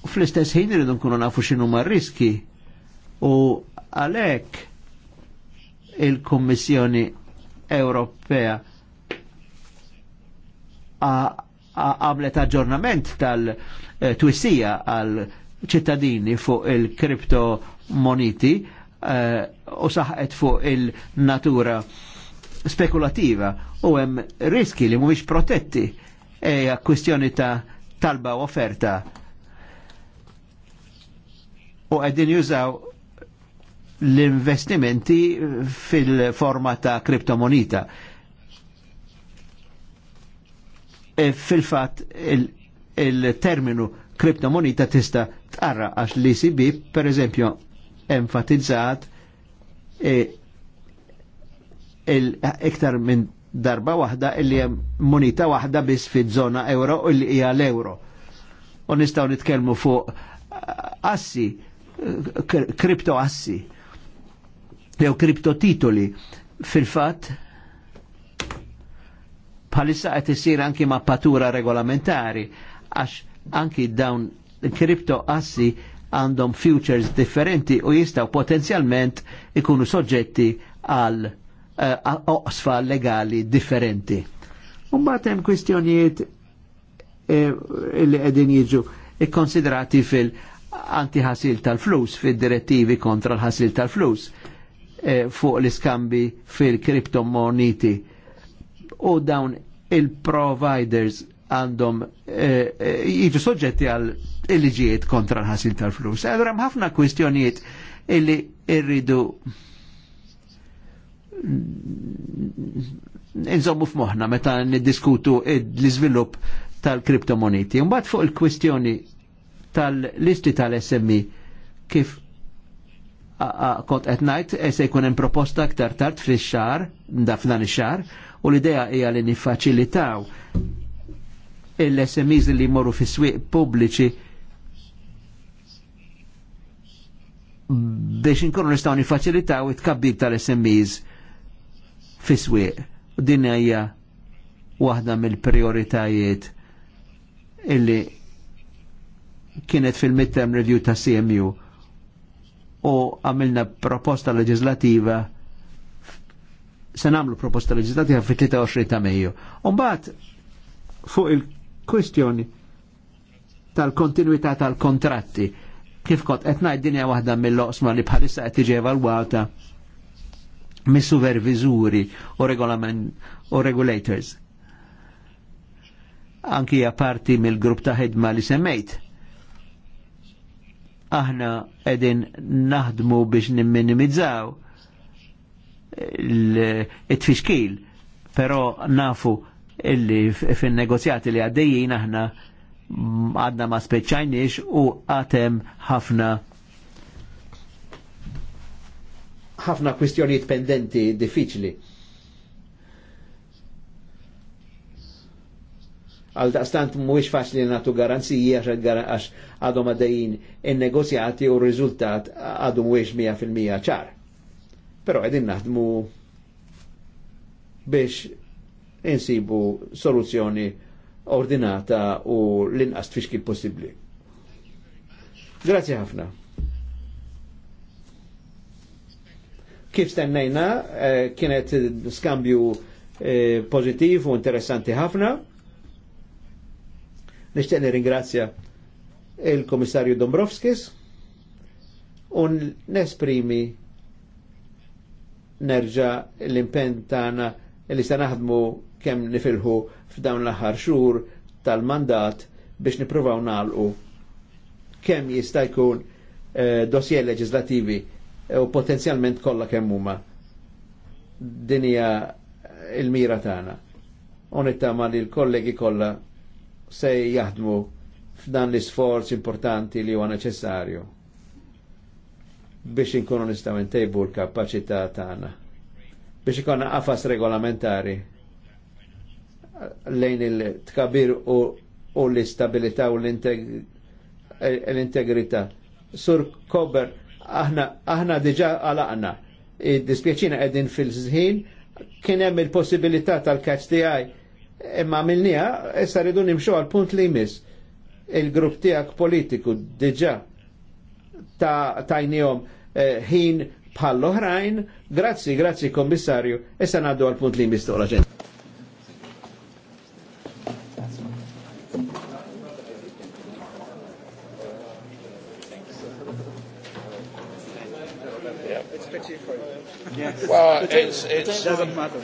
U fl-istess ħin irridu nkunu nafu x'inhu riski u għalhekk il-Kummissjoni Ewropea għamlet aġġornament tal-twissija għal ċittadini fuq il-kripto moniti eh, u saħqet fuq il-natura spekulativa u hemm riski li mhumiex protetti hija kwistjoni ta' talba u offerta u għedin jużaw l-investimenti fil-forma ta' kriptomonita. E fil-fat il-terminu il kriptomonita tista tqarra għax l-ECB per eżempju enfatizzat e, iktar minn darba waħda illi hemm moneta waħda biss fiż-żona euro u li hija l-euro. U nistgħu nitkellmu fuq assi kriptoassi jew kriptotitoli fil fat palissa qed isir anki ma' patura regolamentari għax anki dawn kriptoassi għandhom futures differenti u jistaw potenzjalment ikunu soġġetti għal eh, oqsfa legali differenti. Umbat hemm kwistjonijiet eh, li għedin jiġu ikkonsidrati fil- anti ħasil tal-flus fid-direttivi kontra l-ħasil tal-flus e, fuq l-iskambi fil-kriptomoniti. U dawn il-providers għandhom eh, eh, jiġu e, soġġetti għal il-liġijiet kontra l-ħasil tal-flus. Allora ħafna kwistjonijiet illi irridu nżommu f'moħna meta niddiskutu l-iżvilupp tal-kriptomoniti. Mbagħad fuq il-kwistjoni tal-listi tal-SMI kif kont qed ngħid e se jkun hemm proposta aktar tard fix xar dafnan ix xar u l-idea hija li niffaċilitaw l-SMEs li jmorru fis swieq pubbliċi biex inkunu nistgħu nifaċilitaw it-kabbir tal-SMEs fis swieq. Din hija waħda mill-prioritajiet illi kienet fil-midterm review ta' CMU u għamilna proposta leġislativa se namlu proposta leġislativa fil 23 ta' Mejju. Umbat fuq il-kwistjoni tal-kontinuità tal-kontratti kif kont qed dinja waħda mill loqsma li bħalissa qed tiġi evalwata mis superviżuri u regolament u regulators. Anki hija parti mill-grupp ta' ħidma li semmejt aħna edin naħdmu biex nimminimizzaw il-tfixkil, pero nafu illi fin negozjati li għaddejjien aħna għadna ma speċajniex u għatem ħafna ħafna kwistjonijiet pendenti diffiċli. Għal daqstant mhuwiex faċli natu garanzija għax għadhom għaddejjin il negozjati u r-riżultat għadu mhuwiex 100% ċar. Pero għedin naħdmu biex insibu soluzzjoni ordinata u l-inqas tfixkil possibli. Grazie ħafna. kif stennejna, eh, kienet skambju eh, pozitiv u interessanti ħafna nishtiqni ringrazzja il-Komissarju Dombrovskis u nesprimi nerġa l-impen tagħna li se naħdmu kemm nifilħu f'dawn l-aħħar xhur tal-mandat biex nippruvaw nagħlqu kemm jista' jkun eh, dossier leġislativi eh, u potenzjalment kollha kemm huma dinja il-mira tagħna. Unittama li l-kollegi kollha se jaħdmu f'dan l-isforz importanti li huwa neċessarju biex inkunu nistgħu ntejbu l-kapaċità tagħna. Biex ikonna qafas regolamentari lejn il-tkabir u, l-istabilità u eh, l-integrità. Sur Kober, aħna, aħna diġa għalaqna. Dispjaċina qegħdin fil-żħin kien hemm il-possibilità tal the eye imma għamilnija, issa rridu nimxu għal punt li jmiss. Il-grupp tijak politiku diġa ta' tajnijom eh, ħin eh, bħall-oħrajn. Grazzi, grazzi kommissarju. Issa naddu għal punt li jmiss toqla ġen. Well, but it's, it doesn't matter.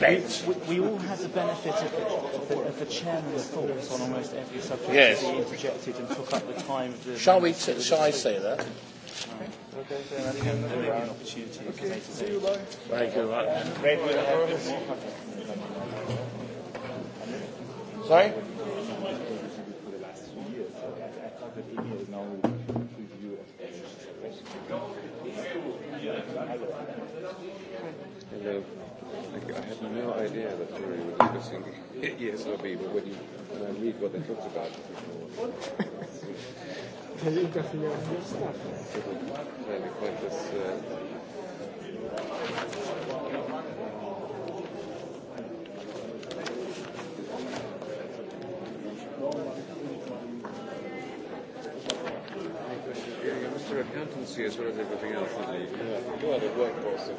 We, we all have the benefit of the, of the, of the chairman's thoughts on almost every subject yes. he interjected and took up the time. Of the shall we? T- shall I say that? Okay, so an opportunity. Okay, see you Thank you. Sorry? Hello. I had no idea that Terry was discussing ESRB, but when, you, when I read what they talked about before, Does it interfere your stuff? It's a fairly pointless. Uh, accountancy as well as everything else, isn't it? Yeah. You are the workforce of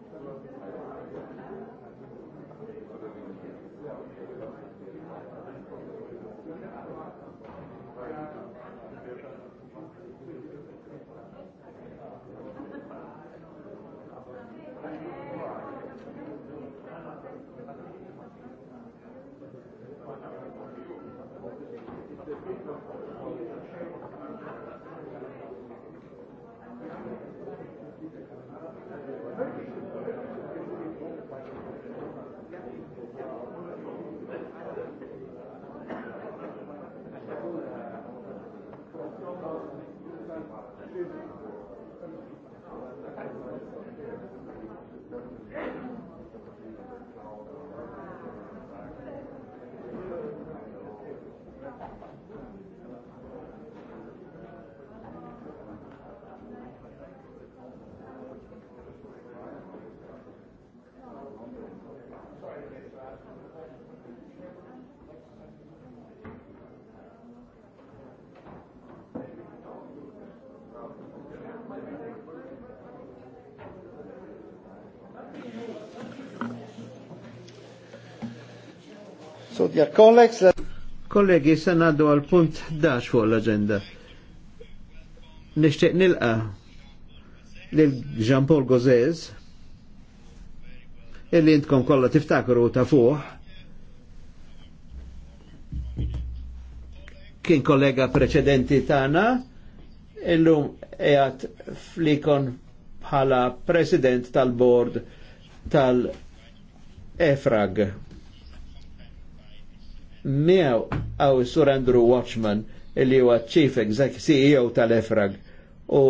Dear colleagues, Kollegi, sanaddu għal punt 11 fuq l-agenda. Nishtiq nilqa lil Jean Paul Gozez, illi intkom kolla tiftakru ta' fuq. Kien kollega preċedenti tagħna, illum qiegħed flikon bħala president tal-bord tal-EFRAG. Miaw għaw Sur Andrew Watchman illi huwa Chief Executive CEO tal-EFRAG u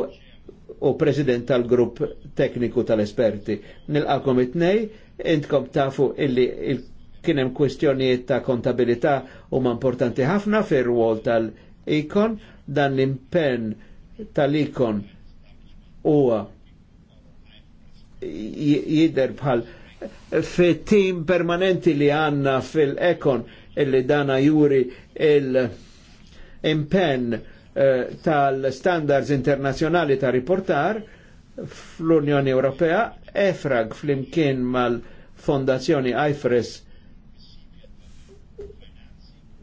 u president tal-grupp tekniku tal-esperti. Nilqakom it-nej, intkom tafu illi il kienem kwestjonijiet ta' kontabilità huma importanti ħafna fir wol tal-ikon, dan l-impenn tal-ikon huwa jider bħal fit-tim permanenti li għanna fil-ekon illi dana juri il impen eh, tal-standards internazjonali ta' riportar fl-Unjoni Ewropea, EFRAG fl-imkien mal-Fondazzjoni IFRES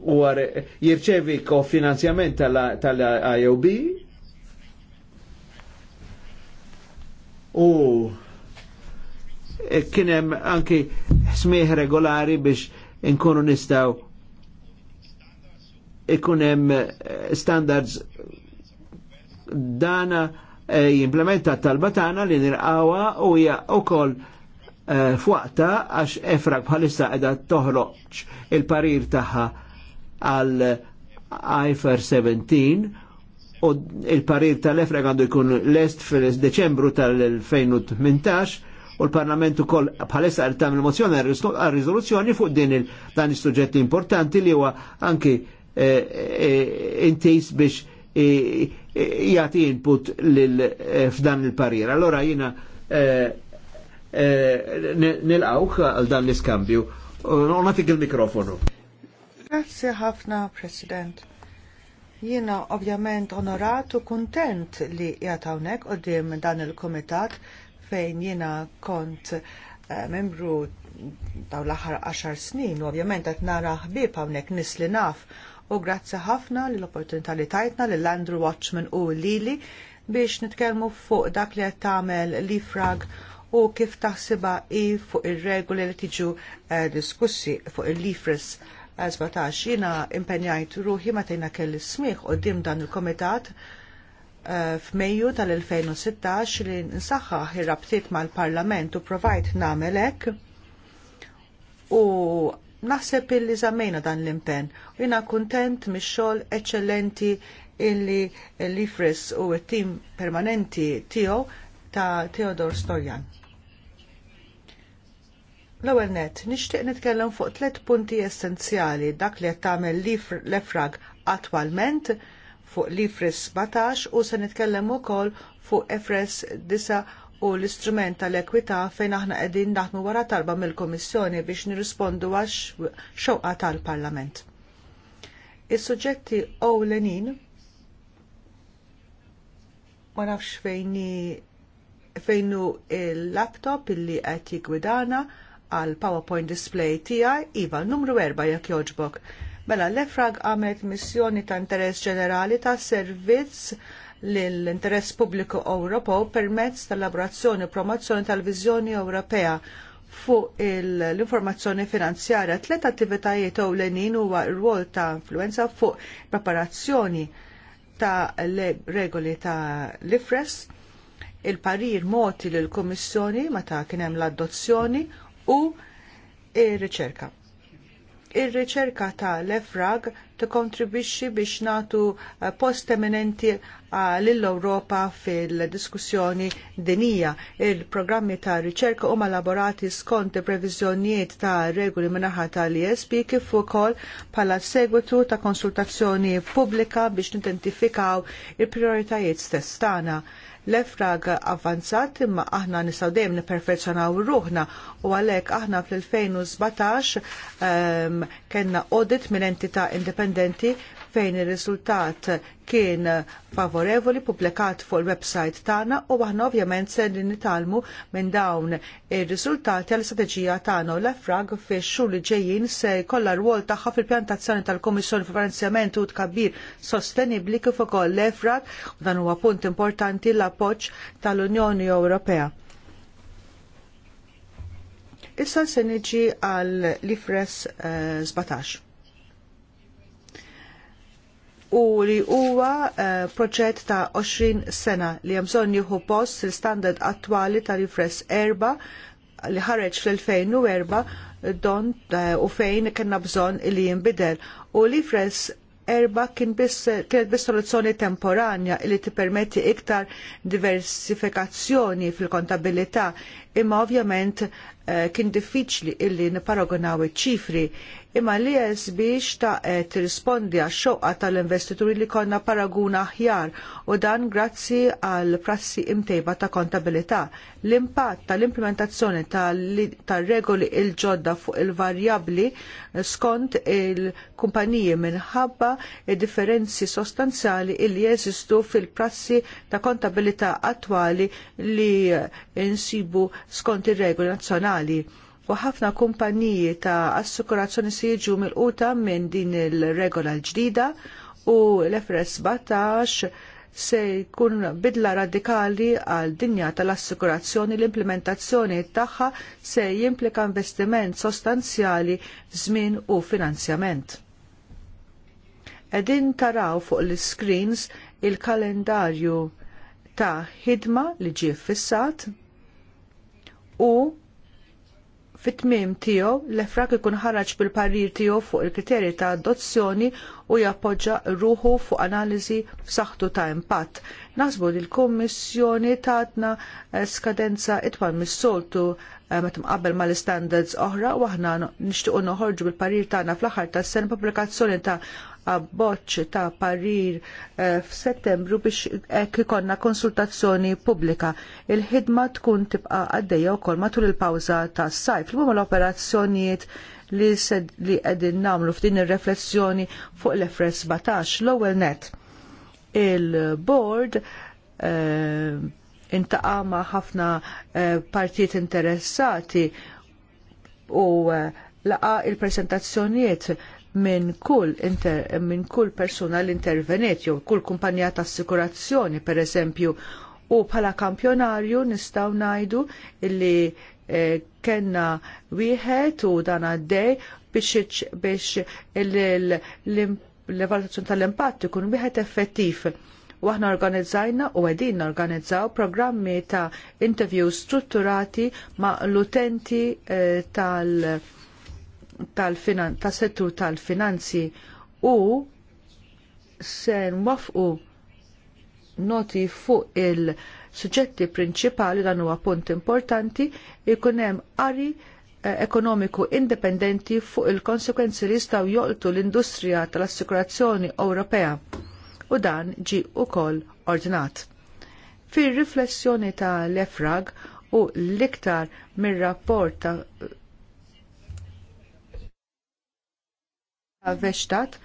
u jirċevi kofinanzjament tal-IOB u kienem anki smieħ regolari biex nkunu nistaw ikun hemm eh, standards dana eh, jimplementa talba tagħna li nirqawa u hija wkoll eh, fuqta għax efrak bħalissa edha toħroġ il-parir tagħha għal IFR 17 u il-parir tal-efrag għandu jkun lest fil-Deċembru tal-2018 u l-Parlament ukoll bħalissa qed tagħmel mozzjoni għal riżoluzzjoni fuq din il dan is sujġetti importanti li huwa anki eh, eh, intis biex eh, jagħti input f'dan il-parir. Allora nil nilqawk għal dan l-iskambju. Unatik il-mikrofonu. Grazie ħafna, President. Jina ovvjament onorat u kontent li jatawnek u dim dan il-komitat fejn jiena kont eh, membru daw l-aħħar 10 snin, u ovvjament qed nara ħbieb hawnhekk nisli li naf u grazzi ħafna l opportunità li tajtna l Landru Watchman u Lili biex nitkellmu fuq dak li qed tagħmel li frag u kif taħsiba i fuq ir-regoli li tiġu eh, diskussi fuq il-lifres 17 jina impenjajt ruħi ma tejna kelli smiħ u dim dan il-komitat f'Mejju tal-2016 li nsaħħaħ ir-rabtiet mal-Parlament u provajt nagħmel hekk u naħseb illi żammejna dan l-impenn u jiena kuntent mix-xogħol eċċellenti illi l-Ifres u t-tim permanenti tiegħu ta' Theodor Storjan. L-ewwel nett nixtieq nitkellem fuq tliet punti essenzjali dak li qed tagħmel l-efrag attwalment fuq l ifres 17 u se nitkellem ukoll fuq IFRS 9 u l-istrument tal-ekwità fejn aħna qegħdin naħdmu wara talba mill-Kummissjoni biex nirrispondu għax xewqa tal-Parlament. Is-suġġetti ewlenin ma nafx fejni fejnu il-laptop illi qed jigwidana għal PowerPoint display tiegħi iva numru erba' jekk jogħġbok Mela, l-EFRAG għamet missjoni ta' interess ġenerali ta' servizz l-interess pubbliku Ewropew permezz tal laborazzjoni u promozzjoni tal-viżjoni Ewropea fuq l-informazzjoni finanzjarja tliet attivitajiet ewlenin huwa r-rwol ta' influenza fuq preparazzjoni ta' regoli ta' l-ifres, il-parir moti lill kummissjoni meta kien hemm l-adozzjoni u r riċerka ir-riċerka tal-EFRAG tikkontribwixxi biex nagħtu eh, post eminenti eh, lill-Ewropa fil-diskussjoni dinija. Il-programmi ta' riċerka huma laborati skont previżjonijiet ta' regoli minaħa tal-ISB kif ukoll bħala segwitu ta' konsultazzjoni pubblika biex nidentifikaw il-prioritajiet stess tagħna l-efrag avvanzat imma aħna nisaw dejjem niperfezzjonaw ruħna u għalhekk aħna fl-2017 um, kellna audit minn entità indipendenti indipendenti fejn ir-riżultat kien favorevoli publikat fuq il-website tagħna u aħna ovvjament se nitalmu minn dawn ir-riżultati għall strateġija tagħna u l-afrag fix-xhur li ġejjin se jkollha rwol tagħha fil-pjantazzjoni tal-Komissjoni Finanzjament u Tkabbir Sostenibbli kif ukoll l-efrag u dan huwa punt importanti l-appoġġ tal-Unjoni Ewropea. Issa se niġi għal l-ifres 17. Eh, u li huwa eh, proġett ta' 20 sena li hemm bżonn jieħu post il-standard attwali ta' rifress erba' li ħareġ fl-2004 eh, don eh, u fejn kellna bżonn li jinbidel u li fress erba kien biss kienet soluzzjoni temporanja li tippermetti iktar diversifikazzjoni fil-kontabilità imma ovvjament eh, kien diffiċli illi niparagonaw iċ-ċifri imma li jes biex taqet rispondi għax xoqqa tal-investituri li konna paraguna ħjar u dan grazzi għal prassi imtejba ta' kontabilità. L-impatt tal-implementazzjoni tal-regoli ta il-ġodda fuq il-varjabli skont il-kumpaniji minħabba il differenzi sostanzjali illi jeżistu fil-prassi ta' kontabilità attwali li insibu skont ir-regoli nazzjonali u ħafna kumpaniji ta' assikurazzjoni se jiġu milquta minn din ir regola l-ġdida u l-FRS 17 se jkun bidla radikali għal dinja tal-assikurazzjoni l-implementazzjoni tagħha se jimplika investiment sostanzjali żmien u finanzjament. Edin taraw fuq l-screens il-kalendarju ta' ħidma li ġie fissat u fit-tmim tiegħu l-efrak ikun ħaraġ bil-parir tiegħu fuq il-kriterji ta' adozzjoni u jappoġġa ruħu fuq analiżi b'saħħtu ta' impatt. Nasbu li l-Kummissjoni tatna eh, skadenza itwal mis-soltu eh, meta mqabbel mal istandards oħra u aħna nixtiequ noħorġu bil-parir tagħna fl-aħħar tas-sen pubblikazzjoni ta' abboċ ta' parir eh, f'Settembru biex ikollna ikonna konsultazzjoni pubblika. Il-ħidma tkun tibqa' għaddejja wkoll matul il-pawża tas-sajf. L-huma l-operazzjonijiet li qegħdin nagħmlu f'din ir-reflessjoni fuq l-efres 17 l-ewwel net. Il-board eh, intaqa' ma' ħafna eh, partijiet interessati u laqa il-presentazzjonijiet minn kull, min kull persuna li intervenet jew kull kumpanija ta' assikurazzjoni pereżempju, u bħala kampjonarju nistgħu ngħidu li eh, kellna wieħed u dan għaddej biex, biex l-evalutazzjoni tal-impatt ikun wieħed effettiv. U aħna organizzajna u għedin organizzaw programmi ta' interview strutturati ma' l-utenti eh, tal- tas-settur tal-finanzi u se nwaffqu noti fuq il-suġġetti prinċipali dan huwa punt importanti jkun hemm qari eh, ekonomiku indipendenti fuq il-konsekwenzi li jistgħu joqtu l-industrija tal-assikurazzjoni Ewropea u dan ġie wkoll ordinat. Fir-riflessjoni ta' l-EFRAG u l-iktar mir-rapport ta' veċtat,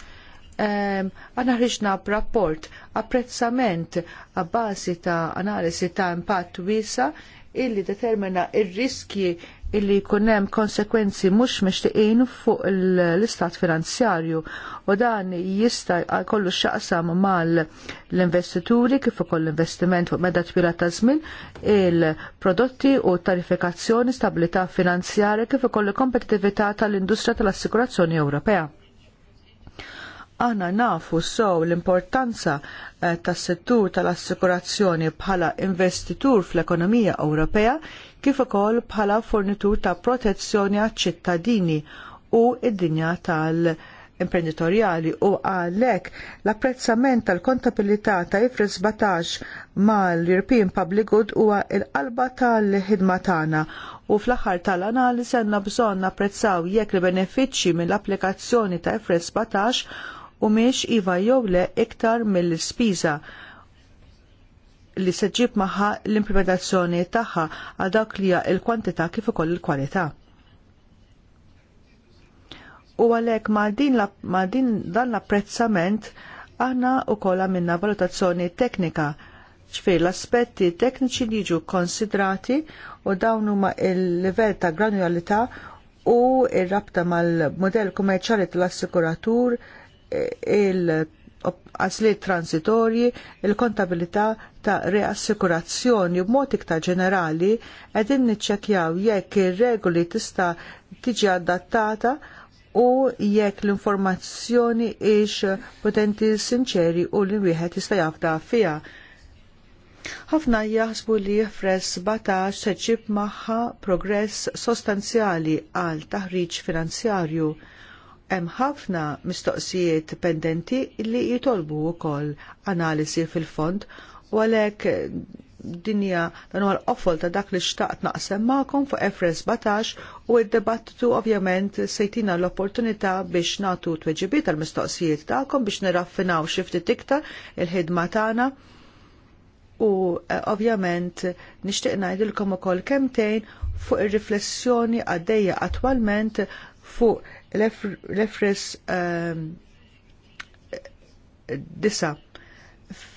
ehm, għana ħriġna b'rapport apprezzament għabbasi ta' analisi ta' impatt wisa illi determina il-riski illi kunem konsekwenzi mux meċtiqin fuq l-istat finanzjarju u dan jista kollu xaqsam mal l-investituri kif ukoll l-investiment fuq medda twila ta' żmien il-prodotti u tarifikazzjoni stabilità finanzjarja kif ukoll il kompetitività tal-industrija tal-assikurazzjoni Ewropea Aħna nafu s-sew l-importanza eh, tas-settur tal-assikurazzjoni bħala investitur fl-ekonomija Ewropea kif ukoll bħala fornitur ta' protezzjoni għaċ-ċittadini u id-dinja tal-imprenditorjali u għalhekk l-apprezzament tal-kontabilità ta' ifri 17 mal-European Public Good huwa l-qalba tal-ħidma tagħna u fl-aħħar tal-analiżi għandna bżonn napprezzaw jekk il benefiċċji mill-applikazzjoni ta' ifri 17 u miex iva jowle iktar mill-spiża li se ġib magħha l-implementazzjoni tagħha għal dak li hija l-kwantità kif ukoll il-kwalità. U għalhekk ma' din, la, ma din dan l-apprezzament aħna wkoll minna valutazzjoni teknika ċfir l-aspetti tekniċi li jiġu konsidrati u dawn huma il-livell ta' granulalità u r rabta mal-modell kummerċjali tal-assikuratur, il- għasliet transitorji il-kontabilità ta' reassikurazzjoni b'mod iktar ġenerali qegħdin niċċekkjaw jekk ir-regoli tista' tiġi adattata u jekk l-informazzjoni ix potenti sinċeri u li wieħed jista' jafda fiha. Ħafna jaħsbu li fress batax se ġib magħha progress sostanzjali għal taħriġ finanzjarju Hemm ħafna mistoqsijiet pendenti li jitolbu wkoll analisi fil-fond u għalhekk eh, dinja dan huwa l-qofol ta' dak li xtaqt naqsem magħkom fuq f 17 u d-debattitu ovvjament sejtina l-opportunità biex nagħtu tweġibiet tal-mistoqsijiet tagħkom biex niraffinaw xi ftit iktar il-ħidma tagħna u eh, ovvjament nixtieq ngħidilkom ukoll kemmtejn fuq ir-riflessjoni għaddejja attwalment fuq l-Efres ehm, disa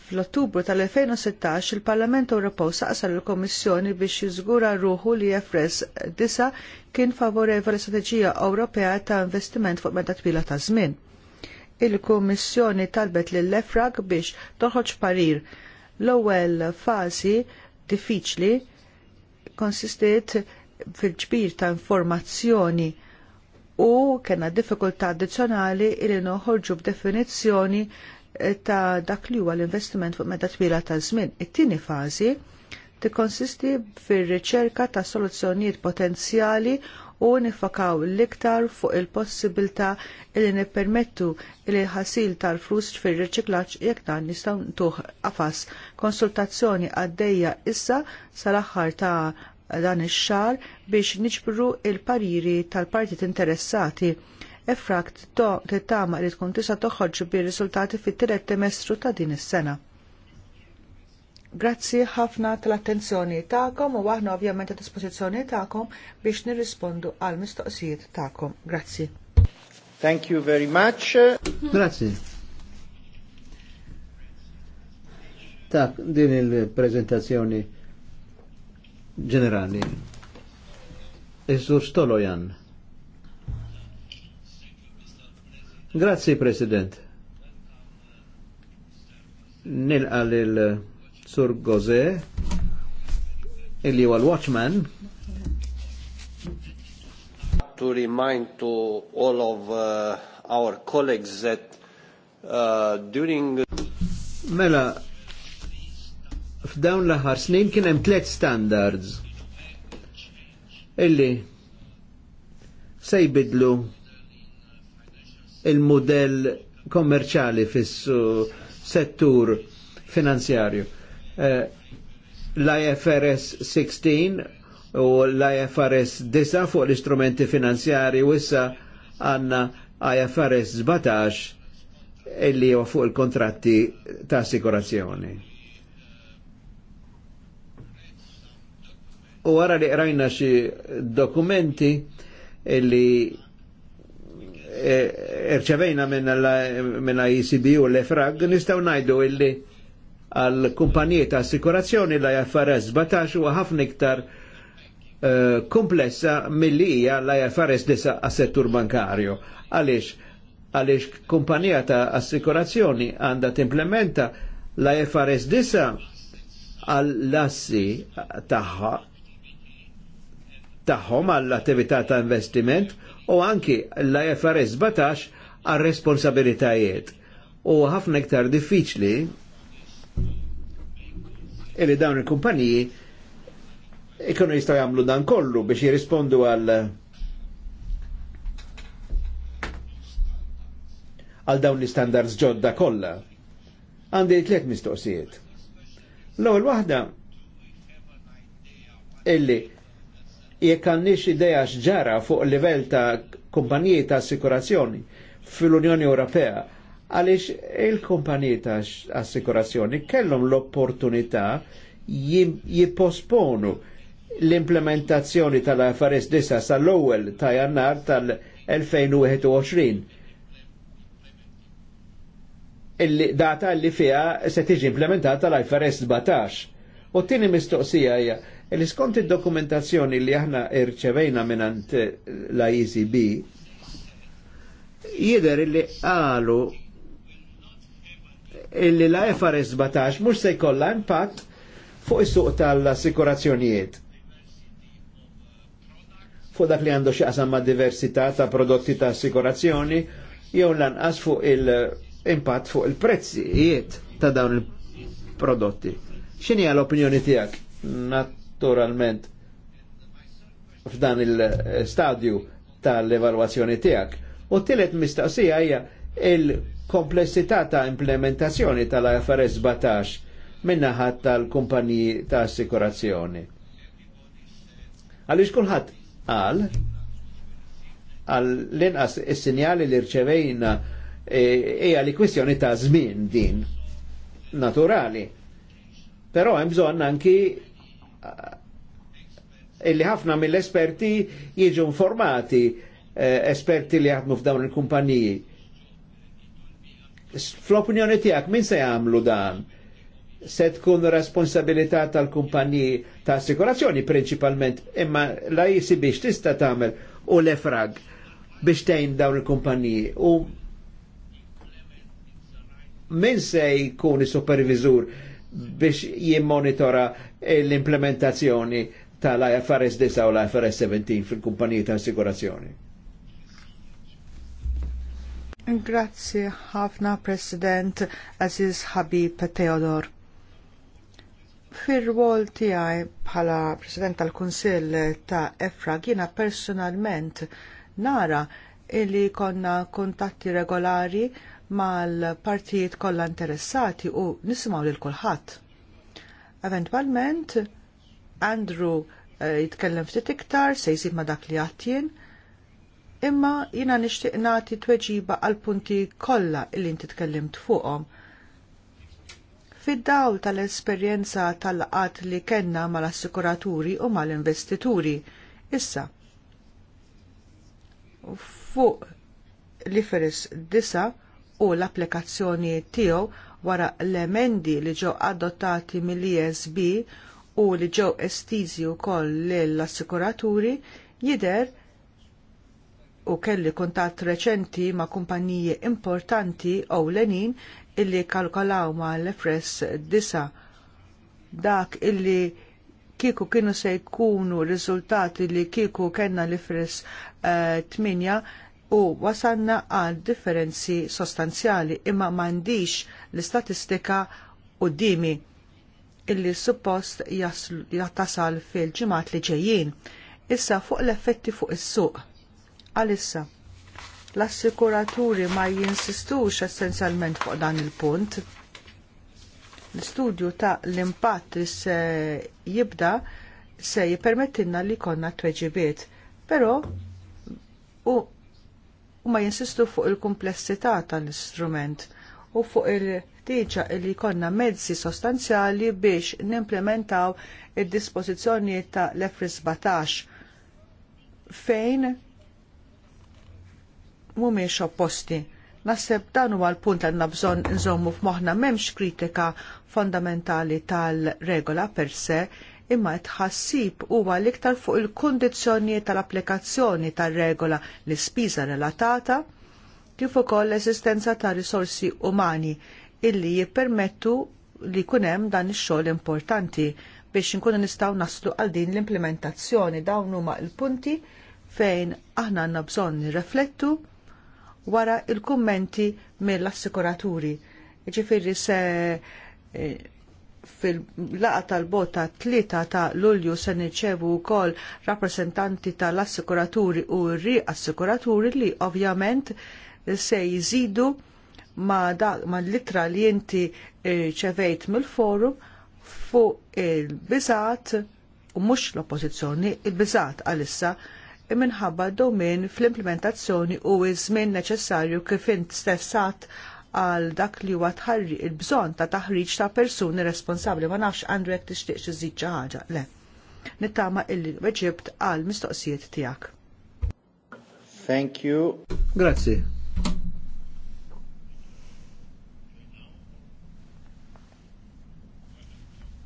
fl-Ottubru tal-2016 il-Parlament Ewropew saqsar il-Kommissjoni biex jiżgura ruħu li Efres disa kien favorevoli strateġija Ewropea ta' investiment fuq meta twila ta' żmien. Il-Kummissjoni talbet lill efrag biex toħroġ parir l-ewwel fażi diffiċli konsistiet fil-ġbir ta' informazzjoni u kena diffikultà addizzjonali li noħorġu b'definizzjoni eh, ta' dak li huwa l-investiment fuq meta twila ta' żmien. It-tieni fażi tikkonsisti fir-riċerka ta' soluzzjonijiet potenzjali u nifakaw l-iktar fuq il-possibilità li nippermettu li ħasil tal-flus fir-riċiklaġġ jekk dan nistgħu ntuħ afas Konsultazzjoni għaddejja issa sal-aħħar ta' dan ix-xar biex niġbru il-pariri tal-partit interessati. Effrakt to tittama li tkun tista' toħroġ bir-riżultati fit-tielet temestru ta' din is-sena. Grazzi ħafna tal-attenzjoni tagħkom u aħna ovvjament a dispożizzjoni tagħkom biex nirrispondu għal mistoqsijiet tagħkom. Grazzi. Thank you very much. Grazzi. Tak, din il-prezentazzjoni ġenerali. Iżżur Stolojan. Grazzi, President. Nilqa il sur Gozé, il huwa l-Watchman. To remind to all of uh, our colleagues that uh, during... Mela, f'dawn l-aħħar snin kien hemm tliet standards illi se jbidlu il-modell kommerċali fis-settur finanzjarju. Eh, L-IFRS 16 u l-IFRS 9 fuq l-istrumenti finanzjari u issa għanna IFRS 17 illi huwa fuq il-kontratti ta' assikurazzjoni. U għara li rajna xi dokumenti li e, irċevejna minn ICB e u l-EFRAG, nistaw najdu illi għal kumpanijiet ta' assikurazzjoni la IFRS 17 u ħafna iktar e, komplessa mill-li hija la IFRS 9 għas-settur bankarju. Għalix, għaliex kumpanija ta' assikurazzjoni t timplementa la IFRS Disa għall lassi taħħa tagħhom għall-attività ta' investiment u anki l-IFRS 17 għal responsabilitajiet. U ħafna iktar diffiċli illi dawn il-kumpaniji ikunu jistaw jagħmlu dan kollu biex jirrispondu għal għal dawn l-standards ġodda kollha. Għandi tliet mistoqsijiet. L-ewwel waħda illi jekk għandniex idea x'ġara fuq livell ta' kumpaniji ta' assikurazzjoni fil-Unjoni Ewropea għaliex il-kumpaniji ta' assikurazzjoni kellhom l-opportunità jipposponu l-implementazzjoni tal-affarijiet disa sal-ewwel ta' jannar tal-2021 il-data li fija se tiġi implementata l-IFRS 17. U t-tini mistoqsija hija Li skont id-dokumentazzjoni li aħna irċevejna minnant eh, la ECB, jider li qalu illi la FRS 17 mux se jkollha impatt fuq is-suq tal-assikurazzjonijiet. Fuq dak li għandu xaqsam ma' diversità ta' prodotti ta' assikurazzjoni jew lanqas fuq il-impatt eh, fuq il-prezzijiet ta' dawn il-prodotti. X'inhi l-opinjoni tiegħek? naturalment f'dan il-stadju tal-evalwazzjoni tiegħek. U tielet mistaqsija hija il-komplessità ta' implementazzjoni tal-IFRS 17 minnaħat tal-kumpaniji ta' assikurazzjoni. Għaliex kulħadd qal għall-inqas is-sinjali li rċevejna e, hija li kwistjoni ta' żmien din naturali. Però hemm bżonn anki illi ħafna mill-esperti jiġu informati, eh, esperti li jaħdmu f'dawn il-kumpaniji. Fl-opinjoni tiegħek min se jagħmlu dan? se tkun responsabilità tal-kumpaniji ta' assikurazzjoni principalment, imma la jisi biex tista tagħmel u l-efrag biex tgħin dawn il-kumpaniji. U min se jkun il supervizur biex jimmonitora l-implementazzjoni tal-IFRS 10 u l-IFRS 17 fil-kumpaniji ta' assigurazzjoni. Grazzi ħafna President Aziz Habib Teodor. Fir-rwol tiegħi bħala President tal-Kunsill ta' EFRA jiena personalment nara illi konna kuntatti regolari mal-partijiet kollha interessati u nisimgħu lil kulħadd. Eventwalment Andrew eh, jitkellem ftit iktar se jsib ma' dak li għattien, imma jina nixtieq nagħti tweġiba għal punti kollha li inti tkellimt fuqhom fid-dawl tal-esperjenza tal-qat li kellna mal-assikuraturi u mal-investituri. Issa, fuq li feris disa u l-applikazzjoni tiegħu wara l-emendi li ġew adottati mill-ISB u li ġew estiżi wkoll lill-assikuraturi jidher u kelli kuntatt reċenti ma' kumpaniji importanti ewlenin illi kalkolaw ma' l-Efres disa. dak illi kieku kienu se jkunu riżultati li kieku kellna l ifress 8 eh, u wasanna għal differenzi sostanzjali imma m'għandix l-istatistika qudiemi illi suppost jattasal fil-ġimat li ġejjin. Issa fuq l-effetti fuq is-suq. Għalissa, l-assikuraturi ma jinsistux essenzjalment fuq dan il-punt. L-istudju ta' l-impatt li se jibda se jippermettilna li konna tweġibiet, però u ma jinsistu fuq il-kumplessità tal-istrument u fuq il tiġa li jkollna mezzi sostanzjali biex nimplementaw id-dispożizzjonijiet ta' l 17 fejn mhumiex opposti. Naħseb dan huwa l-punt għandna bżonn nżommu f'moħħna m'hemmx kritika fondamentali tal-regola per se, imma tħassib huwa l-iktar fuq il-kundizzjonijiet tal-applikazzjoni tar-regola l-ispiża relatata kif ukoll l-esistenza ta' risorsi umani illi jippermettu li jkun hemm dan ix-xogħol importanti biex inkunu nistgħu naslu għal din l-implementazzjoni dawn huma l-punti fejn aħna għandna bżonn nirreflettu wara il-kummenti mill-assikuraturi. Ġifiri se eh, fil-laqa tal-bota tlieta ta' Lulju se niċċevu wkoll rappreżentanti tal-assikuraturi u riassikuraturi li ovvjament se jżidu ma, da, ma litra li inti ċevejt mill-forum fuq il-bizat u mhux l-oppożizzjoni, il-bizat għalissa minħabba domen fl-implementazzjoni u iż-żmien neċessarju kif int stessat għal dak li huwa tħarri il-bżonn ta' taħriġ ta' persuni responsabbli ma nafx għandu jekk tixtieq xi żid ħaġa. Le. Nittama illi weġibt għal mistoqsijiet tiegħek. Thank you. Grazzi.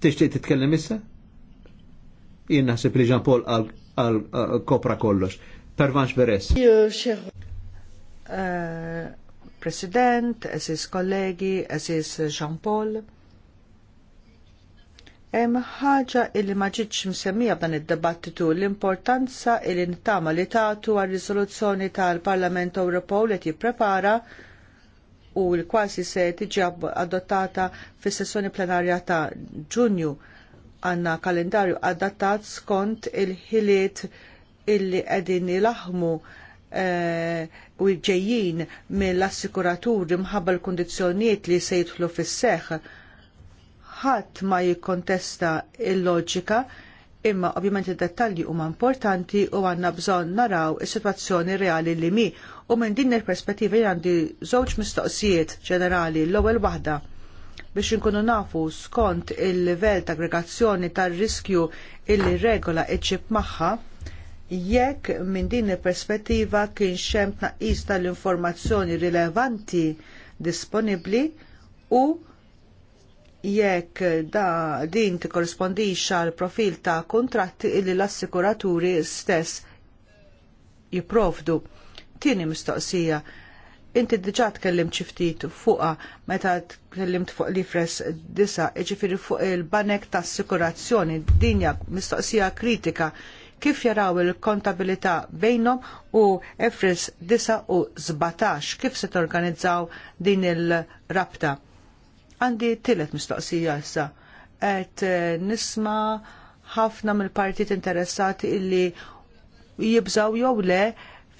Tixtieq titkellem issa? Jien naħseb li Jean Paul għal kopra kollox. Pervanx Beres. President, eżis kollegi, eżis Jean-Paul. Hemm ħaġa illi ma ġietx msemmija b'dan id debattitu l-importanza illi nittama li tagħtu għal riżoluzzjoni tal-Parlament Ewropew li jipprepara u l-kwasi se tiġi adottata fis sessjoni plenarja ta' Ġunju għandna kalendarju adattat skont il-ħiliet illi qegħdin ilaħmu Eh, u ġejjin mill-assikuraturi mħabba l kundizzjonijiet li se jidħlu fis seħħ ħadd ma jikkontesta il-loġika imma ovvjament id-dettalji huma importanti u għandna bżonn naraw is-sitwazzjoni reali li mi u minn din il-perspettiva għandi żewġ mistoqsijiet ġenerali l-ewwel waħda biex inkunu nafu skont il-livell ta' aggregazzjoni tar-riskju illi regola iġib magħha jekk minn din il-perspettiva kien xemm tnaqqis tal-informazzjoni rilevanti disponibbli u jekk da din tikkorrispondix għal profil ta' kuntratti illi l-assikuraturi stess jipprovdu. Tieni mistoqsija, inti diġà tkellim ftit fuqha meta tkellimt fuq l-ifres disa, jiġifieri fuq il-banek ta' assikurazzjoni, dinja mistoqsija kritika kif jaraw il-kontabilità bejnhom u Efris 9 u 17 kif se torganizzaw din il-rabta. Għandi tillet mistoqsija issa. Et eh, nisma ħafna mill-partit interessati illi jibżaw jew le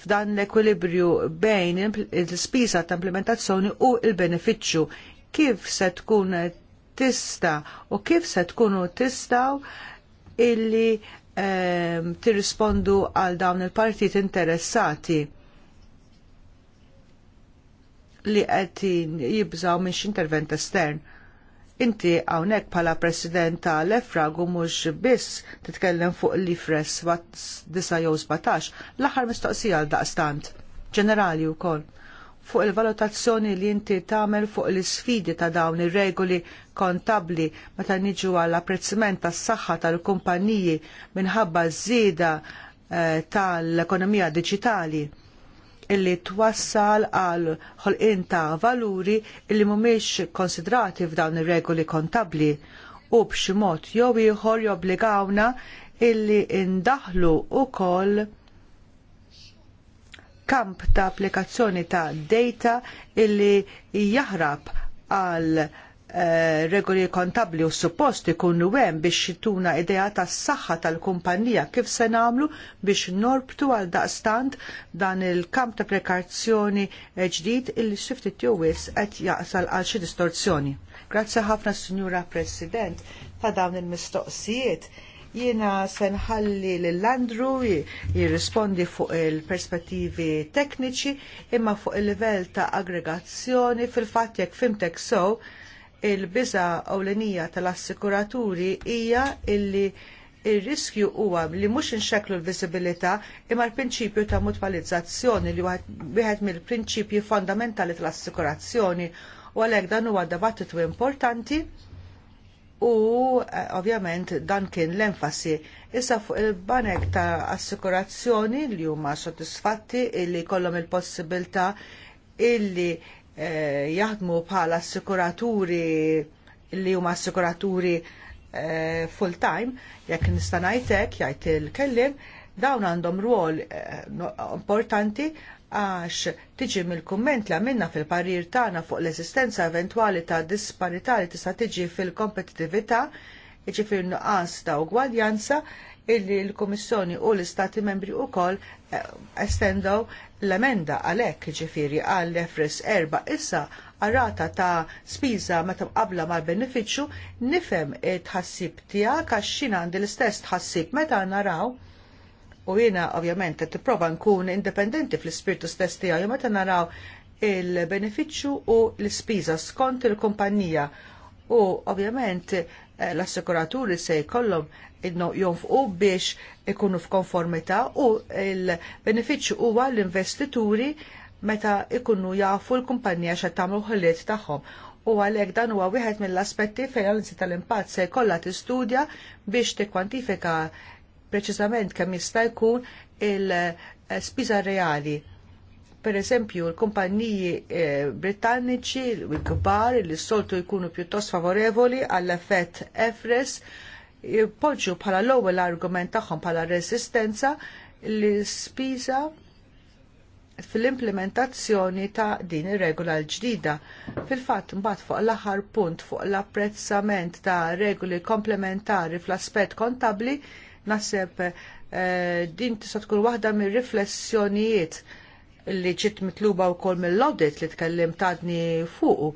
f'dan l-ekwilibrju bejn il spisa ta' implementazzjoni u l benefiċċju Kif se tkun tista u kif se tkunu tistaw illi Ehm, tirrispondu għal dawn il-partit interessati li qed jibżaw minn intervent estern. Inti hawnhekk bħala president tal efra u mhux biss titkellem fuq l-ifres 9 jew 17 l-aħħar mistoqsija għal daqstant ġenerali wkoll fuq il-valutazzjoni li inti tagħmel fuq l isfidi ta' dawn ir-regoli kontabbli meta niġu għall apprezzament tas-saħħa tal-kumpaniji minħabba żieda eh, tal-ekonomija diġitali illi twassal għal ħolqien ta' valuri illi mhumiex konsidrati f'dawn ir-regoli kontabbli u b'xi mod jew ieħor jobbligawna illi indaħlu wkoll kamp ta' applikazzjoni ta' data illi jaħrab għal eh, regoli kontabli u suppost ikunu hemm biex jituna idea tas saħħa tal-kumpanija kif se nagħmlu biex norbtu għal daqstant dan il-kamp ta' prekazzjoni ġdid illi il xiftit jowis qed jaqsal għal xi distorzjoni. Grazzi ħafna Signora President ta' dawn il-mistoqsijiet Jiena senħalli l-Landru jirrispondi fuq il-perspettivi tekniċi imma fuq il-livell ta' aggregazzjoni fil-fatt jekk fimtek sow il-biża ewlenija tal-assikuraturi hija illi il-riskju huwa li mhux inxeklu l-visibilità imma l-prinċipju ta' mutualizzazzjoni li wieħed mill-prinċipji fondamentali tal-assikurazzjoni u għalhekk dan huwa dibattitu importanti u eh, ovvjament dan kien l-enfasi issa fuq il-banek ta' assikurazzjoni li huma sodisfatti illi kollhom il-possibilità illi eh, jaħdmu bħala assikuraturi li huma assikuraturi eh, full time jekk nista' ngħidlek jgħid il-kellim dawn għandhom rwol eh, importanti għax tiġi mill-kumment li għamilna fil-parir tagħna fuq l-esistenza eventwali ta' disparità li tista' tiġi fil-kompetitività, jiġifieri nuqqas ta' ugwaljanza, illi l-Komissjoni u l-Istati membri wkoll eh, estendew l-emenda għalhekk ġifiri għall refres erba issa għarrata ta' spiża meta qabla mal benefiċċju nifhem t tħassib tiegħek għax xina għandi l-istess tħassib meta naraw u jiena ovvjament qed tipprova nkun indipendenti fl-ispirtu stess tiegħi meta naraw il-benefiċċju u l-ispiża skont il-kumpanija u ovvjament eh, l-assikuraturi se jkollhom jonfqu biex ikunu f'konformità u l-benefiċċju huwa l-investituri meta ikunu jafu l-kumpanija xa tagħmlu ħolliet tagħhom u għalhekk dan huwa wieħed mill-aspetti fejn l tal-impatt se jkollha tistudja biex tikkwantifika preċisament kemm jista' jkun il-spiża reali. Per eżempju, l-kumpanniji eh, britanniċi l-kbar li s-soltu jkunu pjuttost favorevoli għall-effett EFRES jpoġġu bħala l-ewwel argument tagħhom bħala resistenza li spiża fil-implementazzjoni ta' din ir-regola l-ġdida. Fil-fatt mbagħad fuq l-aħħar punt fuq l-apprezzament ta' regoli komplementari fl-aspett kontabbli Naħseb eh, din tista' tkun waħda mir-riflessjonijiet li ġiet mitluba wkoll mill-audit li tkellim tadni fuqu.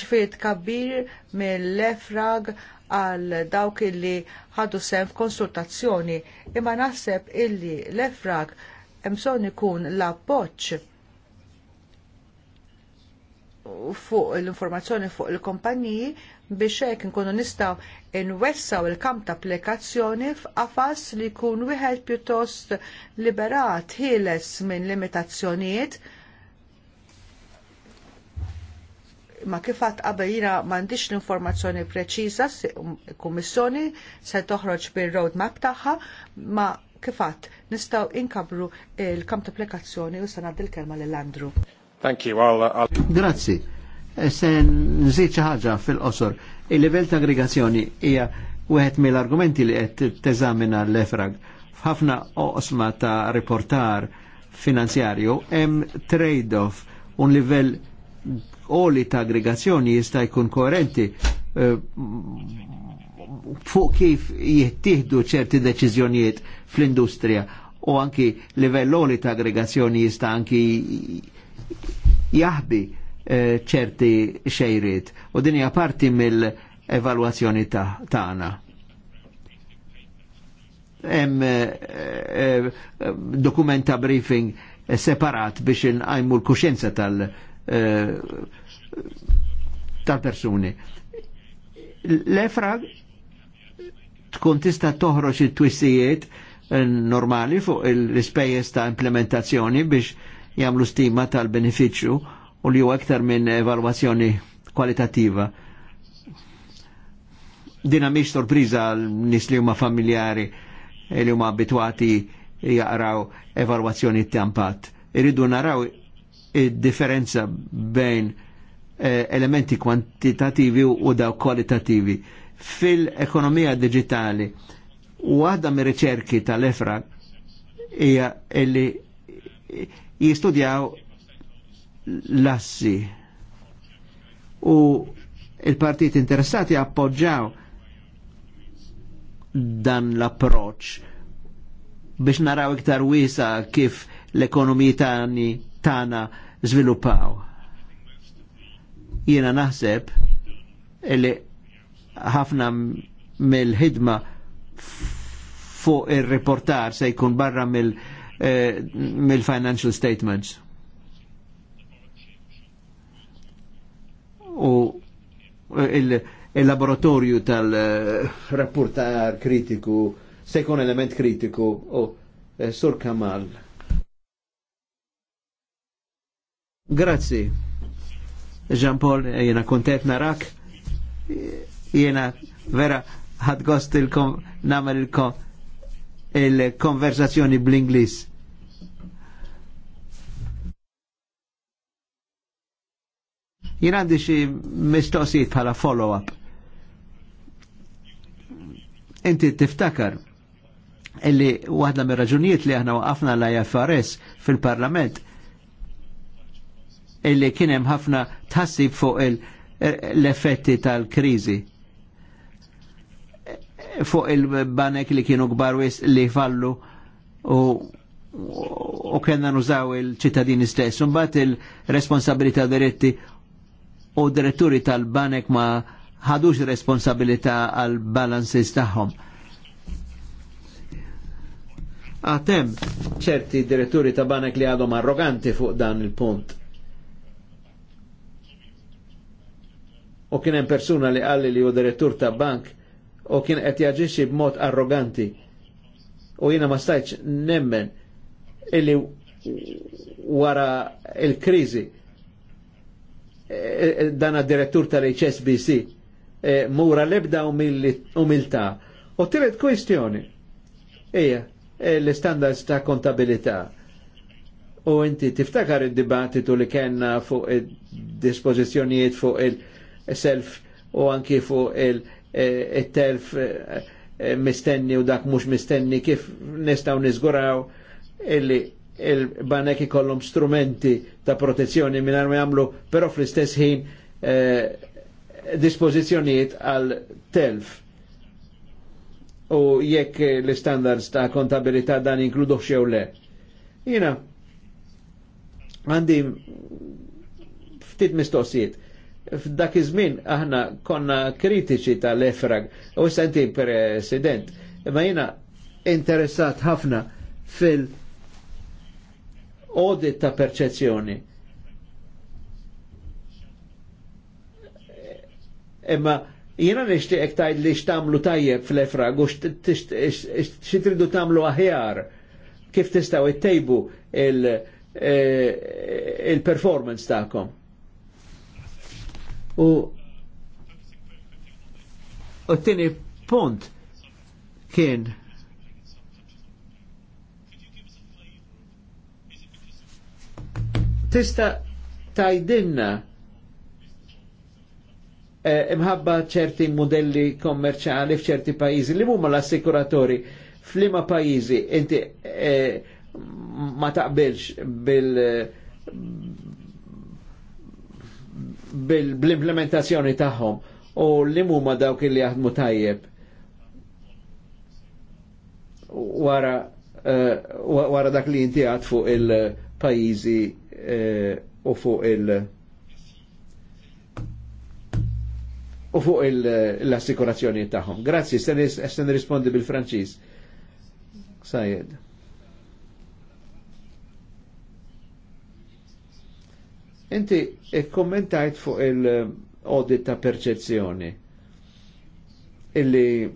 Ġifieri tkabbir mill-efrag għal dawk illi ħadu sem f'konsultazzjoni imma naħseb illi l-efrag emson ikun l-appoċ fuq l-informazzjoni fuq il-kompaniji biex hekk inkunu nistgħu nwessaw il-kamp ta' applikazzjoni f'qafas li jkun wieħed pjuttost liberat ħieles minn limitazzjonijiet ma kifat qabel jina m'għandix l-informazzjoni preċiża kummissjoni se toħroġ bir-roadmap tagħha ma kifat nistgħu inkabru il-kamp ta' applikazzjoni u se ngħaddi l-kelma lil Andrew. Thank you. I'll, I'll... Grazie se nżid xi ħaġa fil-qosor. Il-livell ta' aggregazzjoni hija wieħed mill-argumenti li qed teżamina l-efrag. F'ħafna oqsma ta' riportar finanzjarju hemm trade-off un livell oli ta' aggregazzjoni jista' jkun koerenti eh, fuq kif jittieħdu ċerti deċiżjonijiet fl-industrija u anki livell oli ta' aggregazzjoni jista' anki jahbi ċerti xejrit u dinja parti mill-evalwazzjoni tagħna. Hemm eh, eh, dokumenta briefing separat biex inqajmu l-kuxjenza tal- eh, persuni L-efrag tkun tista' toħroġ it-twissijiet normali fuq l-ispejjeż ta' implementazzjoni biex jagħmlu stima tal-benefiċċju u li u aktar minn evalwazzjoni kwalitativa. Dina mhix l nis li huma familjari eh, li huma abituati jaqraw evalwazzjoni tampat. Iridu naraw id-differenza bejn eh, elementi kwantitativi u daw kwalitativi. Fil-ekonomija digitali, waħda mir riċerki tal-EFRA hija jistudjaw l-assi u il-partit interessati appoġġaw dan l-approċ biex naraw iktar wisa kif l-ekonomiji tani tana zviluppaw. Jena naħseb li ħafna mill-ħidma fuq ir-reportar se jkun barra eh, mill-financial mil statements. u il-laboratorju il tal-rapportar eh, kritiku sekon element kritiku u eh, Sur Kamal. Grazzi. Jean-Paul, eh, jena kontet narak, jena vera ħadgost il-kom, namel il-kom, il-konversazzjoni bl-Inglis. Jien għandi xi mistoqsijiet bħala follow-up. Inti tiftakar illi waħda mir raġunijiet li aħna waqafna l-IFRS fil-Parlament illi kien hemm ħafna tħassib fuq l-effetti tal-kriżi fuq il-banek li kienu kbar li fallu u u kena nużaw il-ċittadini stess. Mbagħad il responsabilita diretti u diretturi tal-banek ma ħadux responsabilità għal balances tagħhom. Għatem ċerti diretturi ta' banek li għadhom arroganti fuq dan il-punt. U kien hemm persuna li għalli li hu direttur ta' bank u kien qed jaġixxi b'mod arroganti. U jiena ma stajtx nemmen illi wara il-kriżi Eh, eh, dana direttur tal-HSBC eh, mura lebda umilta. U tiret kwestjoni, Ija, l-standards ta' kontabilità. U inti tiftakar il dibattitu li kena fuq il-dispozizjonijiet fuq il-self u anki fuq il-telf mistenni u dak mux mistenni kif nistaw nizguraw il-banek ikollhom strumenti ta' protezzjoni minn ma għamlu, però fl-istess ħin eh, dispozizjoniet għal telf. U jekk l-standards ta' kontabilità dan inkludu xew le. Jina, għandi ftit mistoqsijiet. F'dak iż-żmien aħna konna kritiċi tal-efrag u s-sentim president, ma jina interessat ħafna fil- audit ta' perċezzjoni. Imma jiena nixtieq tajd li x'tamlu tajjeb fl efra u x'tridu tamlu aħjar kif tistgħu ittejbu il-performance e, tagħkom. U u t tini punt kien Tista tajdinna eh, imħabba ċerti modelli kommerċali f'ċerti pajizi li mumma l-assikuratori flima pajizi inti eh, ma taqbilx bil bil-implementazzjoni bil tagħhom u li huma dawk li jaħdmu tajjeb wara uh, wara dak li inti għad fuq il pajizi u fuq il- u fuq l-assikurazzjoni tagħhom. Grazzi, sen rispondi bil-Franċiż. Sajed. Inti kommentajt fuq il-audit ta' perċezzjoni illi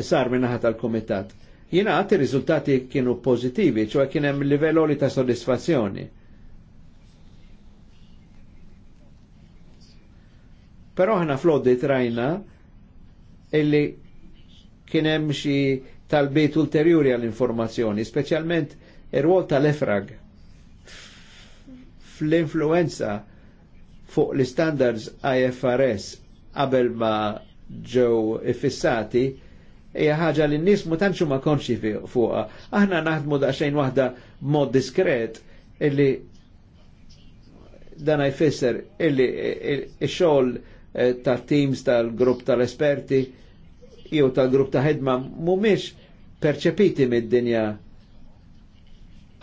sar minnaħat tal-komitat. Jina għati rizultati kienu pozitivi, ċoħ kien hemm livell oli ta' soddisfazzjoni. Però ħna flodit rajna illi kien hemm xi talbiet ulterjuri għall-informazzjoni, speċjalment ir-rwol tal-efrag fl-influenza fuq l-standards IFRS qabel ma ġew ifissati hija ħaġa li n-nies ma tantx ma konxi fuqha. Aħna naħdmu daqsxejn waħda mod diskret illi dan jfisser illi xogħol eh, tat-teams tal-grupp tal-esperti jew tal-grupp ta' ħedma mhumiex perċepiti mid-dinja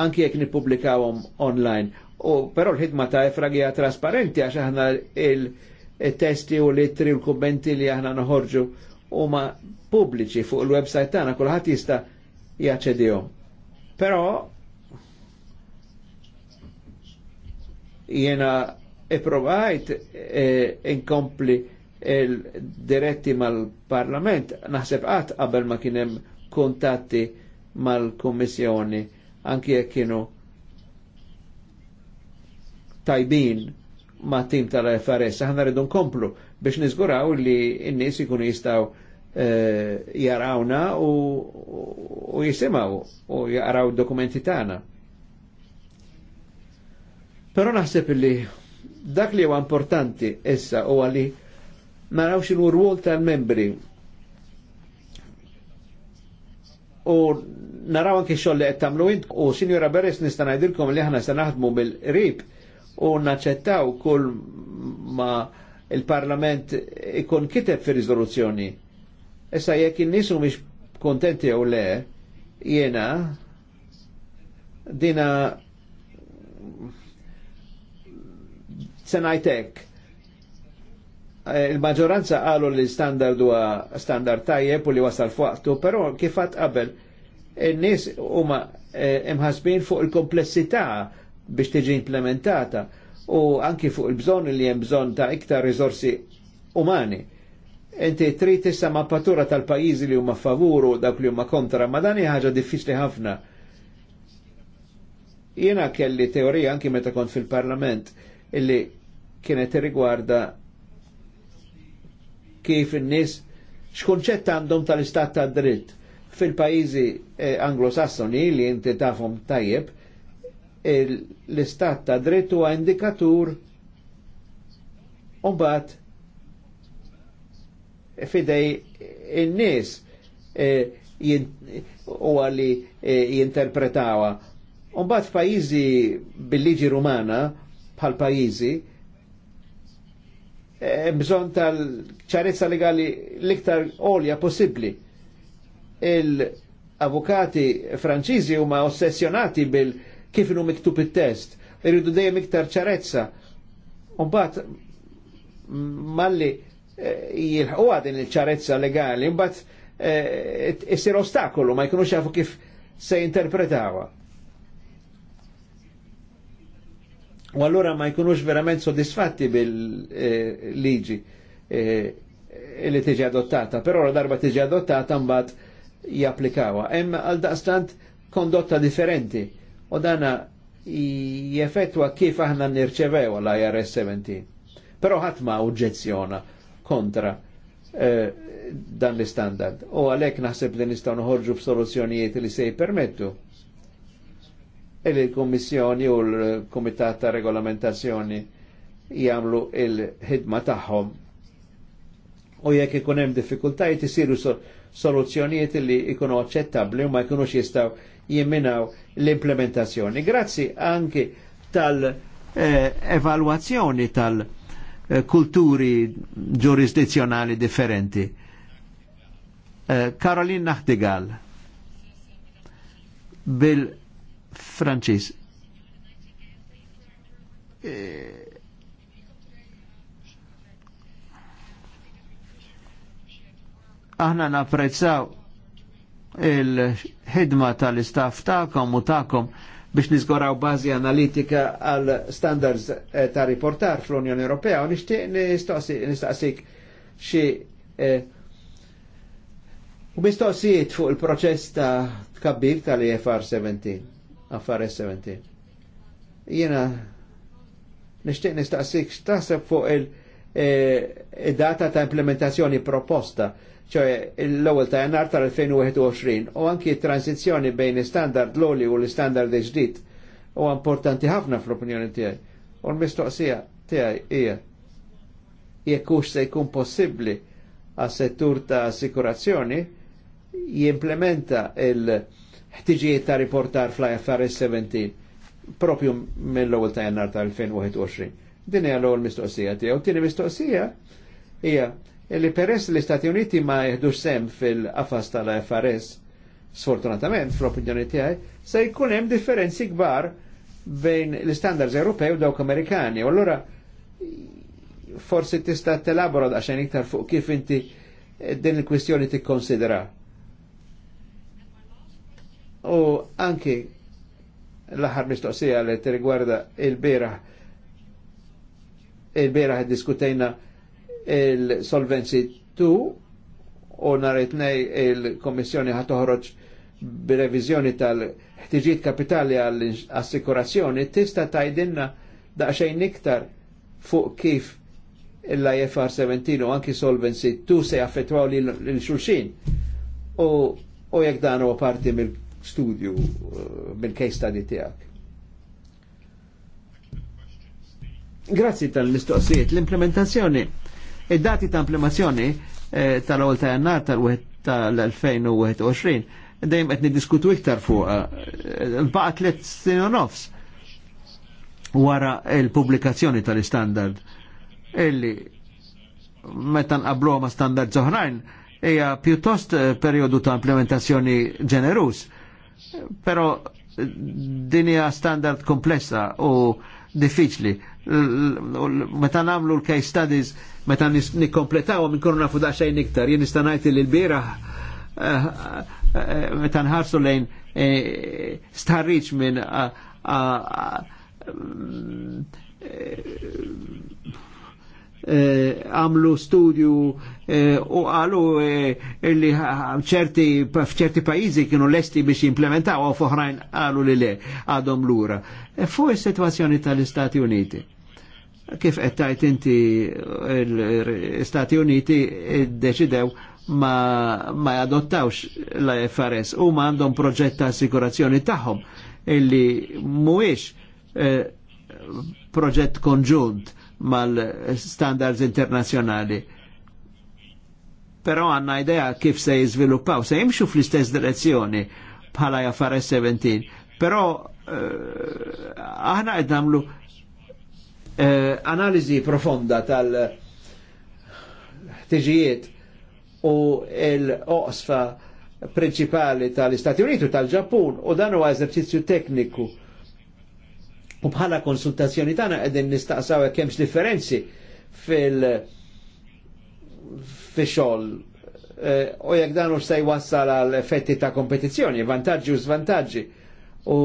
anki jekk nippubblikawhom online. U però l-ħidma ta' efragija trasparenti għax aħna il-testi u l-ittri u l kommenti li aħna noħorġu huma pubbliċi fuq il-website tagħna kulħadd jista' jaċċedihom. Però jiena ipprovajt e, inkompli il diretti mal-Parlament naħseb qatt qabel ma kien hemm kuntatti mal-Kummissjoni anki jekk kienu tajbin ma' tim tal-FRS, aħna rridu nkomplu biex nizguraw li n nis ikunu jistaw e, jarawna u, u jisimaw u jaraw dokumenti tana. Pero naħseb li dak li huwa importanti essa u għalli narawx il-rwol tal-membri u naraw anke xoll li għettamlu tagħmlu int u Sinjora Beres nistana ngħidilkom li ħana sanaħdmu bil rib u naċċettaw kull ma' il-Parlament ikun kiteb fi rizoluzzjoni. Issa jekk in-nies mhumiex kontenti jew le, jiena dina senajtek il-maġoranza għalu li standard huwa standard tajjeb u li wasal fuqtu, però kifat qabel in-nies huma eh, imħasbin fuq il-komplessità biex tiġi implementata u anki fuq il-bżon li hemm bżon ta' iktar risorsi umani. Inti trid issa mappatura tal-pajjiżi li huma favuru dak li huma kontra, ma dan ħaġa diffiċli ħafna. Jiena kelli teorija anki meta kont fil-Parlament illi kienet irrigwarda kif in-nies x'kunċett għandhom tal-istat tad dritt fil-pajjiżi eh, anglosassoni li inti tafhom tajjeb l-istat ta' drittu għu indikatur umbat fidej il-nis eh, u għalli eh, jinterpretawa. Umbat f'pajizi bil-liġi rumana bħal pajizi eh, bżon tal-ċarezza legali l-iktar olja possibli. Il-avukati franċiżi huma ossessjonati bil- liġi kif inhu miktub it-test. Irridu dejjem iktar ċarezza. Mbagħad malli eh, jilħuha din il-ċarezza legali, mbagħad eh, isir ostakolu ma jkunux jafu kif se jinterpretawa. U allura ma jkunux verament soddisfatti bil-liġi eh, li tiġi adottata, però la darba tiġi adottata mbagħad japplikawa. Hemm għal daqstant kondotta differenti u dana jeffettwa kif aħna nirċevew l-IRS 17. Pero ħatma oġġezzjona kontra eh, dan l-standard. U għalek naħseb li nistaw nħorġu b'soluzzjonijiet li se jpermettu. E Il il-Kommissjoni u l-Komitat ta' Regolamentazzjoni jagħmlu il-ħidma tagħhom u jekk ikun hemm diffikultajiet isiru soluzzjonijiet li jkunu aċċettabbli u ma jkunux jistgħu jimminaw l-implementazzjoni. Grazzi anki tal-evaluazzjoni eh, tal-kulturi eh, giurisdizjonali differenti. Karolin Eh, Caroline Nachtigal bil Francis. Eh, aħna napprezzaw il-ħidma tal-istaff ta'kom u ta'kom biex nizgoraw bazi analitika għal standards eh, ta' riportar fl-Unjoni Ewropea u nishtiq nistaqsik xi eh, u mistoqsijiet fuq il-proċess ta' tkabbir tal-EFR 17, affar 17. Jena nishtiq nistaqsik x'taħseb fuq il-data eh, ta' implementazzjoni proposta ċoħe l-ewel ta' jannar tal-2021 u anki transizjoni bejn standard l-oli u l-standard ġdid u importanti ħafna fl-opinjoni tiegħi. U l-mistoqsija tiegħi hija jekkux se jkun possibbli għas settur ta' assikurazzjoni jimplementa il-ħtiġijiet ta' riportar fl-IFRS 17 propju mill-ewwel ta' jannar tal-2021. Din hija l-ewwel mistoqsija U Tieni mistoqsija ija li peress li Stati Uniti ma jihdux sem fil-qafas tal-FRS, sfortunatament, fl-opinjoni tijaj, se jkun hemm differenzi kbar bejn l-standards Ewropew dawk Amerikani. U allura forsi tista' telabora daqsxejn iktar fuq kif inti eh, din il-kwistjoni tikkonsidera. U anki l-aħħar mistoqsija li riguarda il-beraħ il-beraħ diskutejna il-Solvency 2 u nhar il-Kommissjoni ħad toħroġ b'reviżjoni tal-ħtiġijiet kapitali għall-assikurazzjoni tista' tajdinna daqsxejn iktar fuq kif l-IFR 17 u anki Solvency 2 se jaffetwaw li l-xulxin. U jekk dan huwa parti mill-studju, eh, mill-case study tiegħek. Grazzi tal-mistoqsijiet, l-implementazzjoni Id-dati ta' implementazzjoni eh, tal-ewwel ta' jannar tal-2021 dejjem qed niddiskutu iktar fuq eh, il-baqa tliet snin u nofs wara il-pubblikazzjoni tal-istandard illi meta nqablu ma' standard oħrajn hija pjuttost eh, perjodu ta' implementazzjoni ġenerus. Però din hija standard komplessa u diffiċli meta namlu l-case studies, meta nikkompletaw minn korna fu daċxajn iktar, jien istanajt li l-bira eh, eh, meta nħarsu lejn eh, starriċ minn għamlu studju u għalu illi ċerti pajizi kienu lesti biex implementaw u foħrajn għalu li le għadhom l-ura. Fu il-situazzjoni tal-Istati Uniti kif qed inti l-Stati Uniti iddeċidew ma, ma jadottawx l-FRS u ma għandhom proġett ta' assikurazzjoni tagħhom illi mhuwiex eh, proġett konġunt mal-standards internazzjonali. Però għanna idea kif se jizviluppaw, se jimxu fl-istess direzzjoni bħala jaffar 17 Però eh, aħna qed nagħmlu eh, analizi profonda tal-ħtiġijiet u l-oqsfa principali tal-Istati Uniti u tal-Ġappun u dan huwa eżerċizzju tekniku. U bħala konsultazzjoni tagħna qegħdin nistaqsaw hekk hemmx differenzi fil fix-xogħol eh, u jekk dan se jwassal għal effetti ta' kompetizzjoni, vantaġġi u svantaġġi. U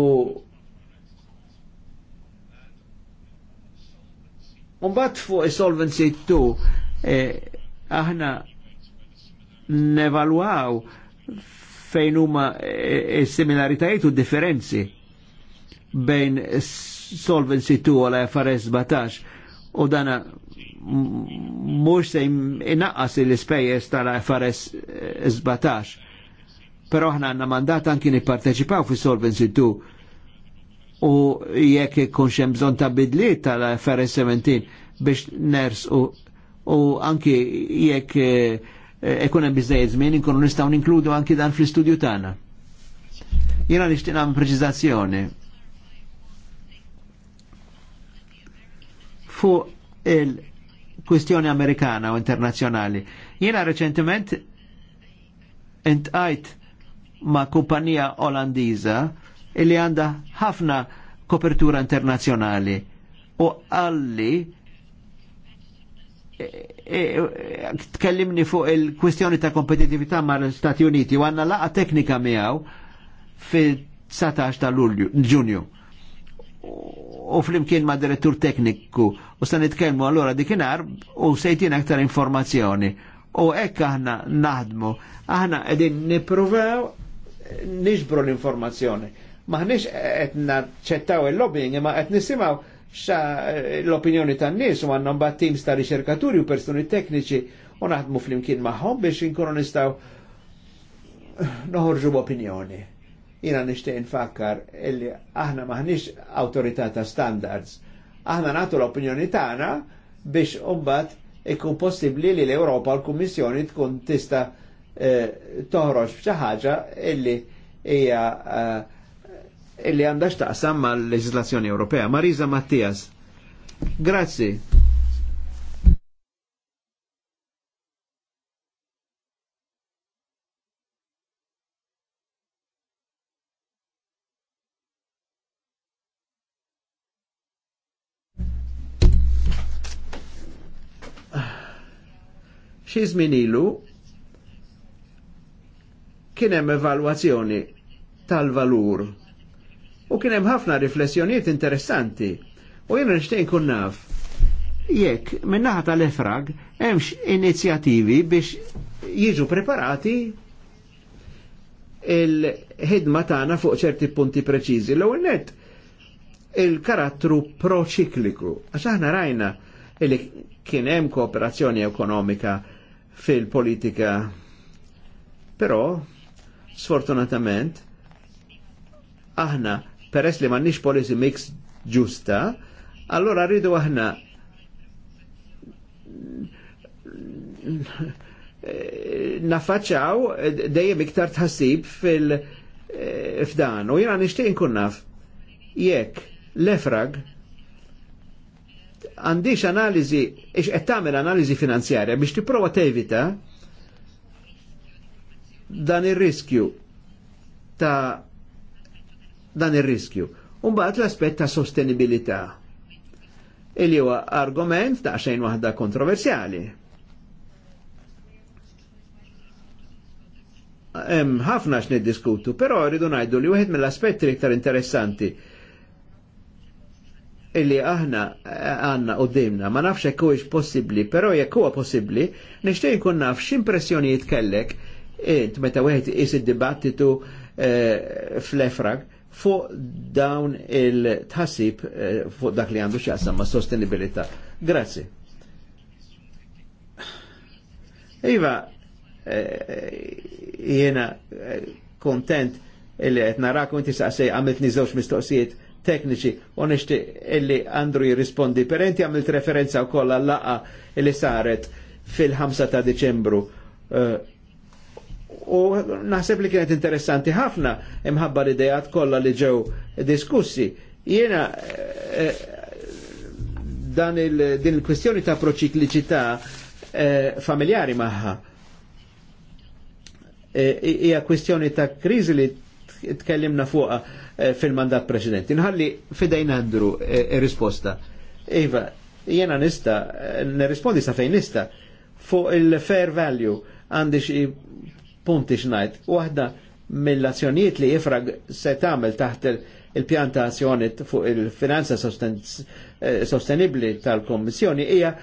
Umbat fuq Solvency 2 eh, aħna nevalwaw fejn huma eh, eh, similaritajiet u differenzi bejn Solvency 2 għal FRS 17 u dana mux se inaqqas l-ispejjeż tal-FRS 17. Pero ħna għanna mandat anki nipparteċipaw fi Solvency 2 u jekk ikun xem bżon ta' bidli tal-affarijiet 17 biex ners u, u anki jekk eh, ikun hemm biżejjed żmien inkunu nistgħu ninkludu anki dan fl-istudju tagħna. Jiena nixtieq nagħmel preċiżazzjoni. Fuq il-kwistjoni Amerikana u internazzjonali. Jiena reċentiment intqajt ma' kumpanija Olandiża li għanda ħafna kopertura internazjonali u għalli e, e, e, tkellimni fuq il-kwistjoni ta' kompetitività ma' l-Stati Uniti u għanna laqa teknika miegħu fil-19 ta' Lulju, Ġunju. U flimkien ma' direttur tekniku u se nitkellmu allura dikinar u sejtin aktar informazzjoni. U ekk aħna naħdmu, aħna qegħdin nippruvaw niġbru l-informazzjoni maħniex qed naċċettaw il-lobbying ma' qed nisimgħu xa l-opinjoni tan-nies u għandna mbagħad teams ta' riċerkaturi u personi tekniċi u naħdmu fl-imkien magħhom biex inkunu nistaw noħorġu opinjoni. Jina nishtiq nfakkar illi aħna maħniex autorità ta' standards. Aħna natu l-opinjoni tagħna biex umbat ikun possibli li l-Europa l-Kummissjoni tkun tista eh, toħroġ b'xi ħaġa illi hija eh, li għandha x'taqsam mal-leġislazzjoni Ewropea. Marisa Mattias. Grazzi. xi żmien ilu kien hemm evalwazzjoni tal-valur u kien hemm ħafna riflessjonijiet interessanti. U jiena nixtieq kun naf. Jekk min-naħa tal-efrag hemmx inizjattivi biex jiġu preparati il-ħidma tagħna fuq ċerti punti preċiżi. L-ewwel net il-karattru proċikliku. Għax aħna rajna li kien hemm kooperazzjoni ekonomika fil-politika. Però sfortunatament aħna peress li mannix policy mix ġusta, allora rridu aħna nafaċaw dejjem iktar tħassib fil eh, f'dan u jiena nixtieq inkun naf jekk l-efrag għandix analizi, ix qed tagħmel analiżi finanzjarja biex tipprova tevita dan ir-riskju ta' dan ir-riskju. Umbagħad l-aspett ta' sostenibilità. Illi huwa argument ta' xejn waħda kontroversjali. Hemm ħafna x'niddiskutu, però rridu ngħidu li wieħed mill-aspetti iktar interessanti illi aħna eh, għanna u dimna, ma nafx jekk huwiex possibbli, però jekk huwa possibbli, nixtieq nkun naf x'impressjonijiet kellek int eh, meta wieħed is id-dibattitu eh, fl-efrag fuq dawn il-tħassib eh, fuq dak li għandu xaqsam ma' sostenibilità. Grazzi. Iva, eh, eh, jena kontent illi għet narak u inti saqsej għamiltni żewġ mistoqsijiet tekniċi u nishti illi Andru jirrispondi per inti għamilt referenza u kolla laqa illi saret fil-5 ta' Deċembru. Uh, U naħseb li kienet interessanti ħafna imħabba l-idejat kollha li ġew diskussi. Jena eh, dan il, din il-kwestjoni ta' proċikliċità eh, familjari maħħa. Eh, Ija e, kwestjoni ta' krizi li tkellimna fuqa eh, fil-mandat preċedenti. Nħalli fidejn għandru eh, risposta. Iva, jena nista, nirrispondi sa' fejn nista, fuq il-fair value għandix punti xnajt. Waħda mill-azzjonijiet li jifrag se tagħmel taħt il-pjanta azzjoni fuq il-finanza eh, sostenibli tal-Kommissjoni hija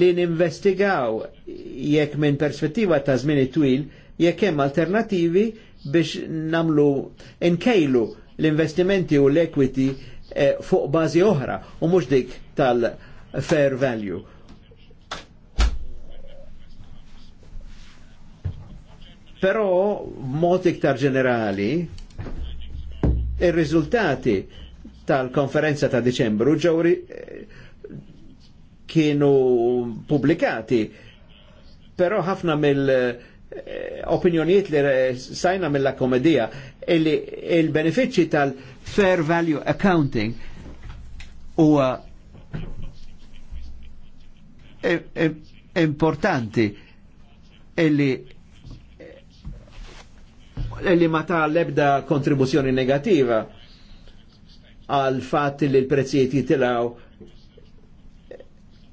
li ninvestigaw jekk minn perspettiva ta' żmien twil jekk hemm alternativi biex namlu nkejlu l-investimenti u l-equity eh, fuq bażi oħra u mhux dik tal-fair value Però mod iktar ġenerali ir-riżultati tal-konferenza ta' Deċembru ġew kienu pubblikati, però ħafna mill- eh, opinjonijiet li sajna mill komedija illi il-benefiċi tal-fair value accounting u importanti illi li ma ta' lebda kontribuzzjoni negativa għal fatt li l-prezzijiet jitilaw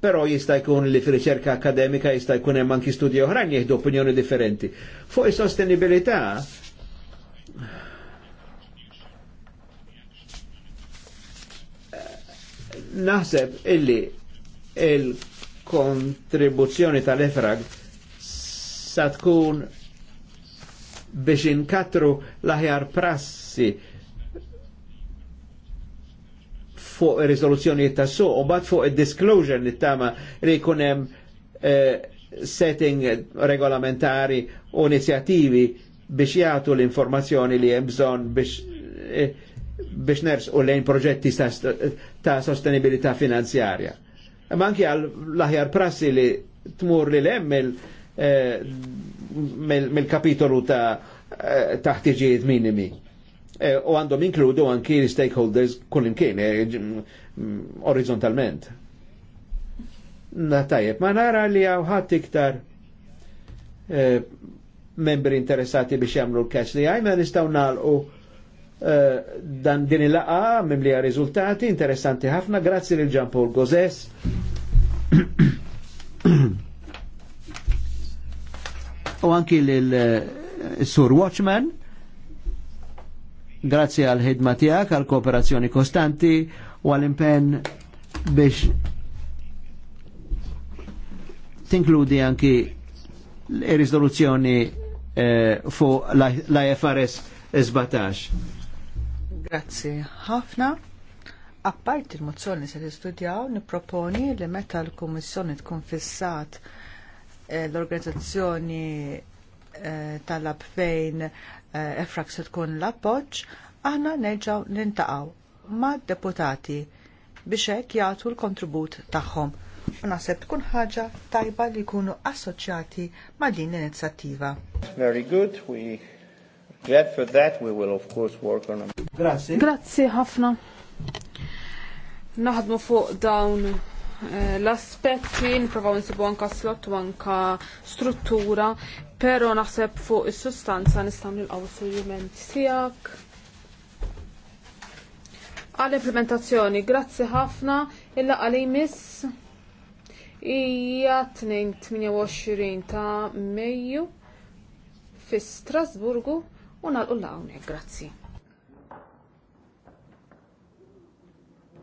però jista' jkun li fir-riċerka akademika jista' jkun hemm anki studji oħrajn jieħdu opinjoni differenti. Fuq is-sostenibilità naħseb illi il-kontribuzzjoni tal-efrag sa tkun biex inkatru l-aħjar prassi fuq risoluzzjonijiet ta' suq u bat fuq il-disclosure li tama li kunem eh, setting regolamentari u inizjativi biex jgħatu l-informazzjoni li hemm bżonn biex eh, biex ners u lejn proġetti ta', ta sostenibilità finanzjarja. Ma anki għal l-aħjar prassi li tmur li l-emmel Eh, mill-kapitolu ta' eh, taħtiġijiet minimi. Eh, u għandhom inkludu anki l-stakeholders kullimkien, orizzontalment. Na tajjeb, ma nara li għawħat iktar membri interessati biex jamlu l kess li għaj, ma nistaw nalqu dan din il-laqa mim li rizultati interessanti ħafna, grazzi l-ġampol Gozes. u anki l-Sur eh, Watchman. Grazzi għal ħidma tiegħek, għal kooperazzjoni kostanti u għal impenn biex tinkludi anki l-risoluzzjoni eh, fuq l-IFRS 17. Grazzi ħafna. Apparti il-mozzjoni se nistudjaw, niproponi li meta l-Kummissjoni tkun fissat l-organizzazzjoni eh, tal fejn eh, efrak se tkun l-appoġġ, aħna nerġgħu nintaqgħu mad deputati biex hekk jagħtu l-kontribut tagħhom. U naħseb tkun ħaġa tajba li jkunu assoċjati ma' din l-inizjattiva. Very good. We glad for that. We will of course work on Grazie. Grazie ħafna. Naħdmu fuq dawn Eh, l-aspetti, niprofaw nsibu anka slot u anka struttura, pero naħseb fuq is-sustanza nistamlu l-qawsuljiment tijak. Għal-implementazzjoni, grazzi ħafna, illa għal-imis ija 28 ta' Mejju fi Strasburgu u nal-ullawne, grazzi.